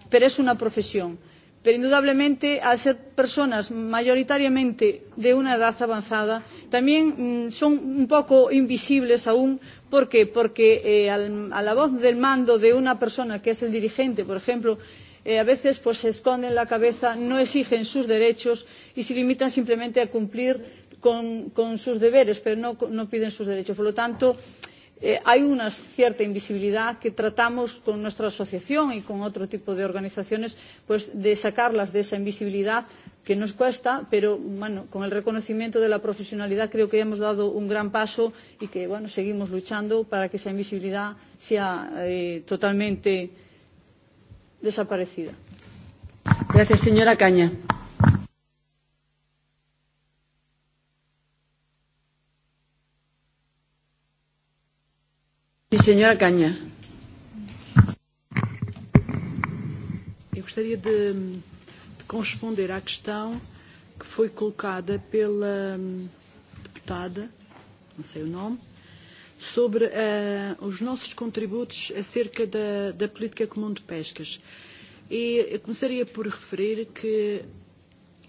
pero es una profesión Pero indudablemente, al ser personas mayoritariamente de una edad avanzada, también son un poco invisibles aún. ¿Por qué? Porque eh, al, a la voz del mando de una persona que es el dirigente, por ejemplo, eh, a veces pues, se esconden la cabeza, no exigen sus derechos y se limitan simplemente a cumplir con, con sus deberes, pero no, no piden sus derechos. Por lo tanto, eh, eh, hay una cierta invisibilidad que tratamos con nuestra asociación y con otro tipo de organizaciones pues de sacarlas de esa invisibilidad que nos cuesta, pero bueno, con el reconocimiento de la profesionalidad creo que hemos dado un gran paso y que bueno, seguimos luchando para que esa invisibilidad sea eh, totalmente desaparecida. Gracias, señora Caña. Sí, señora Caña. Eu gostaria de, de corresponder à questão que foi colocada pela deputada, não sei o nome, sobre uh, os nossos contributos acerca da, da política comum de pescas. E eu começaria por referir que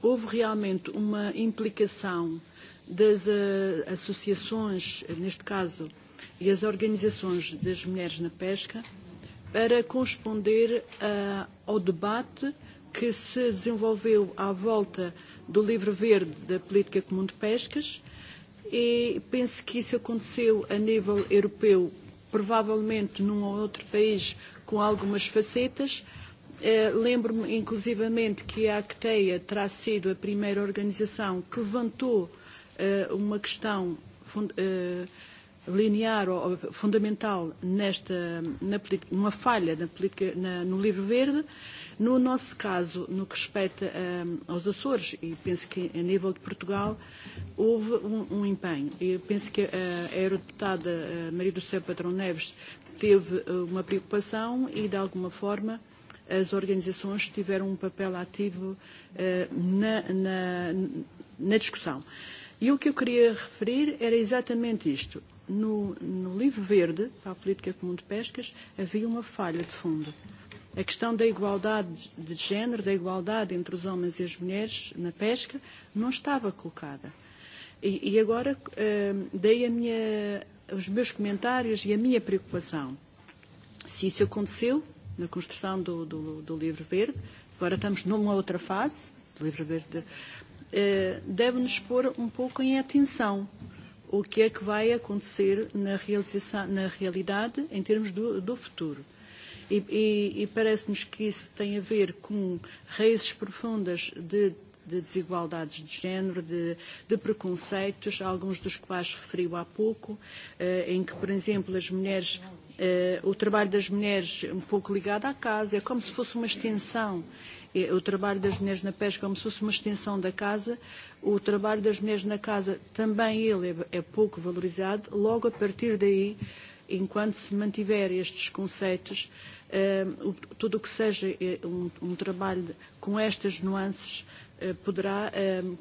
houve realmente uma implicação das uh, associações, neste caso e as organizações das mulheres na pesca para corresponder uh, ao debate que se desenvolveu à volta do livro verde da política comum de pescas e penso que isso aconteceu a nível europeu, provavelmente num ou outro país com algumas facetas. Lembro-me inclusivamente que a Acteia terá sido a primeira organização que levantou uma questão linear ou fundamental nesta, na, numa falha na, na, no livro verde. No nosso caso, no que respeita um, aos Açores, e penso que a nível de Portugal, houve um, um empenho. Eu penso que a, a aerodeputada Maria do Céu Patrão Neves teve uma preocupação e, de alguma forma, as organizações tiveram um papel ativo uh, na, na, na discussão. E o que eu queria referir era exatamente isto no, no livro verde para a política comum de pescas havia uma falha de fundo. A questão da igualdade de género, da igualdade entre os homens e as mulheres na pesca, não estava colocada. E, e agora uh, dei a minha, os meus comentários e a minha preocupação. Se isso aconteceu na construção do, do, do livro verde, agora estamos numa outra fase, do livro verde, uh, deve-nos pôr um pouco em atenção. Uh, o que é que vai acontecer na, realização, na realidade em termos do, do futuro. E, e, e parece-nos que isso tem a ver com raízes profundas de, de desigualdades de género, de, de preconceitos, alguns dos quais referiu há pouco, eh, em que, por exemplo, as mulheres o trabalho das mulheres um pouco ligado à casa, é como se fosse uma extensão o trabalho das mulheres na pesca como se fosse uma extensão da casa. O trabalho das mulheres na casa também ele é, pouco valorizado. Logo a partir daí, enquanto se mantiver estes conceitos, tudo o que seja um, trabalho com estas nuances poderá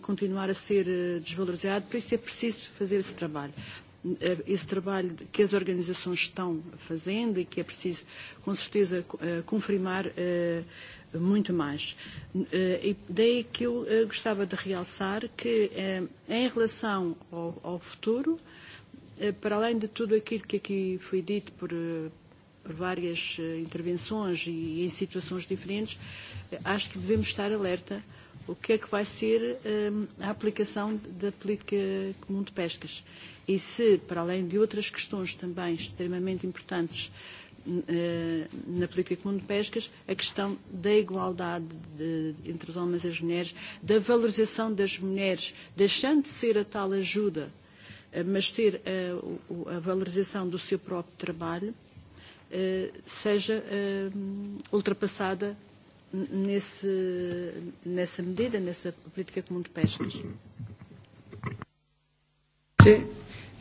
continuar a ser desvalorizado. Por isso é preciso fazer esse trabalho esse trabalho que as organizações estão fazendo e que é preciso, com certeza, confirmar muito mais. E daí que eu gostava de realçar que, em relação ao, ao futuro, para além de tudo aquilo que aqui foi dito por, por várias intervenções e em situações diferentes, acho que devemos estar alerta o que é que vai ser a aplicação da política comum de pescas. E se, para além de outras questões também extremamente importantes, uh, na política comum de pescas a questão da igualdade de, entre os homens e as mulheres, da valorização das mulheres, deixando de ser a tal ajuda, mas ser a, a valorização do seu próprio trabalho, seja ultrapassada nesse, nessa medida, nessa política comum de pescas. Sim.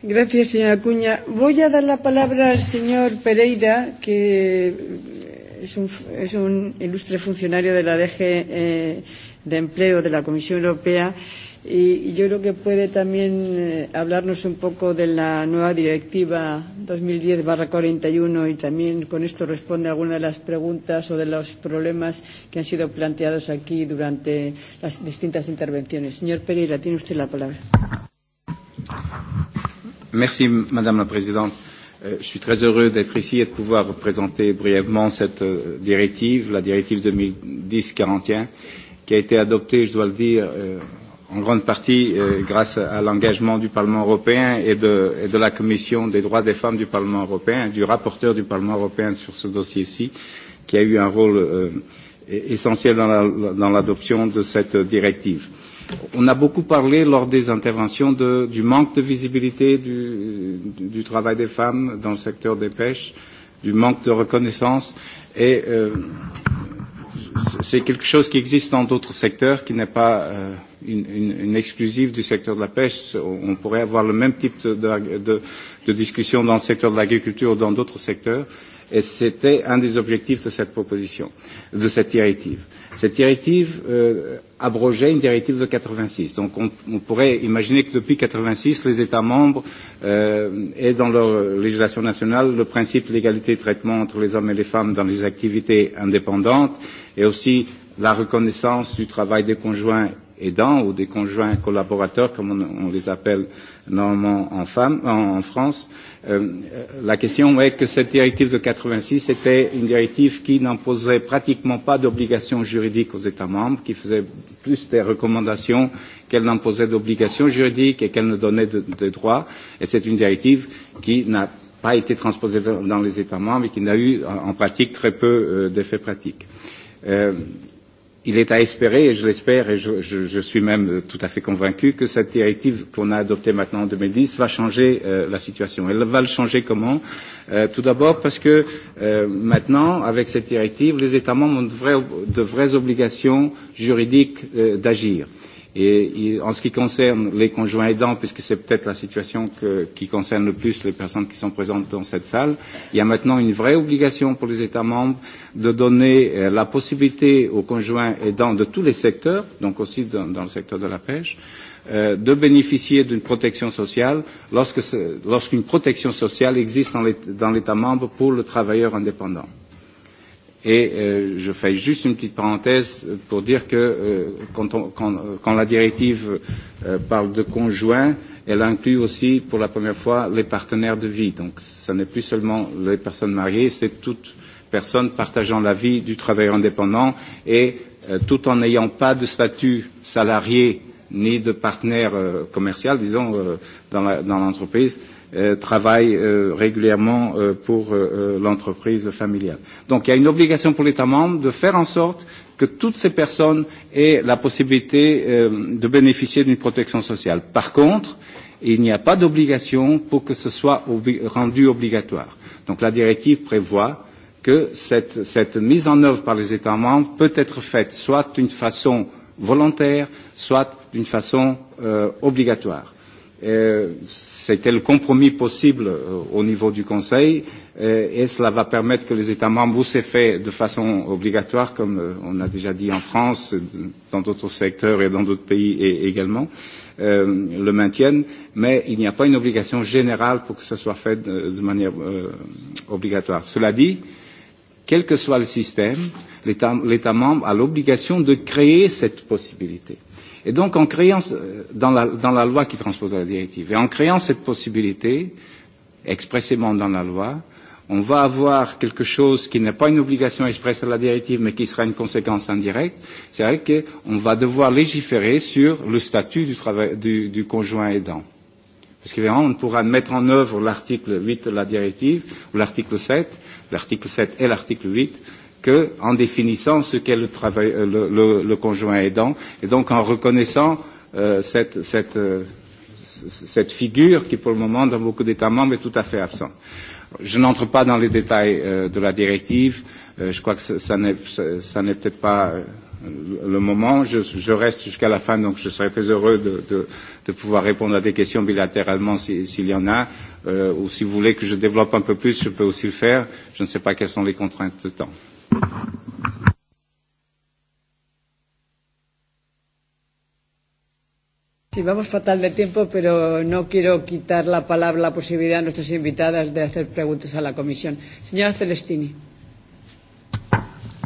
Gracias, señora Cuña. Voy a dar la palabra al señor Pereira, que es un, es un ilustre funcionario de la DG eh, de Empleo de la Comisión Europea. Y yo creo que puede también eh, hablarnos un poco de la nueva directiva 2010-41 y también con esto responde a de las preguntas o de los problemas que han sido planteados aquí durante las distintas intervenciones. Señor Pereira, tiene usted la palabra. Merci, Madame la Présidente. Je suis très heureux d'être ici et de pouvoir présenter brièvement cette directive, la directive 2010-41, qui a été adoptée, je dois le dire, en grande partie grâce à l'engagement du Parlement européen et de, et de la Commission des droits des femmes du Parlement européen, du rapporteur du Parlement européen sur ce dossier-ci, qui a eu un rôle essentiel dans l'adoption de cette directive. On a beaucoup parlé lors des interventions de, du manque de visibilité du, du travail des femmes dans le secteur des pêches, du manque de reconnaissance et euh, c'est quelque chose qui existe dans d'autres secteurs, qui n'est pas euh, une, une, une exclusive du secteur de la pêche. On pourrait avoir le même type de, de, de discussion dans le secteur de l'agriculture ou dans d'autres secteurs. Et c'était un des objectifs de cette proposition, de cette directive. Euh, Cette directive euh, abrogeait une directive de 86. Donc on, on pourrait imaginer que depuis 86, les États membres euh, aient dans leur législation nationale le principe de l'égalité de traitement entre les hommes et les femmes dans les activités indépendantes et aussi la reconnaissance du travail des conjoints aidants ou des conjoints collaborateurs, comme on, on les appelle normalement en, femme, en, en France. Euh, la question est que cette directive de 86 était une directive qui n'imposait pratiquement pas d'obligations juridiques aux États membres, qui faisait plus des recommandations qu'elle n'imposait d'obligations juridiques et qu'elle ne donnait de, de droits. Et c'est une directive qui n'a pas été transposée dans les États membres et qui n'a eu en pratique très peu euh, d'effets pratiques. Euh, il est à espérer, et je l'espère, et je, je, je suis même tout à fait convaincu, que cette directive qu'on a adoptée maintenant en 2010 va changer euh, la situation. Elle va le changer comment euh, Tout d'abord parce que euh, maintenant, avec cette directive, les États membres ont de vraies, de vraies obligations juridiques euh, d'agir. Euh, Et, et en ce qui concerne les conjoints aidants, puisque c'est peut-être la situation que, qui concerne le plus les personnes qui sont présentes dans cette salle, il y a maintenant une vraie obligation pour les États membres de donner euh, la possibilité aux conjoints aidants de tous les secteurs, donc aussi dans, dans le secteur de la pêche, euh, de bénéficier d'une protection sociale lorsqu'une lorsqu'une protection sociale existe dans l'État membre pour le travailleur indépendant. Et euh, je fais juste une petite parenthèse pour dire que euh, quand, on, quand, quand la directive euh, parle de conjoint, elle inclut aussi pour la première fois les partenaires de vie. Donc ce n'est plus seulement les personnes mariées, c'est toute personne partageant la vie du travailleur indépendant et euh, tout en n'ayant pas de statut salarié ni de partenaire euh, commercial, disons, euh, dans l'entreprise, euh, travaillent euh, régulièrement euh, pour euh, l'entreprise familiale. Donc il y a une obligation pour l'État membre de faire en sorte que toutes ces personnes aient la possibilité euh, de bénéficier d'une protection sociale. Par contre, il n'y a pas d'obligation pour que ce soit obli rendu obligatoire. Donc la directive prévoit que cette, cette mise en œuvre par les États membres peut être faite soit d'une façon volontaire, soit d'une façon euh, obligatoire c'était le compromis possible au niveau du Conseil et cela va permettre que les États membres, où c'est fait de façon obligatoire, comme on a déjà dit en France, dans d'autres secteurs et dans d'autres pays également, le maintiennent, mais il n'y a pas une obligation générale pour que ce soit fait de, manière obligatoire. Cela dit, quel que soit le système, l'État membre a l'obligation de créer cette possibilité. Et donc, en créant, dans la, dans la loi qui transpose la directive, et en créant cette possibilité, expressément dans la loi, on va avoir quelque chose qui n'est pas une obligation expresse à la directive, mais qui sera une conséquence indirecte. C'est vrai qu'on va devoir légiférer sur le statut du, travail, du, du conjoint aidant. Parce qu'évidemment, on pourra mettre en œuvre l'article 8 de la directive, ou l'article 7, l'article 7 et l'article 8, qu'en définissant ce qu'est le, travail, le, le, le conjoint aidant et donc en reconnaissant euh, cette, cette, euh, cette figure qui, pour le moment, dans beaucoup d'États membres, est tout à fait absente. Je n'entre pas dans les détails euh, de la directive. Euh, je crois que ça n'est peut-être pas le moment. Je, je reste jusqu'à la fin, donc je serai très heureux de, de, de pouvoir répondre à des questions bilatéralement s'il si, y en a. Euh, ou si vous voulez que je développe un peu plus, je peux aussi le faire. Je ne sais pas quelles sont les contraintes de temps. Sí, vamos fatal de tiempo, pero no quiero quitar la palabra, la posibilidad a nuestras invitadas de hacer preguntas a la Comisión. Señora Celestini.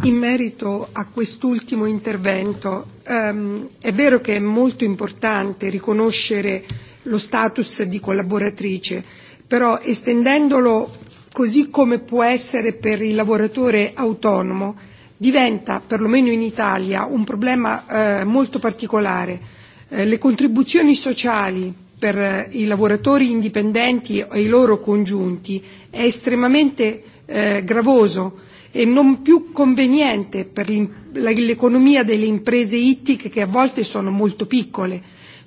In merito a quest'ultimo intervento, um, è vero che è molto importante riconoscere lo status di collaboratrice, però estendendolo così come può essere per il lavoratore autonomo, diventa, perlomeno in Italia, un problema eh, molto particolare. Eh, le contribuzioni sociali per eh, i lavoratori indipendenti e i loro congiunti è estremamente eh, gravoso e non più conveniente per l'economia delle imprese ittiche che a volte sono molto piccole.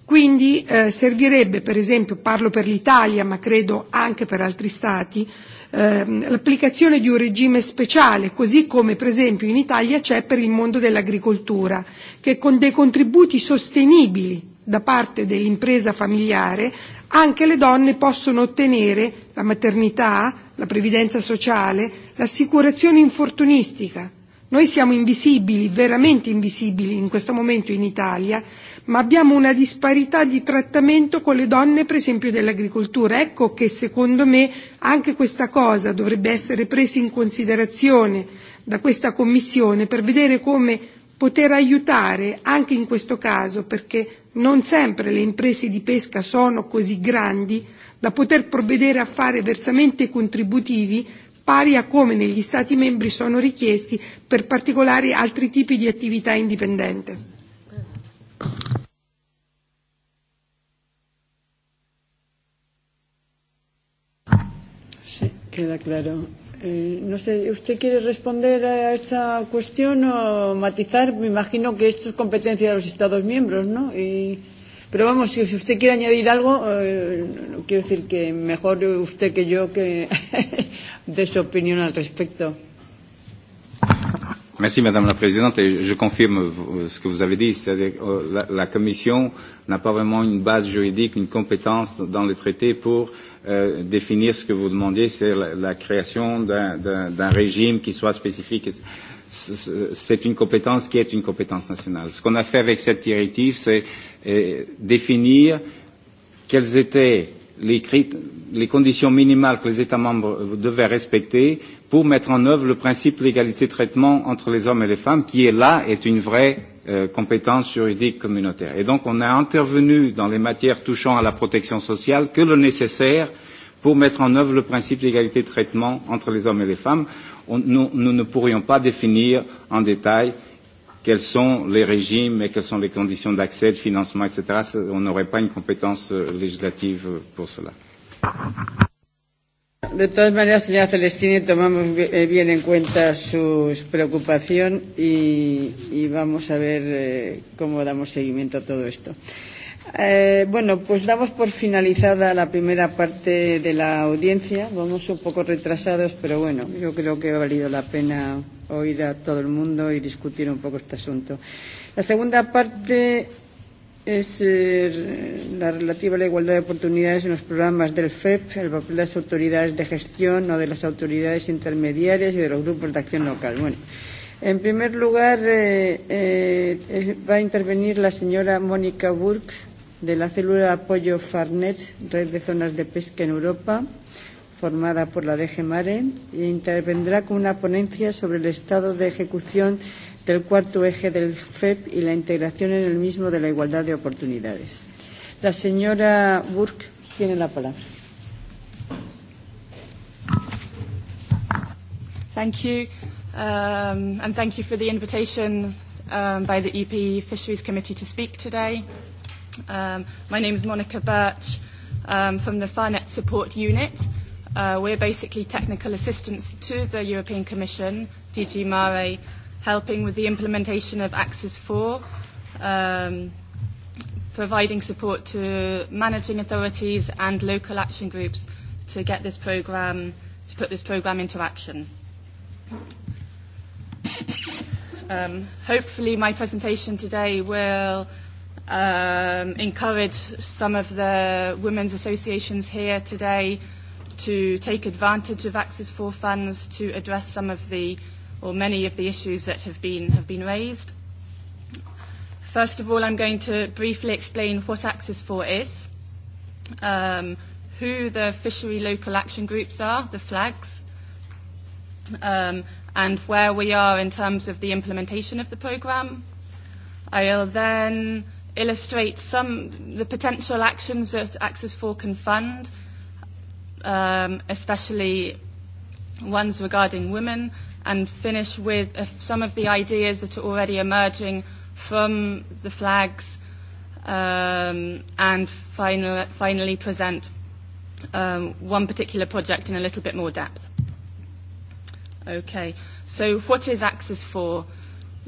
Quindi eh, servirebbe, per esempio, parlo per l'Italia ma credo anche per altri Stati, l'applicazione di un regime speciale, così come per esempio in Italia c'è per il mondo dell'agricoltura, che con dei contributi sostenibili da parte dell'impresa familiare anche le donne possono ottenere la maternità, la previdenza sociale, l'assicurazione infortunistica. Noi siamo invisibili, veramente invisibili in questo momento in Italia ma abbiamo una disparità di trattamento con le donne, per esempio, dell'agricoltura. Ecco che secondo me anche questa cosa dovrebbe essere presa in considerazione da questa Commissione per vedere come poter aiutare anche in questo caso, perché non sempre le imprese di pesca sono così grandi da poter provvedere a fare versamenti contributivi pari a come negli Stati membri sono richiesti per particolari altri tipi di attività indipendente. Sí, queda claro. Eh, no sé, ¿usted quiere responder a esta cuestión o matizar? Me imagino que esto es competencia de los Estados miembros, ¿no? Y, pero vamos, si usted quiere añadir algo, eh, quiero decir que mejor usted que yo que dé su opinión al respecto. Merci Madame la Présidente et je confirme ce que vous avez dit, c'est-à-dire la, la Commission n'a pas vraiment une base juridique, une compétence dans les traités pour euh, définir ce que vous demandiez, c'est la, la création d'un régime qui soit spécifique. C'est une compétence qui est une compétence nationale. Ce qu'on a fait avec cette directive, c'est euh, définir quelles étaient les, les conditions minimales que les États membres devaient respecter pour mettre en œuvre le principe de l'égalité de traitement entre les hommes et les femmes, qui est là, est une vraie euh, compétence juridique communautaire. Et donc on a intervenu dans les matières touchant à la protection sociale que le nécessaire pour mettre en œuvre le principe d'égalité de traitement entre les hommes et les femmes. On, nous, nous ne pourrions pas définir en détail quels sont les régimes et quelles sont les conditions d'accès, de financement, etc. On n'aurait pas une compétence législative pour cela de todas maneras, señora Celestini, tomamos bien en cuenta su preocupación y, y vamos a ver eh, cómo damos seguimiento a todo esto. Eh, bueno, pues damos por finalizada la primera parte de la audiencia. Vamos un poco retrasados, pero bueno, yo creo que ha valido la pena oír a todo el mundo y discutir un poco este asunto. La segunda parte es eh, la relativa a la igualdad de oportunidades en los programas del FEP, el papel de las autoridades de gestión o de las autoridades intermediarias y de los grupos de acción local. Bueno, en primer lugar eh, eh, va a intervenir la señora Mónica Burke de la célula de apoyo Farnet, Red de Zonas de Pesca en Europa, formada por la DG Mare, e intervendrá con una ponencia sobre el estado de ejecución del cuarto eje del FEP y la integración en el mismo de la igualdad de oportunidades. La señora Burke tiene la palabra. Thank you, um, and thank you for the invitation um, by the EP Fisheries Committee to speak today. Um, my name is Monica Birch um, from the Farnet Support Unit. Uh, we're basically technical assistants to the European Commission, DG Mare, helping with the implementation of Axis 4, um, providing support to managing authorities and local action groups to get this program to put this program into action. Um, hopefully, my presentation today will um, encourage some of the women's associations here today to take advantage of Access 4 funds to address some of the or many of the issues that have been, have been raised. First of all, I'm going to briefly explain what Access 4 is, um, who the fishery local action groups are, the flags, um, and where we are in terms of the implementation of the programme. I'll then illustrate some the potential actions that Access 4 can fund, um, especially ones regarding women and finish with uh, some of the ideas that are already emerging from the flags um, and final, finally present um, one particular project in a little bit more depth. Okay, so what is Axis 4?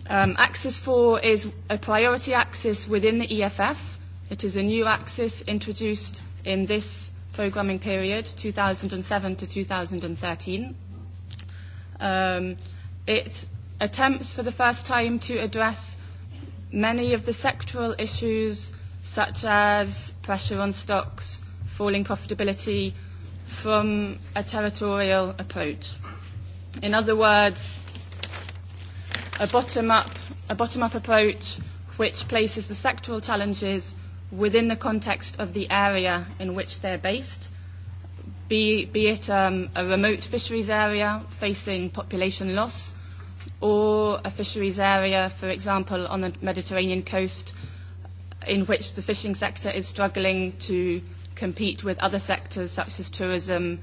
Um, axis 4 is a priority axis within the EFF. It is a new axis introduced in this programming period, 2007 to 2013. Um, it attempts for the first time to address many of the sectoral issues such as pressure on stocks, falling profitability from a territorial approach. In other words, a bottom-up, a bottom-up approach which places the sectoral challenges within the context of the area in which they're based be, be it um, a remote fisheries area facing population loss or a fisheries area, for example, on the Mediterranean coast in which the fishing sector is struggling to compete with other sectors such as tourism,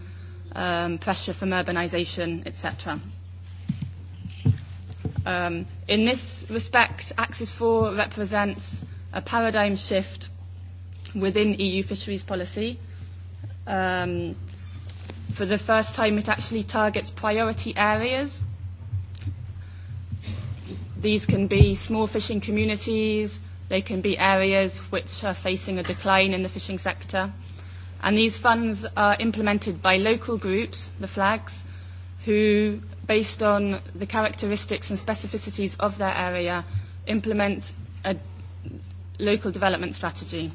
um, pressure from urbanisation, etc. Um, in this respect, Axis 4 represents a paradigm shift within EU fisheries policy. Um, for the first time, it actually targets priority areas. These can be small fishing communities, they can be areas which are facing a decline in the fishing sector. And these funds are implemented by local groups, the flags, who, based on the characteristics and specificities of their area, implement a local development strategy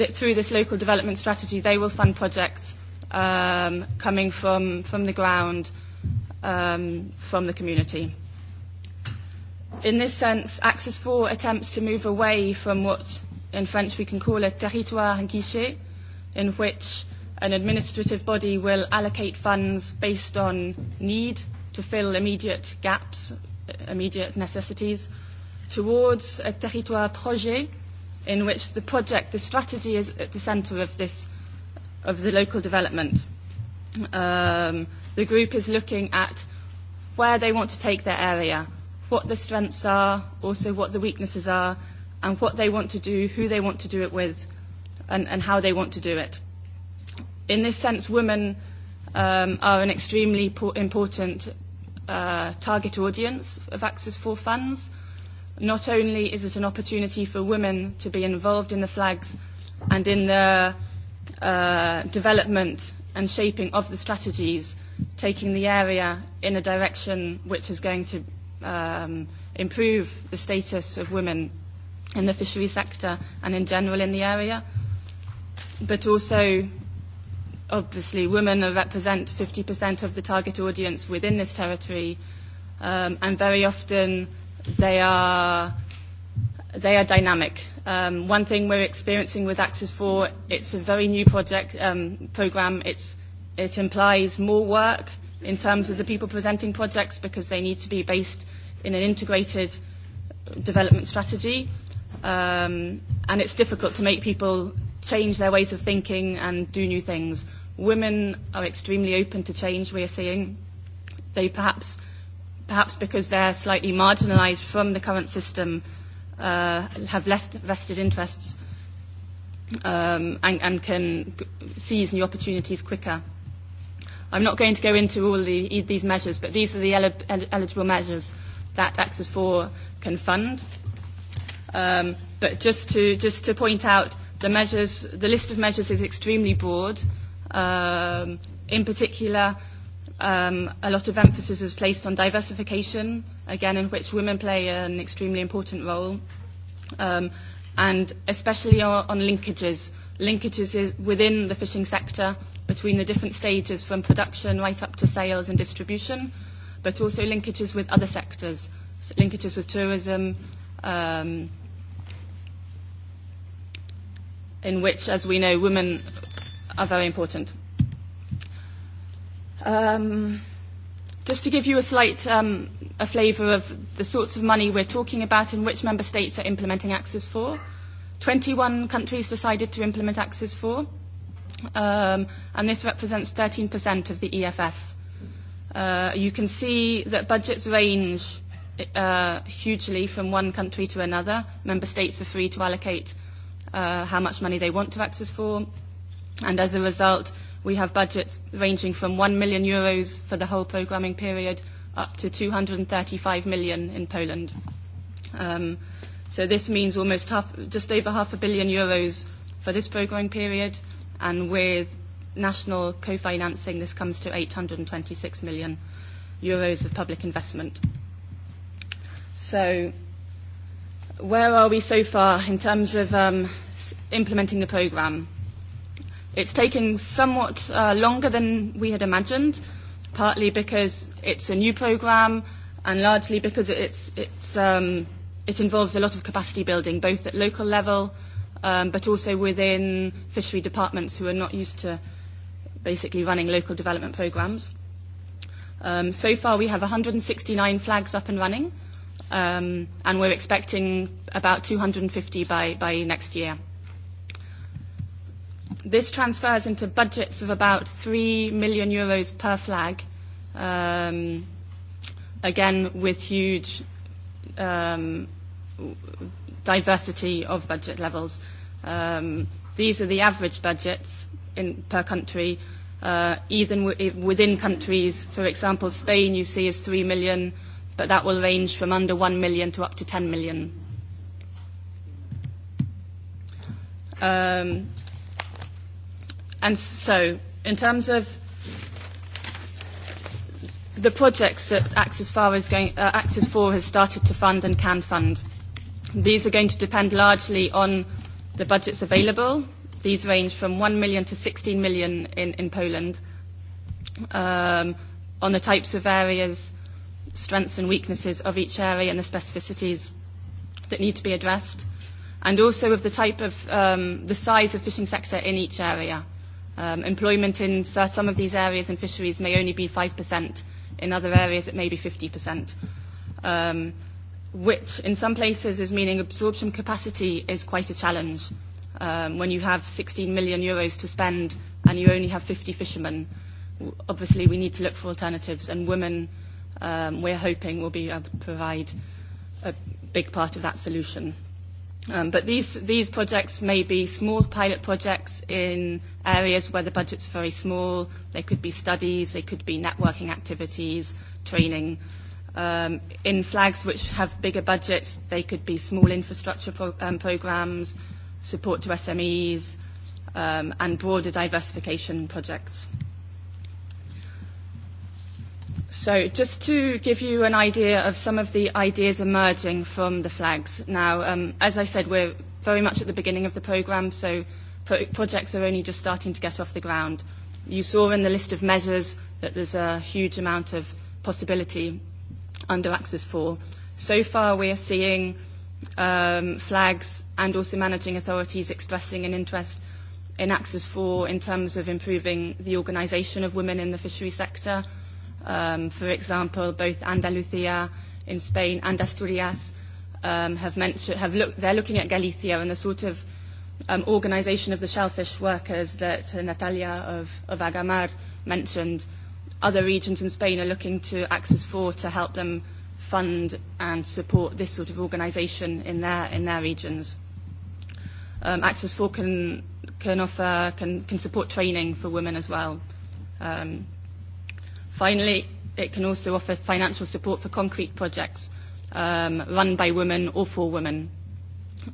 that through this local development strategy, they will fund projects um, coming from, from the ground, um, from the community. In this sense, Axis 4 attempts to move away from what in French we can call a territoire guichet, in which an administrative body will allocate funds based on need to fill immediate gaps, immediate necessities, towards a territoire projet in which the project, the strategy is at the centre of this, of the local development. Um, the group is looking at where they want to take their area, what the strengths are, also what the weaknesses are, and what they want to do, who they want to do it with, and, and how they want to do it. In this sense, women um, are an extremely important uh, target audience of Access 4 funds Not only is it an opportunity for women to be involved in the flags and in the uh, development and shaping of the strategies, taking the area in a direction which is going to um, improve the status of women in the fishery sector and in general in the area. But also, obviously, women represent 50% of the target audience within this territory, um, and very often they are they are dynamic. Um, one thing we're experiencing with Axis 4, it's a very new project um, program. It's, it implies more work in terms of the people presenting projects because they need to be based in an integrated development strategy. Um, and it's difficult to make people change their ways of thinking and do new things. Women are extremely open to change, we are seeing. They perhaps perhaps because they're slightly marginalised from the current system, uh, have less vested interests, um, and, and can seize new opportunities quicker. I'm not going to go into all the, these measures, but these are the el- eligible measures that Access 4 can fund. Um, but just to, just to point out, the measures, the list of measures is extremely broad. Um, in particular, um, a lot of emphasis is placed on diversification, again, in which women play an extremely important role, um, and especially on, on linkages, linkages within the fishing sector between the different stages from production right up to sales and distribution, but also linkages with other sectors, so linkages with tourism, um, in which, as we know, women are very important. Um, just to give you a slight um, a flavour of the sorts of money we're talking about and which member states are implementing access for. 21 countries decided to implement access for, um, and this represents 13% of the EFF. Uh, you can see that budgets range uh, hugely from one country to another. Member states are free to allocate uh, how much money they want to access for, and as a result, We have budgets ranging from 1 million euros for the whole programming period up to 235 million in Poland. Um, so this means almost half, just over half a billion euros for this programming period, and with national co-financing, this comes to 826 million euros of public investment. So where are we so far in terms of um, implementing the programme? It's taking somewhat uh, longer than we had imagined, partly because it's a new programme and largely because it's, it's, um, it involves a lot of capacity building, both at local level um, but also within fishery departments who are not used to basically running local development programmes. Um, so far, we have 169 flags up and running, um, and we're expecting about 250 by, by next year. This transfers into budgets of about 3 million euros per flag, um, again with huge um, diversity of budget levels. Um, these are the average budgets in, per country. Uh, even w- within countries, for example, Spain you see is 3 million, but that will range from under 1 million to up to 10 million. Um, And so, in terms of the projects that Access Far is, going, uh, Access 4 has started to fund and can fund, these are going to depend largely on the budgets available. These range from 1 million to 16 million in, in Poland um, on the types of areas, strengths and weaknesses of each area and the specificities that need to be addressed, and also of the type of um, the size of fishing sector in each area. Um, employment in some of these areas in fisheries may only be 5%. In other areas, it may be 50%, um, which in some places is meaning absorption capacity is quite a challenge. Um, when you have 16 million euros to spend and you only have 50 fishermen, obviously we need to look for alternatives, and women, um, we're hoping, will be able to provide a big part of that solution but these, these projects may be small pilot projects in areas where the budgets are very small. They could be studies, they could be networking activities, training. in flags which have bigger budgets, they could be small infrastructure programs, support to SMEs, and broader diversification projects. So just to give you an idea of some of the ideas emerging from the flags. Now, um, as I said, we're very much at the beginning of the programme, so pro- projects are only just starting to get off the ground. You saw in the list of measures that there's a huge amount of possibility under Access 4. So far, we are seeing um, flags and also managing authorities expressing an interest in Access 4 in terms of improving the organisation of women in the fishery sector – Um, for example, both Andalusia in Spain and Asturias um, have, mentioned, have looked, they're looking at Galicia and the sort of um, organization of the shellfish workers that uh, Natalia of, of Agamar mentioned. Other regions in Spain are looking to Access 4 to help them fund and support this sort of organization in their, in their regions. Um, Access 4 can, can offer, can, can support training for women as well. Um, Finally, it can also offer financial support for concrete projects um, run by women or for women.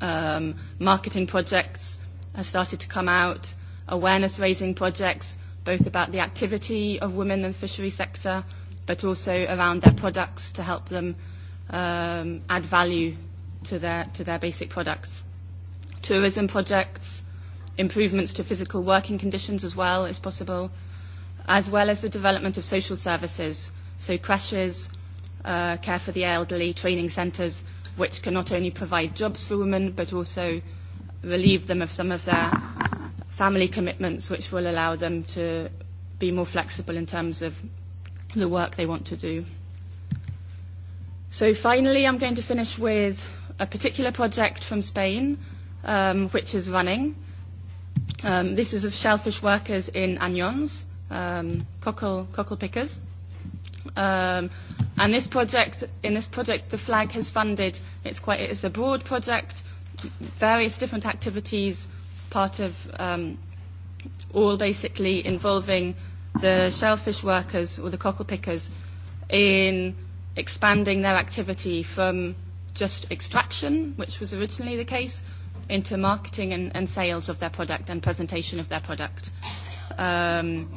Um, marketing projects have started to come out, awareness raising projects, both about the activity of women in the fishery sector, but also around their products to help them um, add value to their, to their basic products. Tourism projects, improvements to physical working conditions as well is possible as well as the development of social services, so creches, uh, care for the elderly, training centres, which can not only provide jobs for women but also relieve them of some of their family commitments, which will allow them to be more flexible in terms of the work they want to do. So finally, I'm going to finish with a particular project from Spain, um, which is running. Um, this is of shellfish workers in Anions um, cockle, cockle pickers. Um, and this project, in this project, the flag has funded. It's quite. It's a broad project, various different activities, part of um, all basically involving the shellfish workers or the cockle pickers in expanding their activity from just extraction, which was originally the case, into marketing and, and sales of their product and presentation of their product. Um,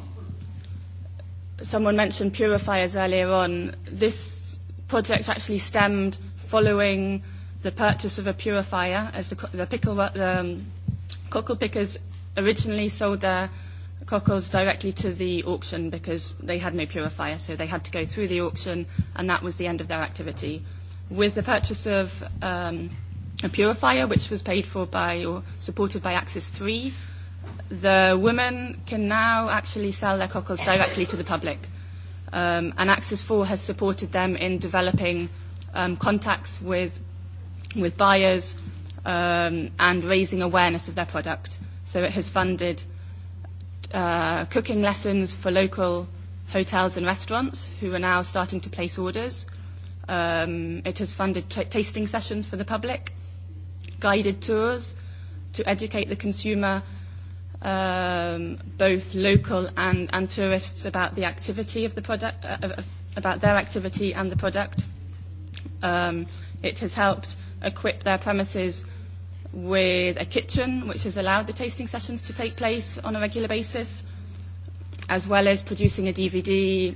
someone mentioned purifiers earlier on. This project actually stemmed following the purchase of a purifier as the, the pickle the um, cockle pickers originally sold their cockles directly to the auction because they had no purifier, so they had to go through the auction, and that was the end of their activity. With the purchase of um, a purifier, which was paid for by or supported by Axis 3, the women can now actually sell their cockles directly to the public. Um, and Access 4 has supported them in developing um, contacts with, with buyers um, and raising awareness of their product. So it has funded uh, cooking lessons for local hotels and restaurants who are now starting to place orders. Um, it has funded t- tasting sessions for the public, guided tours to educate the consumer um, both local and, and tourists about the activity of the product, uh, about their activity and the product. Um, it has helped equip their premises with a kitchen, which has allowed the tasting sessions to take place on a regular basis, as well as producing a DVD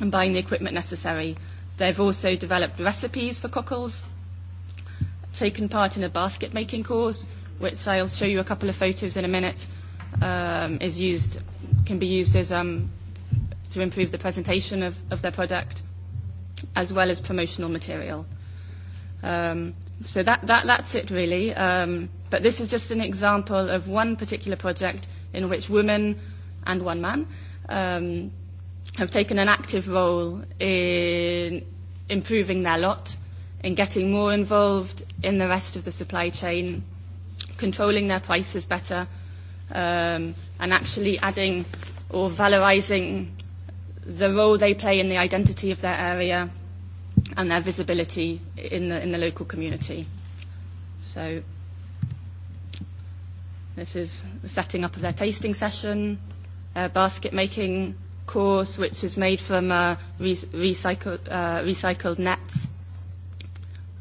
and buying the equipment necessary. They've also developed recipes for cockles, taken part in a basket making course, which I'll show you a couple of photos in a minute, um, is used can be used as um, to improve the presentation of, of their product, as well as promotional material. Um, so that, that, that's it really. Um, but this is just an example of one particular project in which women and one man um, have taken an active role in improving their lot, in getting more involved in the rest of the supply chain, controlling their prices better, um, and actually adding or valorising the role they play in the identity of their area and their visibility in the, in the local community. So this is the setting up of their tasting session, a basket making course which is made from uh, re- recycled, uh, recycled nets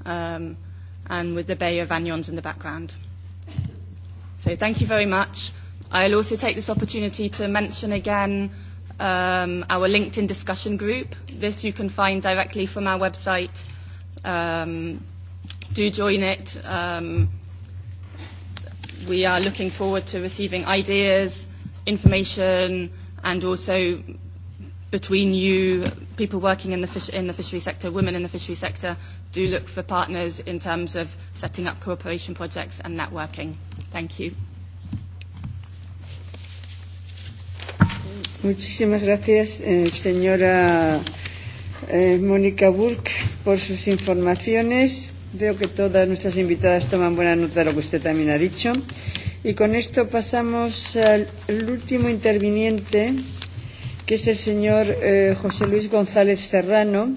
um, and with the Bay of Anions in the background. So thank you very much. I'll also take this opportunity to mention again um, our LinkedIn discussion group. This you can find directly from our website. Um, do join it. Um, we are looking forward to receiving ideas, information, and also between you, people working in the, fish, in the fishery sector, women in the fishery sector, do look for partners in terms of setting up cooperation projects and networking. Thank you. Muchísimas gracias, eh, señora eh, Mónica Burke, por sus informaciones. Veo que todas nuestras invitadas toman buena nota de lo que usted también ha dicho. Y con esto pasamos al último interviniente, que es el señor eh, José Luis González Serrano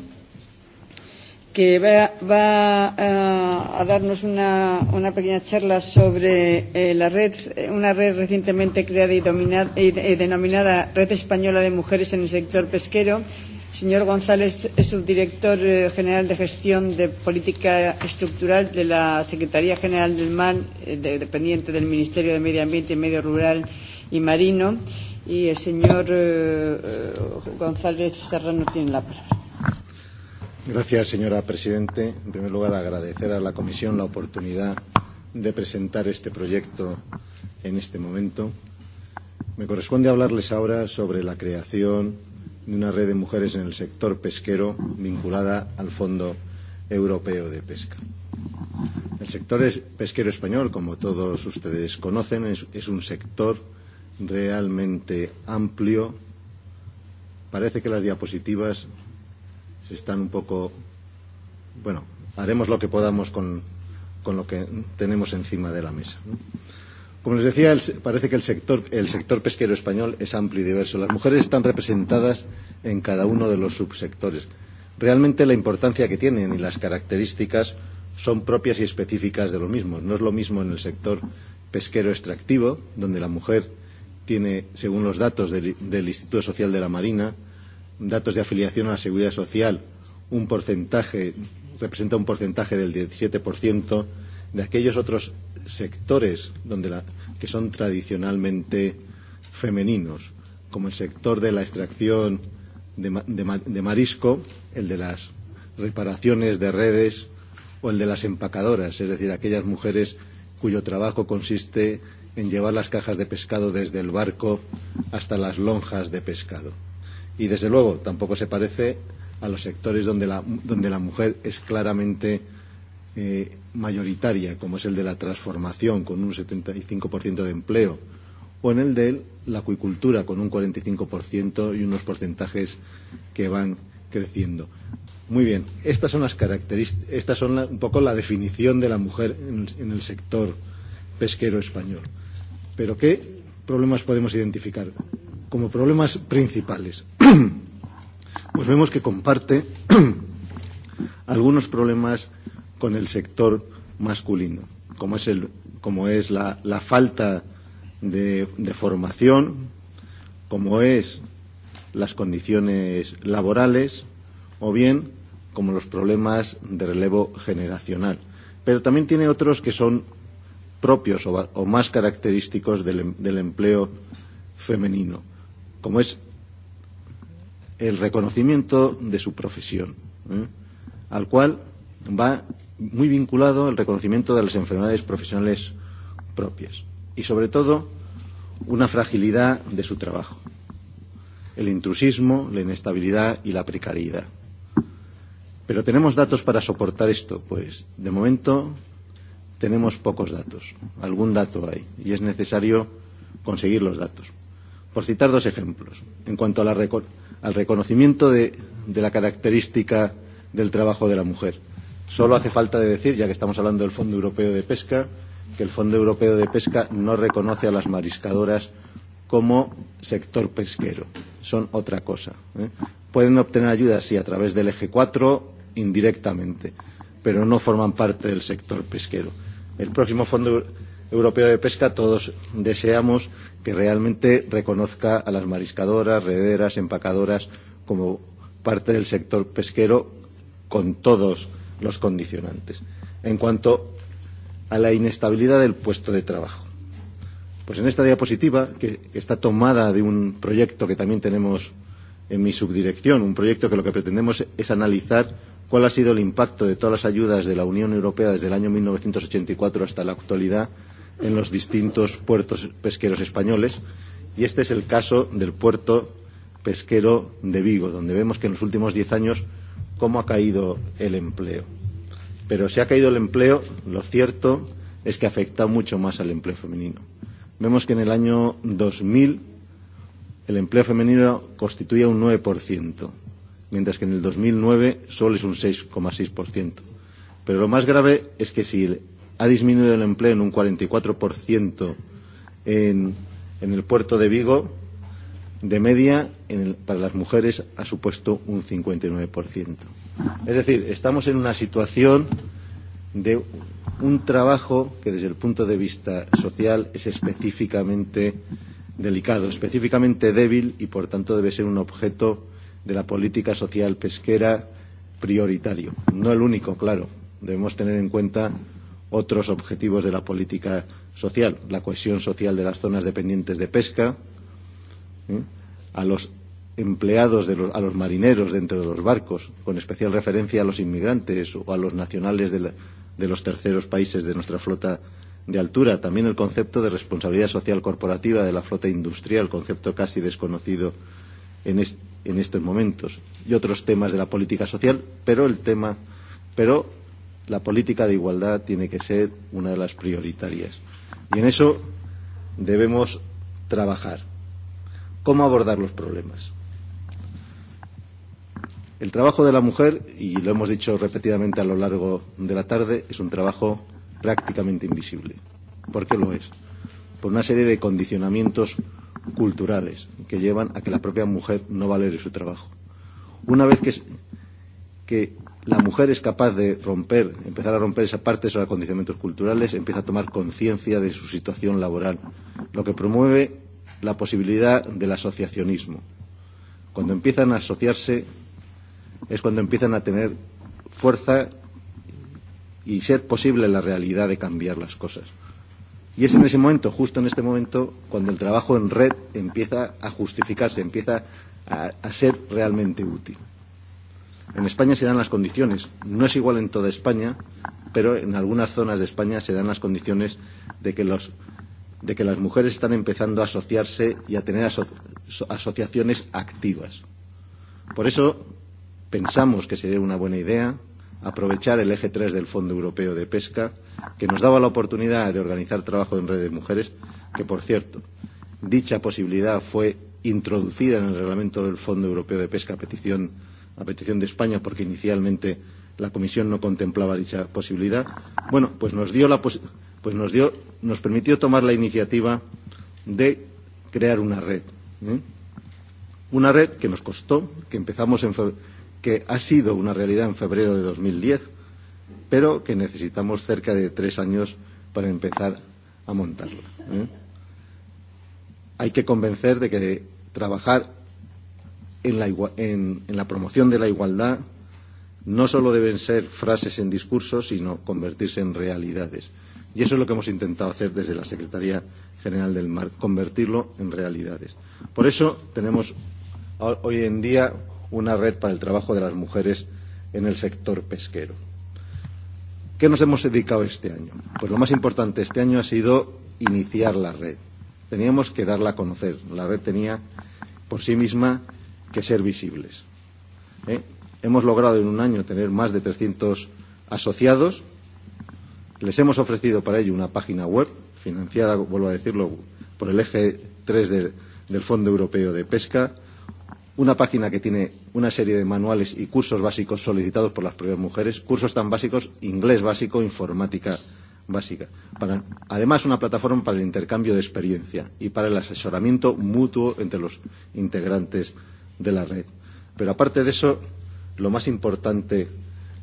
que va, va a, a darnos una, una pequeña charla sobre eh, la red, una red recientemente creada y, dominada, y eh, denominada Red Española de Mujeres en el Sector Pesquero. Señor González es subdirector eh, general de gestión de política estructural de la Secretaría General del Mar, eh, de, dependiente del Ministerio de Medio Ambiente y Medio Rural y Marino. Y el señor eh, González Serrano tiene la palabra. Gracias, señora presidenta. En primer lugar, agradecer a la Comisión la oportunidad de presentar este proyecto en este momento. Me corresponde hablarles ahora sobre la creación de una red de mujeres en el sector pesquero vinculada al Fondo Europeo de Pesca. El sector pesquero español, como todos ustedes conocen, es, es un sector realmente amplio. Parece que las diapositivas se están un poco. Bueno, haremos lo que podamos con, con lo que tenemos encima de la mesa. ¿no? Como les decía, el, parece que el sector, el sector pesquero español es amplio y diverso. Las mujeres están representadas en cada uno de los subsectores. Realmente la importancia que tienen y las características son propias y específicas de los mismos. No es lo mismo en el sector pesquero extractivo, donde la mujer tiene, según los datos del, del Instituto Social de la Marina, datos de afiliación a la seguridad social, un porcentaje, representa un porcentaje del 17% de aquellos otros sectores donde la, que son tradicionalmente femeninos, como el sector de la extracción de, de, de marisco, el de las reparaciones de redes o el de las empacadoras, es decir, aquellas mujeres cuyo trabajo consiste en llevar las cajas de pescado desde el barco hasta las lonjas de pescado y desde luego tampoco se parece a los sectores donde la, donde la mujer es claramente eh, mayoritaria, como es el de la transformación con un 75% de empleo o en el de la acuicultura con un 45% y unos porcentajes que van creciendo. Muy bien, estas son las características, estas son la, un poco la definición de la mujer en, en el sector pesquero español. Pero ¿qué problemas podemos identificar? como problemas principales. pues vemos que comparte algunos problemas con el sector masculino, como es, el, como es la, la falta de, de formación, como es las condiciones laborales o bien como los problemas de relevo generacional. Pero también tiene otros que son propios o, o más característicos del, del empleo femenino como es el reconocimiento de su profesión, ¿eh? al cual va muy vinculado el reconocimiento de las enfermedades profesionales propias y, sobre todo, una fragilidad de su trabajo, el intrusismo, la inestabilidad y la precariedad. Pero tenemos datos para soportar esto, pues de momento tenemos pocos datos, algún dato hay y es necesario conseguir los datos por citar dos ejemplos. En cuanto a la, al reconocimiento de, de la característica del trabajo de la mujer, solo hace falta de decir, ya que estamos hablando del Fondo Europeo de Pesca, que el Fondo Europeo de Pesca no reconoce a las mariscadoras como sector pesquero. Son otra cosa. ¿eh? Pueden obtener ayuda, sí, a través del eje 4, indirectamente, pero no forman parte del sector pesquero. El próximo Fondo Europeo de Pesca todos deseamos que realmente reconozca a las mariscadoras, rederas, empacadoras como parte del sector pesquero con todos los condicionantes. En cuanto a la inestabilidad del puesto de trabajo, pues en esta diapositiva, que está tomada de un proyecto que también tenemos en mi subdirección, un proyecto que lo que pretendemos es analizar cuál ha sido el impacto de todas las ayudas de la Unión Europea desde el año 1984 hasta la actualidad en los distintos puertos pesqueros españoles. Y este es el caso del puerto pesquero de Vigo, donde vemos que en los últimos diez años cómo ha caído el empleo. Pero si ha caído el empleo, lo cierto es que afecta mucho más al empleo femenino. Vemos que en el año 2000 el empleo femenino constituía un 9%, mientras que en el 2009 solo es un 6,6%. Pero lo más grave es que si ha disminuido el empleo en un 44% en, en el puerto de Vigo. De media, en el, para las mujeres ha supuesto un 59%. Es decir, estamos en una situación de un trabajo que desde el punto de vista social es específicamente delicado, específicamente débil y por tanto debe ser un objeto de la política social pesquera prioritario. No el único, claro. Debemos tener en cuenta otros objetivos de la política social, la cohesión social de las zonas dependientes de pesca, ¿eh? a los empleados, de los, a los marineros dentro de los barcos, con especial referencia a los inmigrantes o a los nacionales de, la, de los terceros países de nuestra flota de altura. También el concepto de responsabilidad social corporativa de la flota industrial, concepto casi desconocido en, est, en estos momentos, y otros temas de la política social, pero el tema, pero la política de igualdad tiene que ser una de las prioritarias. Y en eso debemos trabajar. ¿Cómo abordar los problemas? El trabajo de la mujer, y lo hemos dicho repetidamente a lo largo de la tarde, es un trabajo prácticamente invisible. ¿Por qué lo es? Por una serie de condicionamientos culturales que llevan a que la propia mujer no valore su trabajo. Una vez que, que la mujer es capaz de romper, empezar a romper esa parte de esos acondicionamientos culturales, empieza a tomar conciencia de su situación laboral, lo que promueve la posibilidad del asociacionismo. Cuando empiezan a asociarse es cuando empiezan a tener fuerza y ser posible la realidad de cambiar las cosas. Y es en ese momento, justo en este momento, cuando el trabajo en red empieza a justificarse, empieza a, a ser realmente útil. En España se dan las condiciones. No es igual en toda España, pero en algunas zonas de España se dan las condiciones de que, los, de que las mujeres están empezando a asociarse y a tener aso asociaciones activas. Por eso pensamos que sería una buena idea aprovechar el eje 3 del Fondo Europeo de Pesca, que nos daba la oportunidad de organizar trabajo en red de mujeres, que por cierto, dicha posibilidad fue introducida en el reglamento del Fondo Europeo de Pesca a petición a petición de España, porque inicialmente la Comisión no contemplaba dicha posibilidad. Bueno, pues nos dio la pues nos dio, nos permitió tomar la iniciativa de crear una red. ¿eh? Una red que nos costó, que empezamos en que ha sido una realidad en febrero de 2010, pero que necesitamos cerca de tres años para empezar a montarla. ¿eh? Hay que convencer de que trabajar en la, en, en la promoción de la igualdad no solo deben ser frases en discursos, sino convertirse en realidades. Y eso es lo que hemos intentado hacer desde la Secretaría General del Mar, convertirlo en realidades. Por eso tenemos hoy en día una red para el trabajo de las mujeres en el sector pesquero. ¿Qué nos hemos dedicado este año? Pues lo más importante este año ha sido iniciar la red. Teníamos que darla a conocer. La red tenía por sí misma que ser visibles. ¿eh? Hemos logrado en un año tener más de 300 asociados. Les hemos ofrecido para ello una página web financiada, vuelvo a decirlo, por el eje 3 de, del Fondo Europeo de Pesca, una página que tiene una serie de manuales y cursos básicos solicitados por las propias mujeres, cursos tan básicos, inglés básico, informática básica. Para, además, una plataforma para el intercambio de experiencia y para el asesoramiento mutuo entre los integrantes de la red. Pero aparte de eso, lo más importante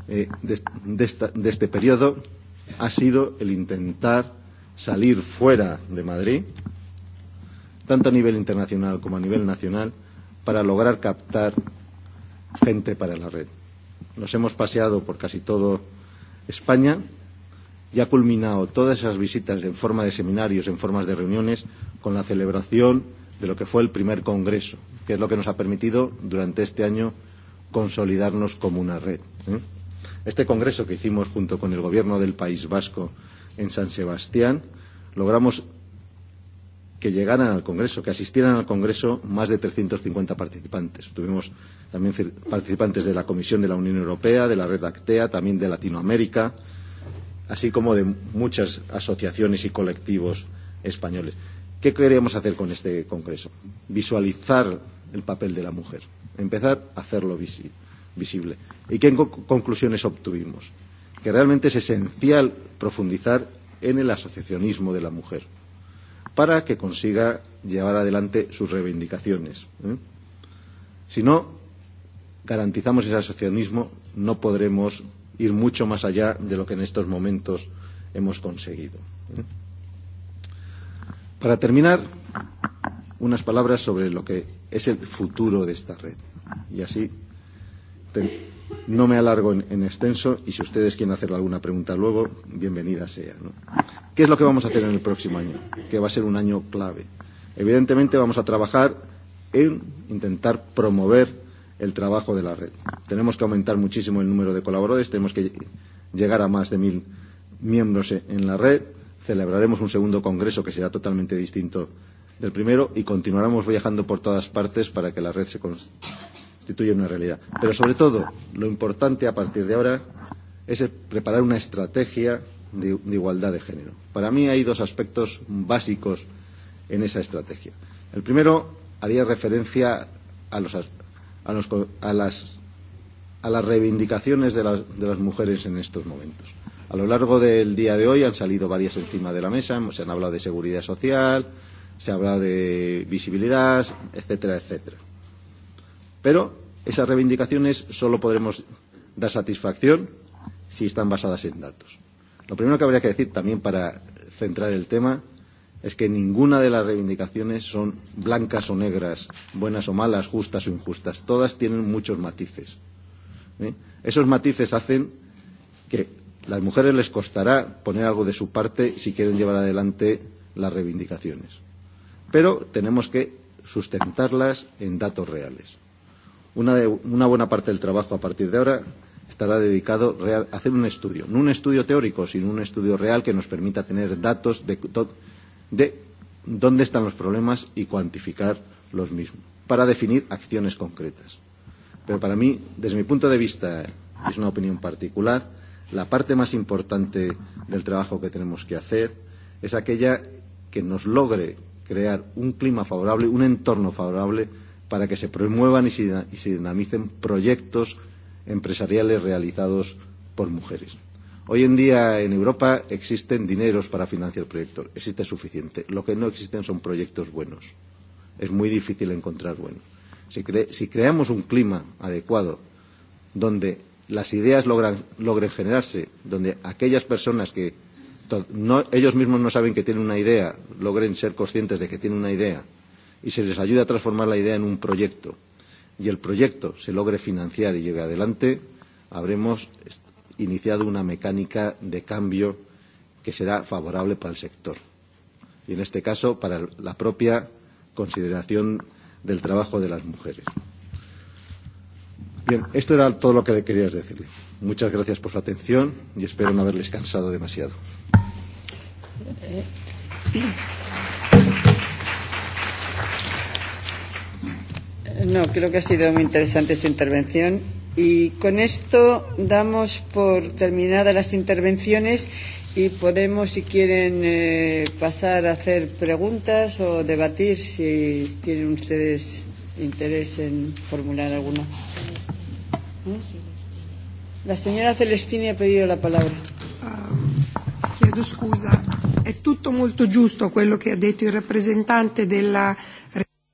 eh, de, de, esta, de este periodo ha sido el intentar salir fuera de Madrid, tanto a nivel internacional como a nivel nacional, para lograr captar gente para la red. Nos hemos paseado por casi todo España y ha culminado todas esas visitas en forma de seminarios, en formas de reuniones, con la celebración de lo que fue el primer congreso que es lo que nos ha permitido durante este año consolidarnos como una red. ¿eh? Este congreso que hicimos junto con el gobierno del País Vasco en San Sebastián, logramos que llegaran al congreso, que asistieran al congreso más de 350 participantes. Tuvimos también participantes de la Comisión de la Unión Europea, de la Red Actea, también de Latinoamérica, así como de muchas asociaciones y colectivos españoles. ¿Qué queremos hacer con este Congreso? Visualizar el papel de la mujer, empezar a hacerlo visi visible. ¿Y qué conclusiones obtuvimos? Que realmente es esencial profundizar en el asociacionismo de la mujer para que consiga llevar adelante sus reivindicaciones. ¿eh? Si no garantizamos ese asociacionismo, no podremos ir mucho más allá de lo que en estos momentos hemos conseguido. ¿eh? Para terminar, unas palabras sobre lo que es el futuro de esta red. Y así te, no me alargo en, en extenso y si ustedes quieren hacer alguna pregunta luego, bienvenida sea. ¿no? ¿Qué es lo que vamos a hacer en el próximo año? Que va a ser un año clave. Evidentemente vamos a trabajar en intentar promover el trabajo de la red. Tenemos que aumentar muchísimo el número de colaboradores, tenemos que llegar a más de mil miembros en la red celebraremos un segundo congreso que será totalmente distinto del primero y continuaremos viajando por todas partes para que la red se constituya una realidad. Pero sobre todo, lo importante a partir de ahora es preparar una estrategia de, de igualdad de género. Para mí hay dos aspectos básicos en esa estrategia. El primero haría referencia a, los, a, los, a, las, a las reivindicaciones de las, de las mujeres en estos momentos A lo largo del día de hoy han salido varias encima de la mesa, se han hablado de seguridad social, se ha hablado de visibilidad, etcétera, etcétera. Pero esas reivindicaciones solo podremos dar satisfacción si están basadas en datos. Lo primero que habría que decir también para centrar el tema es que ninguna de las reivindicaciones son blancas o negras, buenas o malas, justas o injustas. Todas tienen muchos matices. ¿eh? Esos matices hacen que las mujeres les costará poner algo de su parte si quieren llevar adelante las reivindicaciones. Pero tenemos que sustentarlas en datos reales. Una, de, una buena parte del trabajo a partir de ahora estará dedicado real, a hacer un estudio, no un estudio teórico, sino un estudio real que nos permita tener datos de, de dónde están los problemas y cuantificar los mismos, para definir acciones concretas. Pero para mí, desde mi punto de vista, es una opinión particular, La parte más importante del trabajo que tenemos que hacer es aquella que nos logre crear un clima favorable, un entorno favorable para que se promuevan y se, dinamicen proyectos empresariales realizados por mujeres. Hoy en día en Europa existen dineros para financiar proyectos, existe suficiente. Lo que no existen son proyectos buenos. Es muy difícil encontrar buenos. Si, cre si creamos un clima adecuado donde las ideas logran, logren generarse, donde aquellas personas que no, ellos mismos no saben que tienen una idea, logren ser conscientes de que tienen una idea y se les ayuda a transformar la idea en un proyecto y el proyecto se logre financiar y llegue adelante, habremos iniciado una mecánica de cambio que será favorable para el sector y en este caso para la propia consideración del trabajo de las mujeres. Bien, esto era todo lo que querías decirle. Muchas gracias por su atención y espero no haberles cansado demasiado. No, creo que ha sido muy interesante esta intervención. Y con esto damos por terminadas las intervenciones y podemos, si quieren, eh, pasar a hacer preguntas o debatir si tienen ustedes interés en formular alguna. La señora Celestini ha pedido la palabra. Chiedo scusa, è tutto molto giusto quello che ha detto il rappresentante della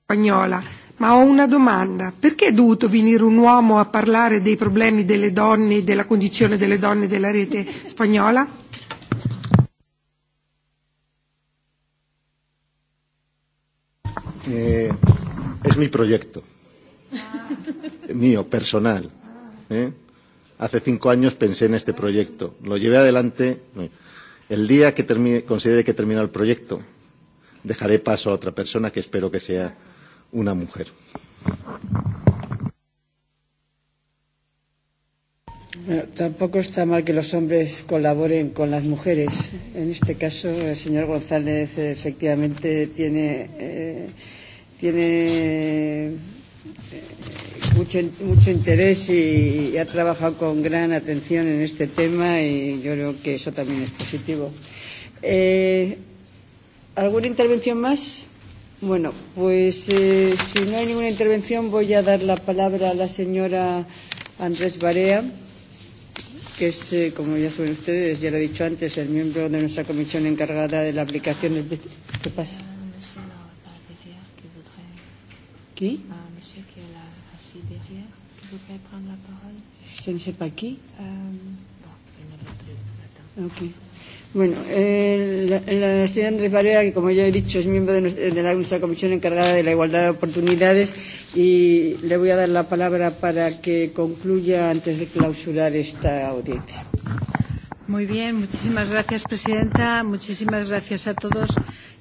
spagnola, ma ho una domanda. Perché è dovuto venire un uomo a parlare dei problemi delle donne e della condizione delle donne della rete spagnola? Eh, es mi proyecto, mío, personal ¿eh? Hace cinco años pensé en este proyecto. Lo llevé adelante. El día que termine, considere que termina el proyecto, dejaré paso a otra persona que espero que sea una mujer. Bueno, tampoco está mal que los hombres colaboren con las mujeres. En este caso, el señor González efectivamente tiene, eh, tiene mucho, mucho interés y, y ha trabajado con gran atención en este tema y yo creo que eso también es positivo. Eh, ¿Alguna intervención más? Bueno, pues eh, si no hay ninguna intervención voy a dar la palabra a la señora Andrés Barea, que es, eh, como ya saben ustedes, ya lo he dicho antes, el miembro de nuestra comisión encargada de la aplicación del... ¿Qué pasa? ¿Qué? Ah. je dice para aquí? Um, Okay. Bueno, eh, la, la señora Andrés Valera, que como ya he dicho es miembro de, de la nuestra comisión encargada de la igualdad de oportunidades, y le voy a dar la palabra para que concluya antes de clausurar esta audiencia. Muy bien, muchísimas gracias, presidenta. Muchísimas gracias a todos.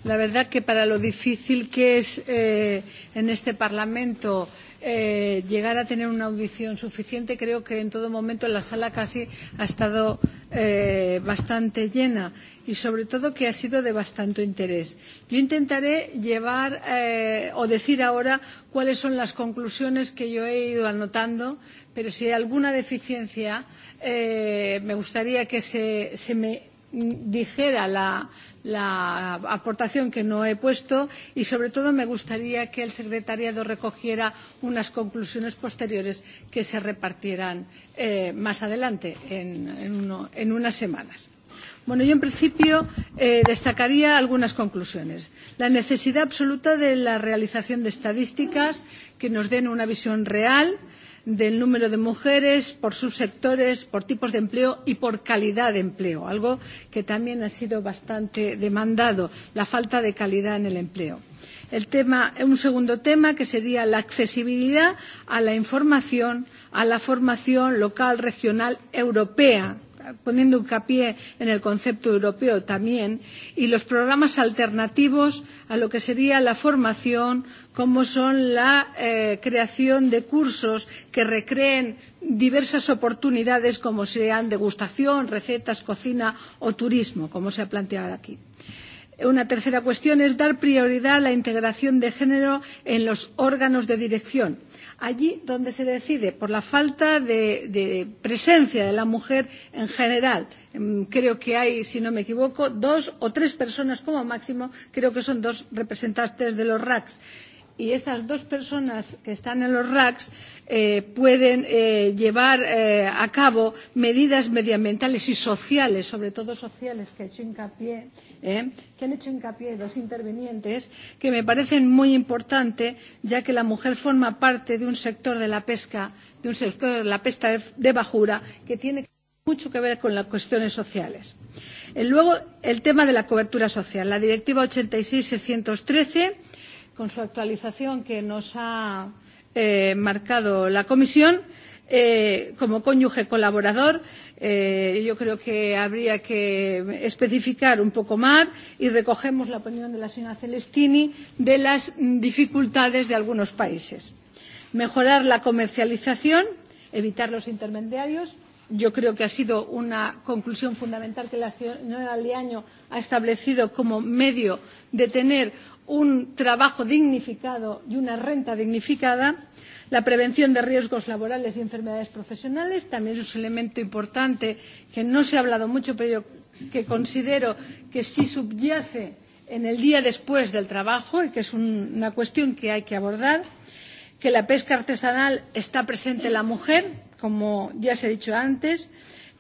La verdad que para lo difícil que es eh, en este Parlamento eh, llegar a tener una audición suficiente. Creo que en todo momento la sala casi ha estado eh, bastante llena y sobre todo que ha sido de bastante interés. Yo intentaré llevar eh, o decir ahora cuáles son las conclusiones que yo he ido anotando, pero si hay alguna deficiencia eh, me gustaría que se, se me dijera la, la aportación que no he puesto y sobre todo me gustaría que el secretariado recogiera unas conclusiones posteriores que se repartieran eh, más adelante en, en, uno, en unas semanas. Bueno, yo en principio eh, destacaría algunas conclusiones. La necesidad absoluta de la realización de estadísticas que nos den una visión real del número de mujeres, por subsectores, por tipos de empleo y por calidad de empleo, algo que también ha sido bastante demandado, la falta de calidad en el empleo. un segundo tema que sería la accesibilidad a la información, a la formación local, regional, europea poniendo hincapié en el concepto europeo también, y los programas alternativos a lo que sería la formación, como son la eh, creación de cursos que recreen diversas oportunidades como sean degustación, recetas, cocina o turismo, como se ha planteado aquí. Eh, Una tercera cuestión es dar prioridad a la integración de género en los órganos de dirección, allí donde se decide por la falta de, de presencia de la mujer en general. Creo que hay, si no me equivoco, dos o tres personas como máximo, creo que son dos representantes de los RACs y estas dos personas que están en los RACs eh, pueden eh, llevar eh, a cabo medidas medioambientales y sociales, sobre todo sociales, que he hecho hincapié, eh, que han hecho hincapié los intervinientes, que me parecen muy importantes, ya que la mujer forma parte de un sector de la pesca, de un sector de la pesca de, de bajura, que tiene mucho que ver con las cuestiones sociales. Luego, el tema de la cobertura social. La Directiva 86613 con su actualización que nos ha eh, marcado la Comisión. Eh, como cónyuge colaborador, eh, yo creo que habría que especificar un poco más y recogemos la opinión de la señora Celestini de las dificultades de algunos países. Mejorar la comercialización, evitar los intermediarios, yo creo que ha sido una conclusión fundamental que la señora Liaño ha establecido como medio de tener un trabajo dignificado y una renta dignificada. La prevención de riesgos laborales y enfermedades profesionales también es un elemento importante que no se ha hablado mucho, pero yo que considero que sí subyace en el día después del trabajo y que es un, una cuestión que hay que abordar. Que la pesca artesanal está presente en la mujer, como ya se ha dicho antes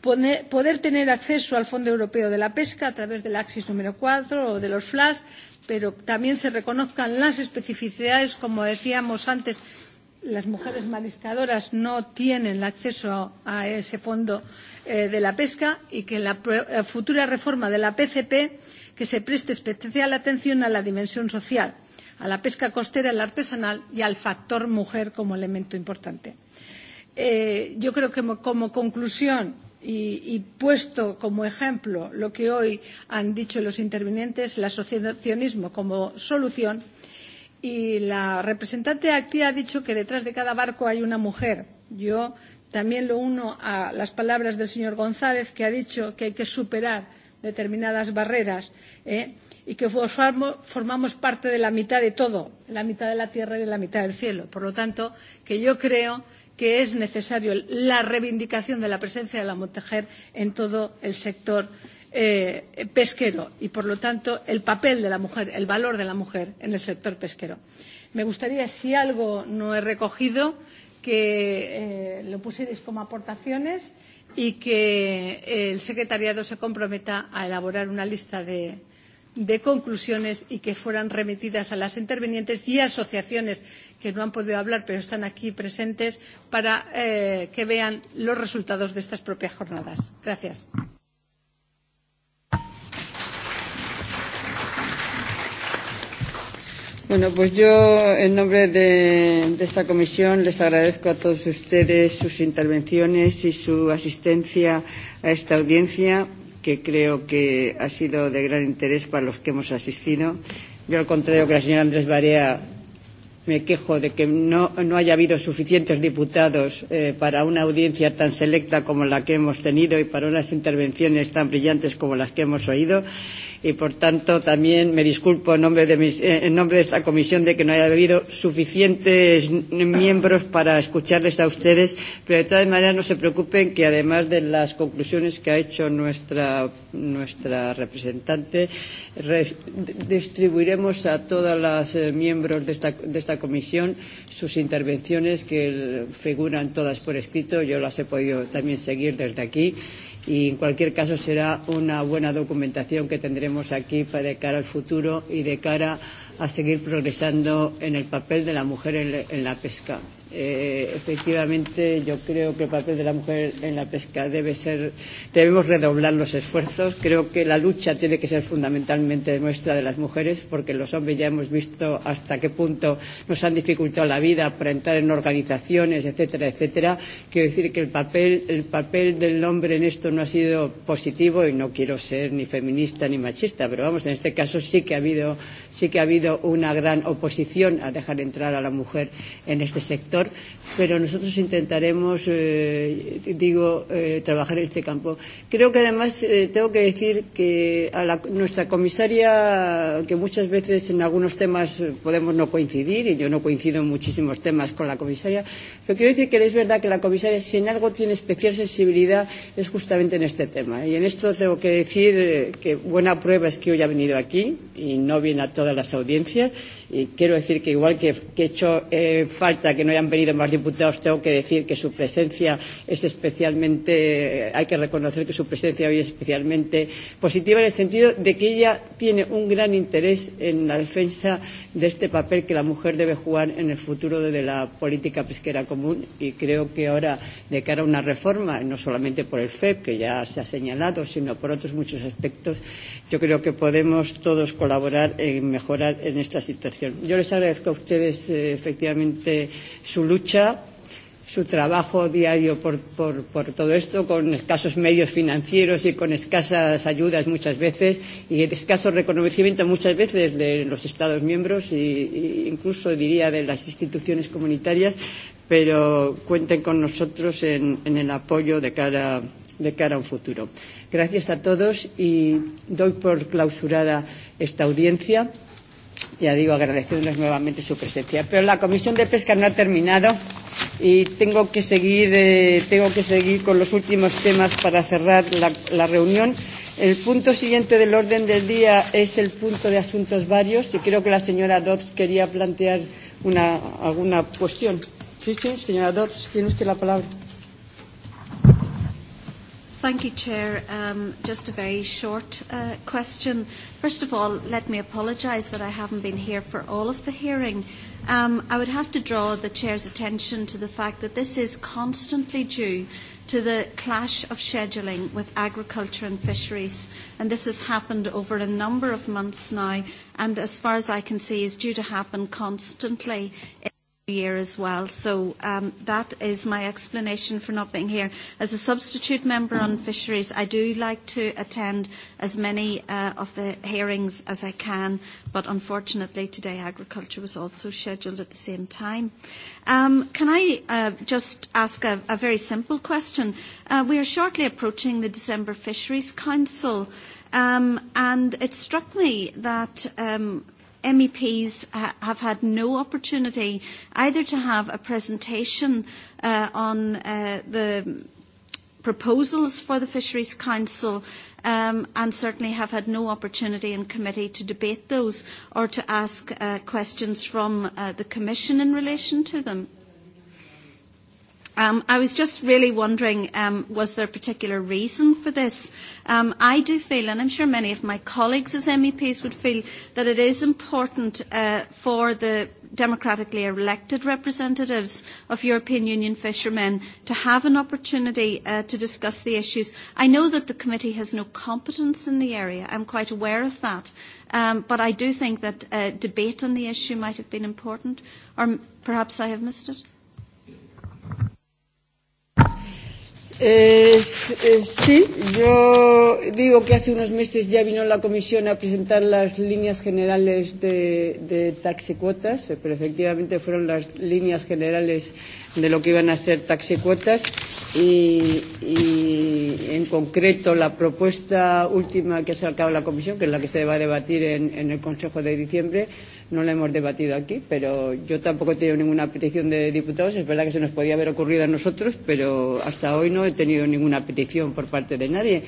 poder tener acceso al Fondo Europeo de la Pesca a través del Axis número cuatro o de los FLAS, pero también se reconozcan las especificidades, como decíamos antes, las mujeres mariscadoras no tienen acceso a ese fondo de la pesca y que en la futura reforma de la PCP que se preste especial atención a la dimensión social, a la pesca costera, la artesanal y al factor mujer como elemento importante. yo creo que como conclusión y, y puesto como ejemplo lo que hoy han dicho los intervinientes, el asociacionismo como solución, y la representante aquí ha dicho que detrás de cada barco hay una mujer. Yo también lo uno a las palabras del señor González, que ha dicho que hay que superar determinadas barreras ¿eh? y que formamos, formamos parte de la mitad de todo, la mitad de la tierra y de la mitad del cielo. Por lo tanto, que yo creo que que es necesario la reivindicación de la presencia de la mujer en todo el sector eh, pesquero y, por lo tanto, el papel de la mujer, el valor de la mujer en el sector pesquero. Me gustaría, si algo no he recogido, que eh, lo pusierais como aportaciones y que el secretariado se comprometa a elaborar una lista de, de conclusiones y que fueran remitidas a las intervinientes y asociaciones que no han podido hablar pero están aquí presentes para eh, que vean los resultados de estas propias jornadas. Gracias. Bueno, pues yo en nombre de, de esta comisión les agradezco a todos ustedes sus intervenciones y su asistencia a esta audiencia que creo que ha sido de gran interés para los que hemos asistido. Yo, al contrario que la señora Andrés Barea, me quejo de que no, no haya habido suficientes diputados eh, para una audiencia tan selecta como la que hemos tenido y para unas intervenciones tan brillantes como las que hemos oído. Eh, y por tanto también me disculpo en nombre de, mis, en nombre de esta comisión de que no haya habido suficientes miembros para escucharles a ustedes, pero de todas maneras no se preocupen que además de las conclusiones que ha hecho nuestra, nuestra representante, re, distribuiremos a todos los eh, miembros de esta, de esta comisión sus intervenciones que figuran todas por escrito, yo las he podido también seguir desde aquí y en cualquier caso será una buena documentación que tendremos aquí para de cara al futuro y de cara a seguir progresando en el papel de la mujer en, la pesca. Eh, efectivamente, yo creo que el papel de la mujer en la pesca debe ser, debemos redoblar los esfuerzos. Creo que la lucha tiene que ser fundamentalmente nuestra de las mujeres, porque los hombres ya hemos visto hasta qué punto nos han dificultado la vida para entrar en organizaciones, etcétera, etcétera. Quiero decir que el papel, el papel del hombre en esto no ha sido positivo y no quiero ser ni feminista ni machista, pero vamos, en este caso sí que ha habido sí que ha habido una gran oposición a dejar entrar a la mujer en este sector, pero nosotros intentaremos, eh, digo, eh, trabajar en este campo. Creo que además eh, tengo que decir que a la, nuestra comisaria, que muchas veces en algunos temas podemos no coincidir, y yo no coincido en muchísimos temas con la comisaria, pero quiero decir que es verdad que la comisaria, si en algo tiene especial sensibilidad, es justamente en este tema. Y en esto tengo que decir que buena prueba es que hoy ha venido aquí y no viene a todas las audiencias Y quiero decir que igual que, que he hecho eh, falta que no hayan venido más diputados, tengo que decir que su presencia es especialmente, hay que reconocer que su presencia hoy es especialmente positiva en el sentido de que ella tiene un gran interés en la defensa de este papel que la mujer debe jugar en el futuro de la política pesquera común y creo que ahora de cara a una reforma, no solamente por el FEP, que ya se ha señalado, sino por otros muchos aspectos, yo creo que podemos todos colaborar en mejorar en esta situación situación. Yo les agradezco a ustedes, eh, efectivamente, su lucha, su trabajo diario por, por, por todo esto, con escasos medios financieros y con escasas ayudas muchas veces y escaso reconocimiento muchas veces de los Estados miembros e, e incluso diría de las instituciones comunitarias, pero cuenten con nosotros en, en el apoyo de cara, de cara a un futuro. Gracias a todos y doy por clausurada esta audiencia ya digo, agradeciéndoles nuevamente su presencia. Pero la Comisión de Pesca no ha terminado y tengo que seguir, eh, tengo que seguir con los últimos temas para cerrar la, la reunión. El punto siguiente del orden del día es el punto de asuntos varios y creo que la señora Dodds quería plantear una, alguna cuestión. Sí, sí, señora Dodds, tiene usted la palabra. Thank you, Chair. Um, just a very short uh, question. First of all, let me apologise that I haven't been here for all of the hearing. Um, I would have to draw the Chair's attention to the fact that this is constantly due to the clash of scheduling with agriculture and fisheries. And this has happened over a number of months now, and as far as I can see, is due to happen constantly in year as well. So um, that is my explanation for not being here. As a substitute member on fisheries, I do like to attend as many uh, of the hearings as I can, but unfortunately today agriculture was also scheduled at the same time. Um, can I uh, just ask a, a very simple question? Uh, we are shortly approaching the December Fisheries Council. Um, and it struck me that um, MEPs ha- have had no opportunity either to have a presentation uh, on uh, the proposals for the Fisheries Council um, and certainly have had no opportunity in committee to debate those or to ask uh, questions from uh, the Commission in relation to them. Um, I was just really wondering, um, was there a particular reason for this? Um, I do feel, and I'm sure many of my colleagues as MEPs would feel, that it is important uh, for the democratically elected representatives of European Union fishermen to have an opportunity to discuss the issues. I know that the committee has no competence in the area. I am quite aware of that. but I do think that debate on the issue might have been important, or perhaps I have missed it. Eh, sí, yo digo que hace unos meses ya vino la comisión a presentar las líneas generales de, de taxicuotas, pero efectivamente fueron las líneas generales de lo que iban a ser taxicuotas y, y en concreto la propuesta última que ha sacado la Comisión, que es la que se va a debatir en, en el Consejo de diciembre, no la hemos debatido aquí, pero yo tampoco he tenido ninguna petición de diputados. Es verdad que se nos podía haber ocurrido a nosotros, pero hasta hoy no he tenido ninguna petición por parte de nadie.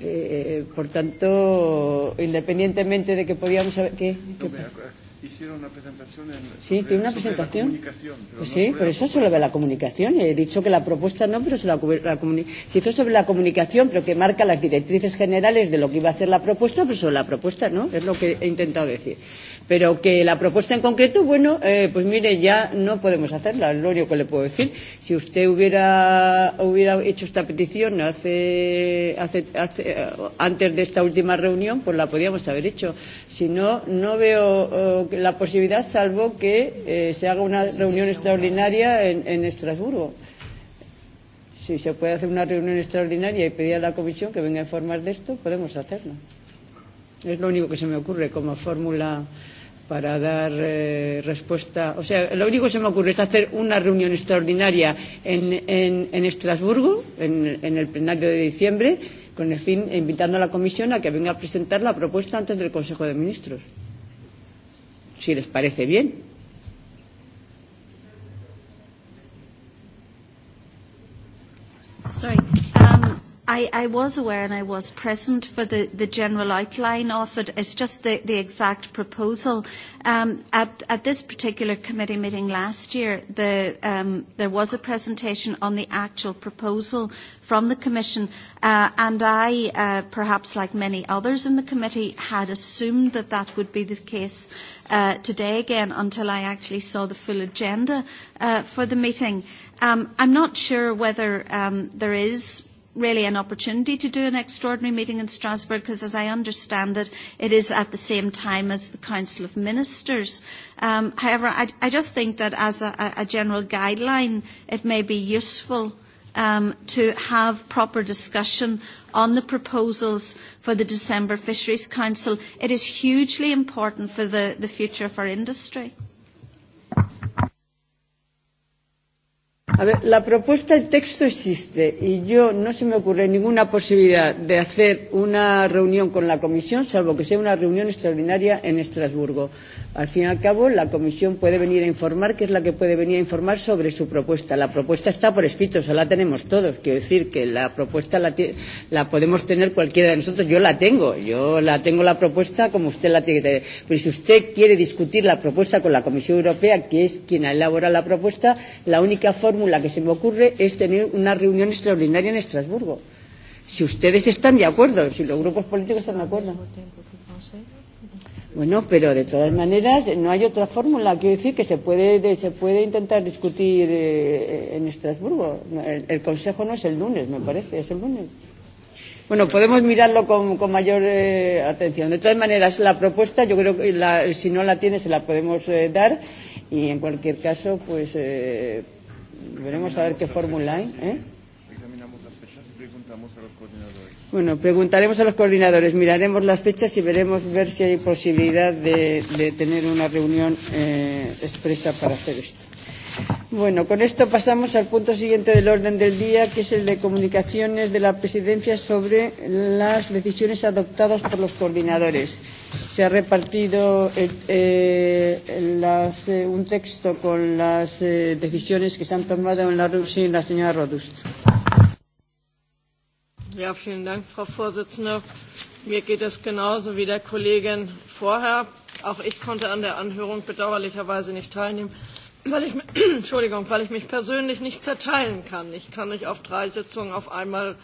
Eh, por tanto, independientemente de que podíamos haber. ¿Qué? ¿Qué Hicieron una presentación en, sí, sobre, tiene una presentación. la comunicación. Pero pues no sí, pero eso es sobre la comunicación. He dicho que la propuesta no, pero se, la, la se hizo sobre la comunicación, pero que marca las directrices generales de lo que iba a ser la propuesta, pero sobre la propuesta no. Es lo que he intentado decir. Pero que la propuesta en concreto, bueno, eh, pues mire, ya no podemos hacerla, es lo único que le puedo decir. Si usted hubiera, hubiera hecho esta petición hace, hace, hace, antes de esta última reunión, pues la podíamos haber hecho. Si no, no veo eh, la posibilidad, salvo que eh, se haga una reunión extraordinaria en, en Estrasburgo si se puede hacer una reunión extraordinaria y pedir a la comisión que venga a informar de esto, podemos hacerlo. Es lo único que se me ocurre como fórmula para dar eh, respuesta. O sea, lo único que se me ocurre es hacer una reunión extraordinaria en, en, en Estrasburgo, en, en el plenario de diciembre, con el fin invitando a la Comisión a que venga a presentar la propuesta antes del Consejo de Ministros. Si les parece bien. Sorry. Um, I, I was aware and I was present for the, the general outline of it. It's just the, the exact proposal. Um, at, at this particular committee meeting last year, the, um, there was a presentation on the actual proposal from the Commission, uh, and I, uh, perhaps like many others in the committee, had assumed that that would be the case uh, today again until I actually saw the full agenda uh, for the meeting. Um, I'm not sure whether um, there is really an opportunity to do an extraordinary meeting in Strasbourg because, as I understand it, it is at the same time as the Council of Ministers. Um, however, I, I just think that as a, a general guideline, it may be useful um, to have proper discussion on the proposals for the December Fisheries Council. It is hugely important for the, the future of our industry. A ver, la propuesta, el texto existe y yo no se me ocurre ninguna posibilidad de hacer una reunión con la Comisión, salvo que sea una reunión extraordinaria en Estrasburgo. Al fin y al cabo, la comisión puede venir a informar, que es la que puede venir a informar sobre su propuesta. La propuesta está por escrito, eso la tenemos todos. Quiero decir que la propuesta la, la podemos tener cualquiera de nosotros. Yo la tengo, yo la tengo la propuesta como usted la tiene que tener. Pero si usted quiere discutir la propuesta con la Comisión Europea, que es quien elabora la propuesta, la única fórmula que se me ocurre es tener una reunión extraordinaria en Estrasburgo. Si ustedes están de acuerdo, si los grupos políticos están de acuerdo. Bueno, pero de todas maneras no hay otra fórmula. Quiero decir que se puede, de, se puede intentar discutir eh, en Estrasburgo. El, el Consejo no es el lunes, me parece, es el lunes. Bueno, podemos mirarlo con, con mayor eh, atención. De todas maneras, la propuesta, yo creo que la, si no la tiene, se la podemos eh, dar. Y en cualquier caso, pues eh, veremos a ver qué fórmula hay. ¿eh? Bueno, preguntaremos a los coordinadores, miraremos las fechas y veremos ver si hay posibilidad de, de tener una reunión eh, expresa para hacer esto. Bueno, con esto pasamos al punto siguiente del orden del día, que es el de comunicaciones de la Presidencia sobre las decisiones adoptadas por los coordinadores. Se ha repartido eh, eh, las, eh, un texto con las eh, decisiones que se han tomado en la reunión la señora Rodusto. Frau Vorsitzende. Mir geht es genauso wie der Kollegin vorher. Auch ich konnte an der Anhörung bedauerlicherweise nicht teilnehmen, weil ich, Entschuldigung, weil ich mich persönlich nicht zerteilen kann. Ich kann nicht auf drei Sitzungen auf einmal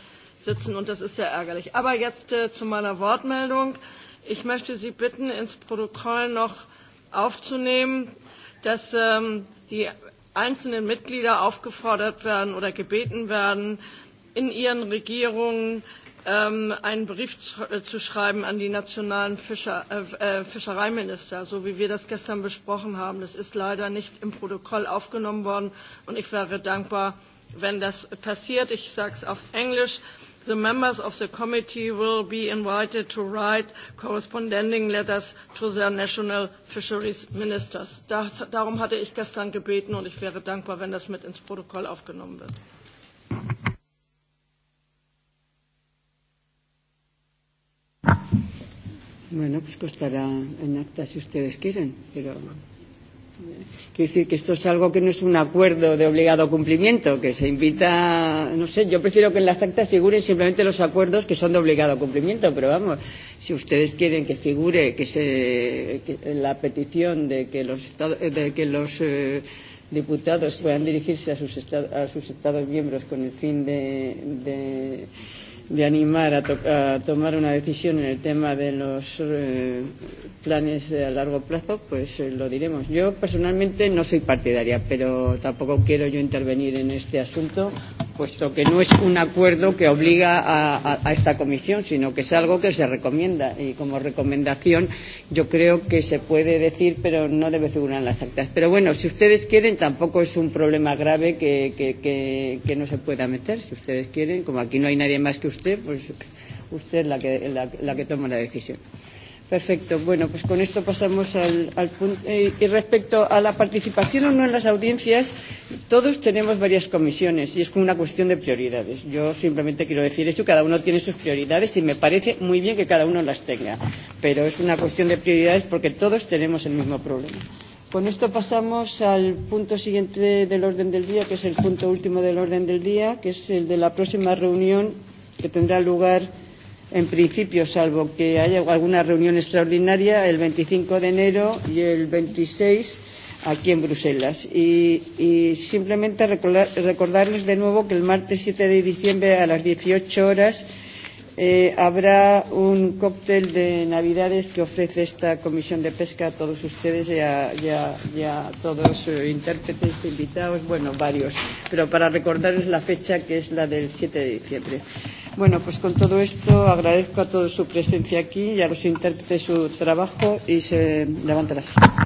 sitzen und das ist sehr ärgerlich. Aber jetzt zu meiner Wortmeldung. Ich möchte Sie bitten, ins Protokoll noch aufzunehmen, dass die einzelnen Mitglieder aufgefordert werden oder gebeten werden, in ihren Regierungen einen Brief zu schreiben an die nationalen Fischereiminister, so wie wir das gestern besprochen haben. Das ist leider nicht im Protokoll aufgenommen worden und ich wäre dankbar, wenn das passiert. Ich sage es auf Englisch. The members of the committee will be invited to write corresponding letters to their national fisheries ministers. darum hatte ich gestern gebeten und ich wäre dankbar, wenn das mit ins Protokoll aufgenommen wird. Bueno, pues costará en acta si ustedes quieren, pero Quiero decir que esto es algo que no es un acuerdo de obligado cumplimiento, que se invita, no sé, yo prefiero que en las actas figuren simplemente los acuerdos que son de obligado cumplimiento, pero vamos, si ustedes quieren que figure que se, que la petición de que los, estados, de que los eh, diputados puedan dirigirse a sus, estados, a sus estados miembros con el fin de, de de animar a, to a tomar una decisión en el tema de los eh, planes a largo plazo, pues eh, lo diremos. Yo personalmente no soy partidaria, pero tampoco quiero yo intervenir en este asunto, puesto que no es un acuerdo que obliga a, a, a esta comisión, sino que es algo que se recomienda. Y como recomendación yo creo que se puede decir, pero no debe figurar en las actas. Pero bueno, si ustedes quieren, tampoco es un problema grave que, que, que, que no se pueda meter. Si ustedes quieren, como aquí no hay nadie más que usted, pues usted es la que, la, la que toma la decisión. Perfecto. Bueno, pues con esto pasamos al, al punto. Eh, y respecto a la participación o no en las audiencias, todos tenemos varias comisiones y es como una cuestión de prioridades. Yo simplemente quiero decir eso, cada uno tiene sus prioridades y me parece muy bien que cada uno las tenga, pero es una cuestión de prioridades porque todos tenemos el mismo problema. Con esto pasamos al punto siguiente del orden del día, que es el punto último del orden del día, que es el de la próxima reunión que tendrá lugar, en principio, salvo que haya alguna reunión extraordinaria, el 25 de enero y el 26 aquí en Bruselas. Y, y simplemente recordar, recordarles de nuevo que el martes 7 de diciembre a las 18 horas eh, habrá un cóctel de Navidades que ofrece esta Comisión de Pesca a todos ustedes y a, y a, y a todos eh, intérpretes invitados, bueno, varios, pero para recordarles la fecha que es la del 7 de diciembre. Bueno, pues con todo esto agradezco a todos su presencia aquí y a los intérpretes su trabajo y se levanta la sesión.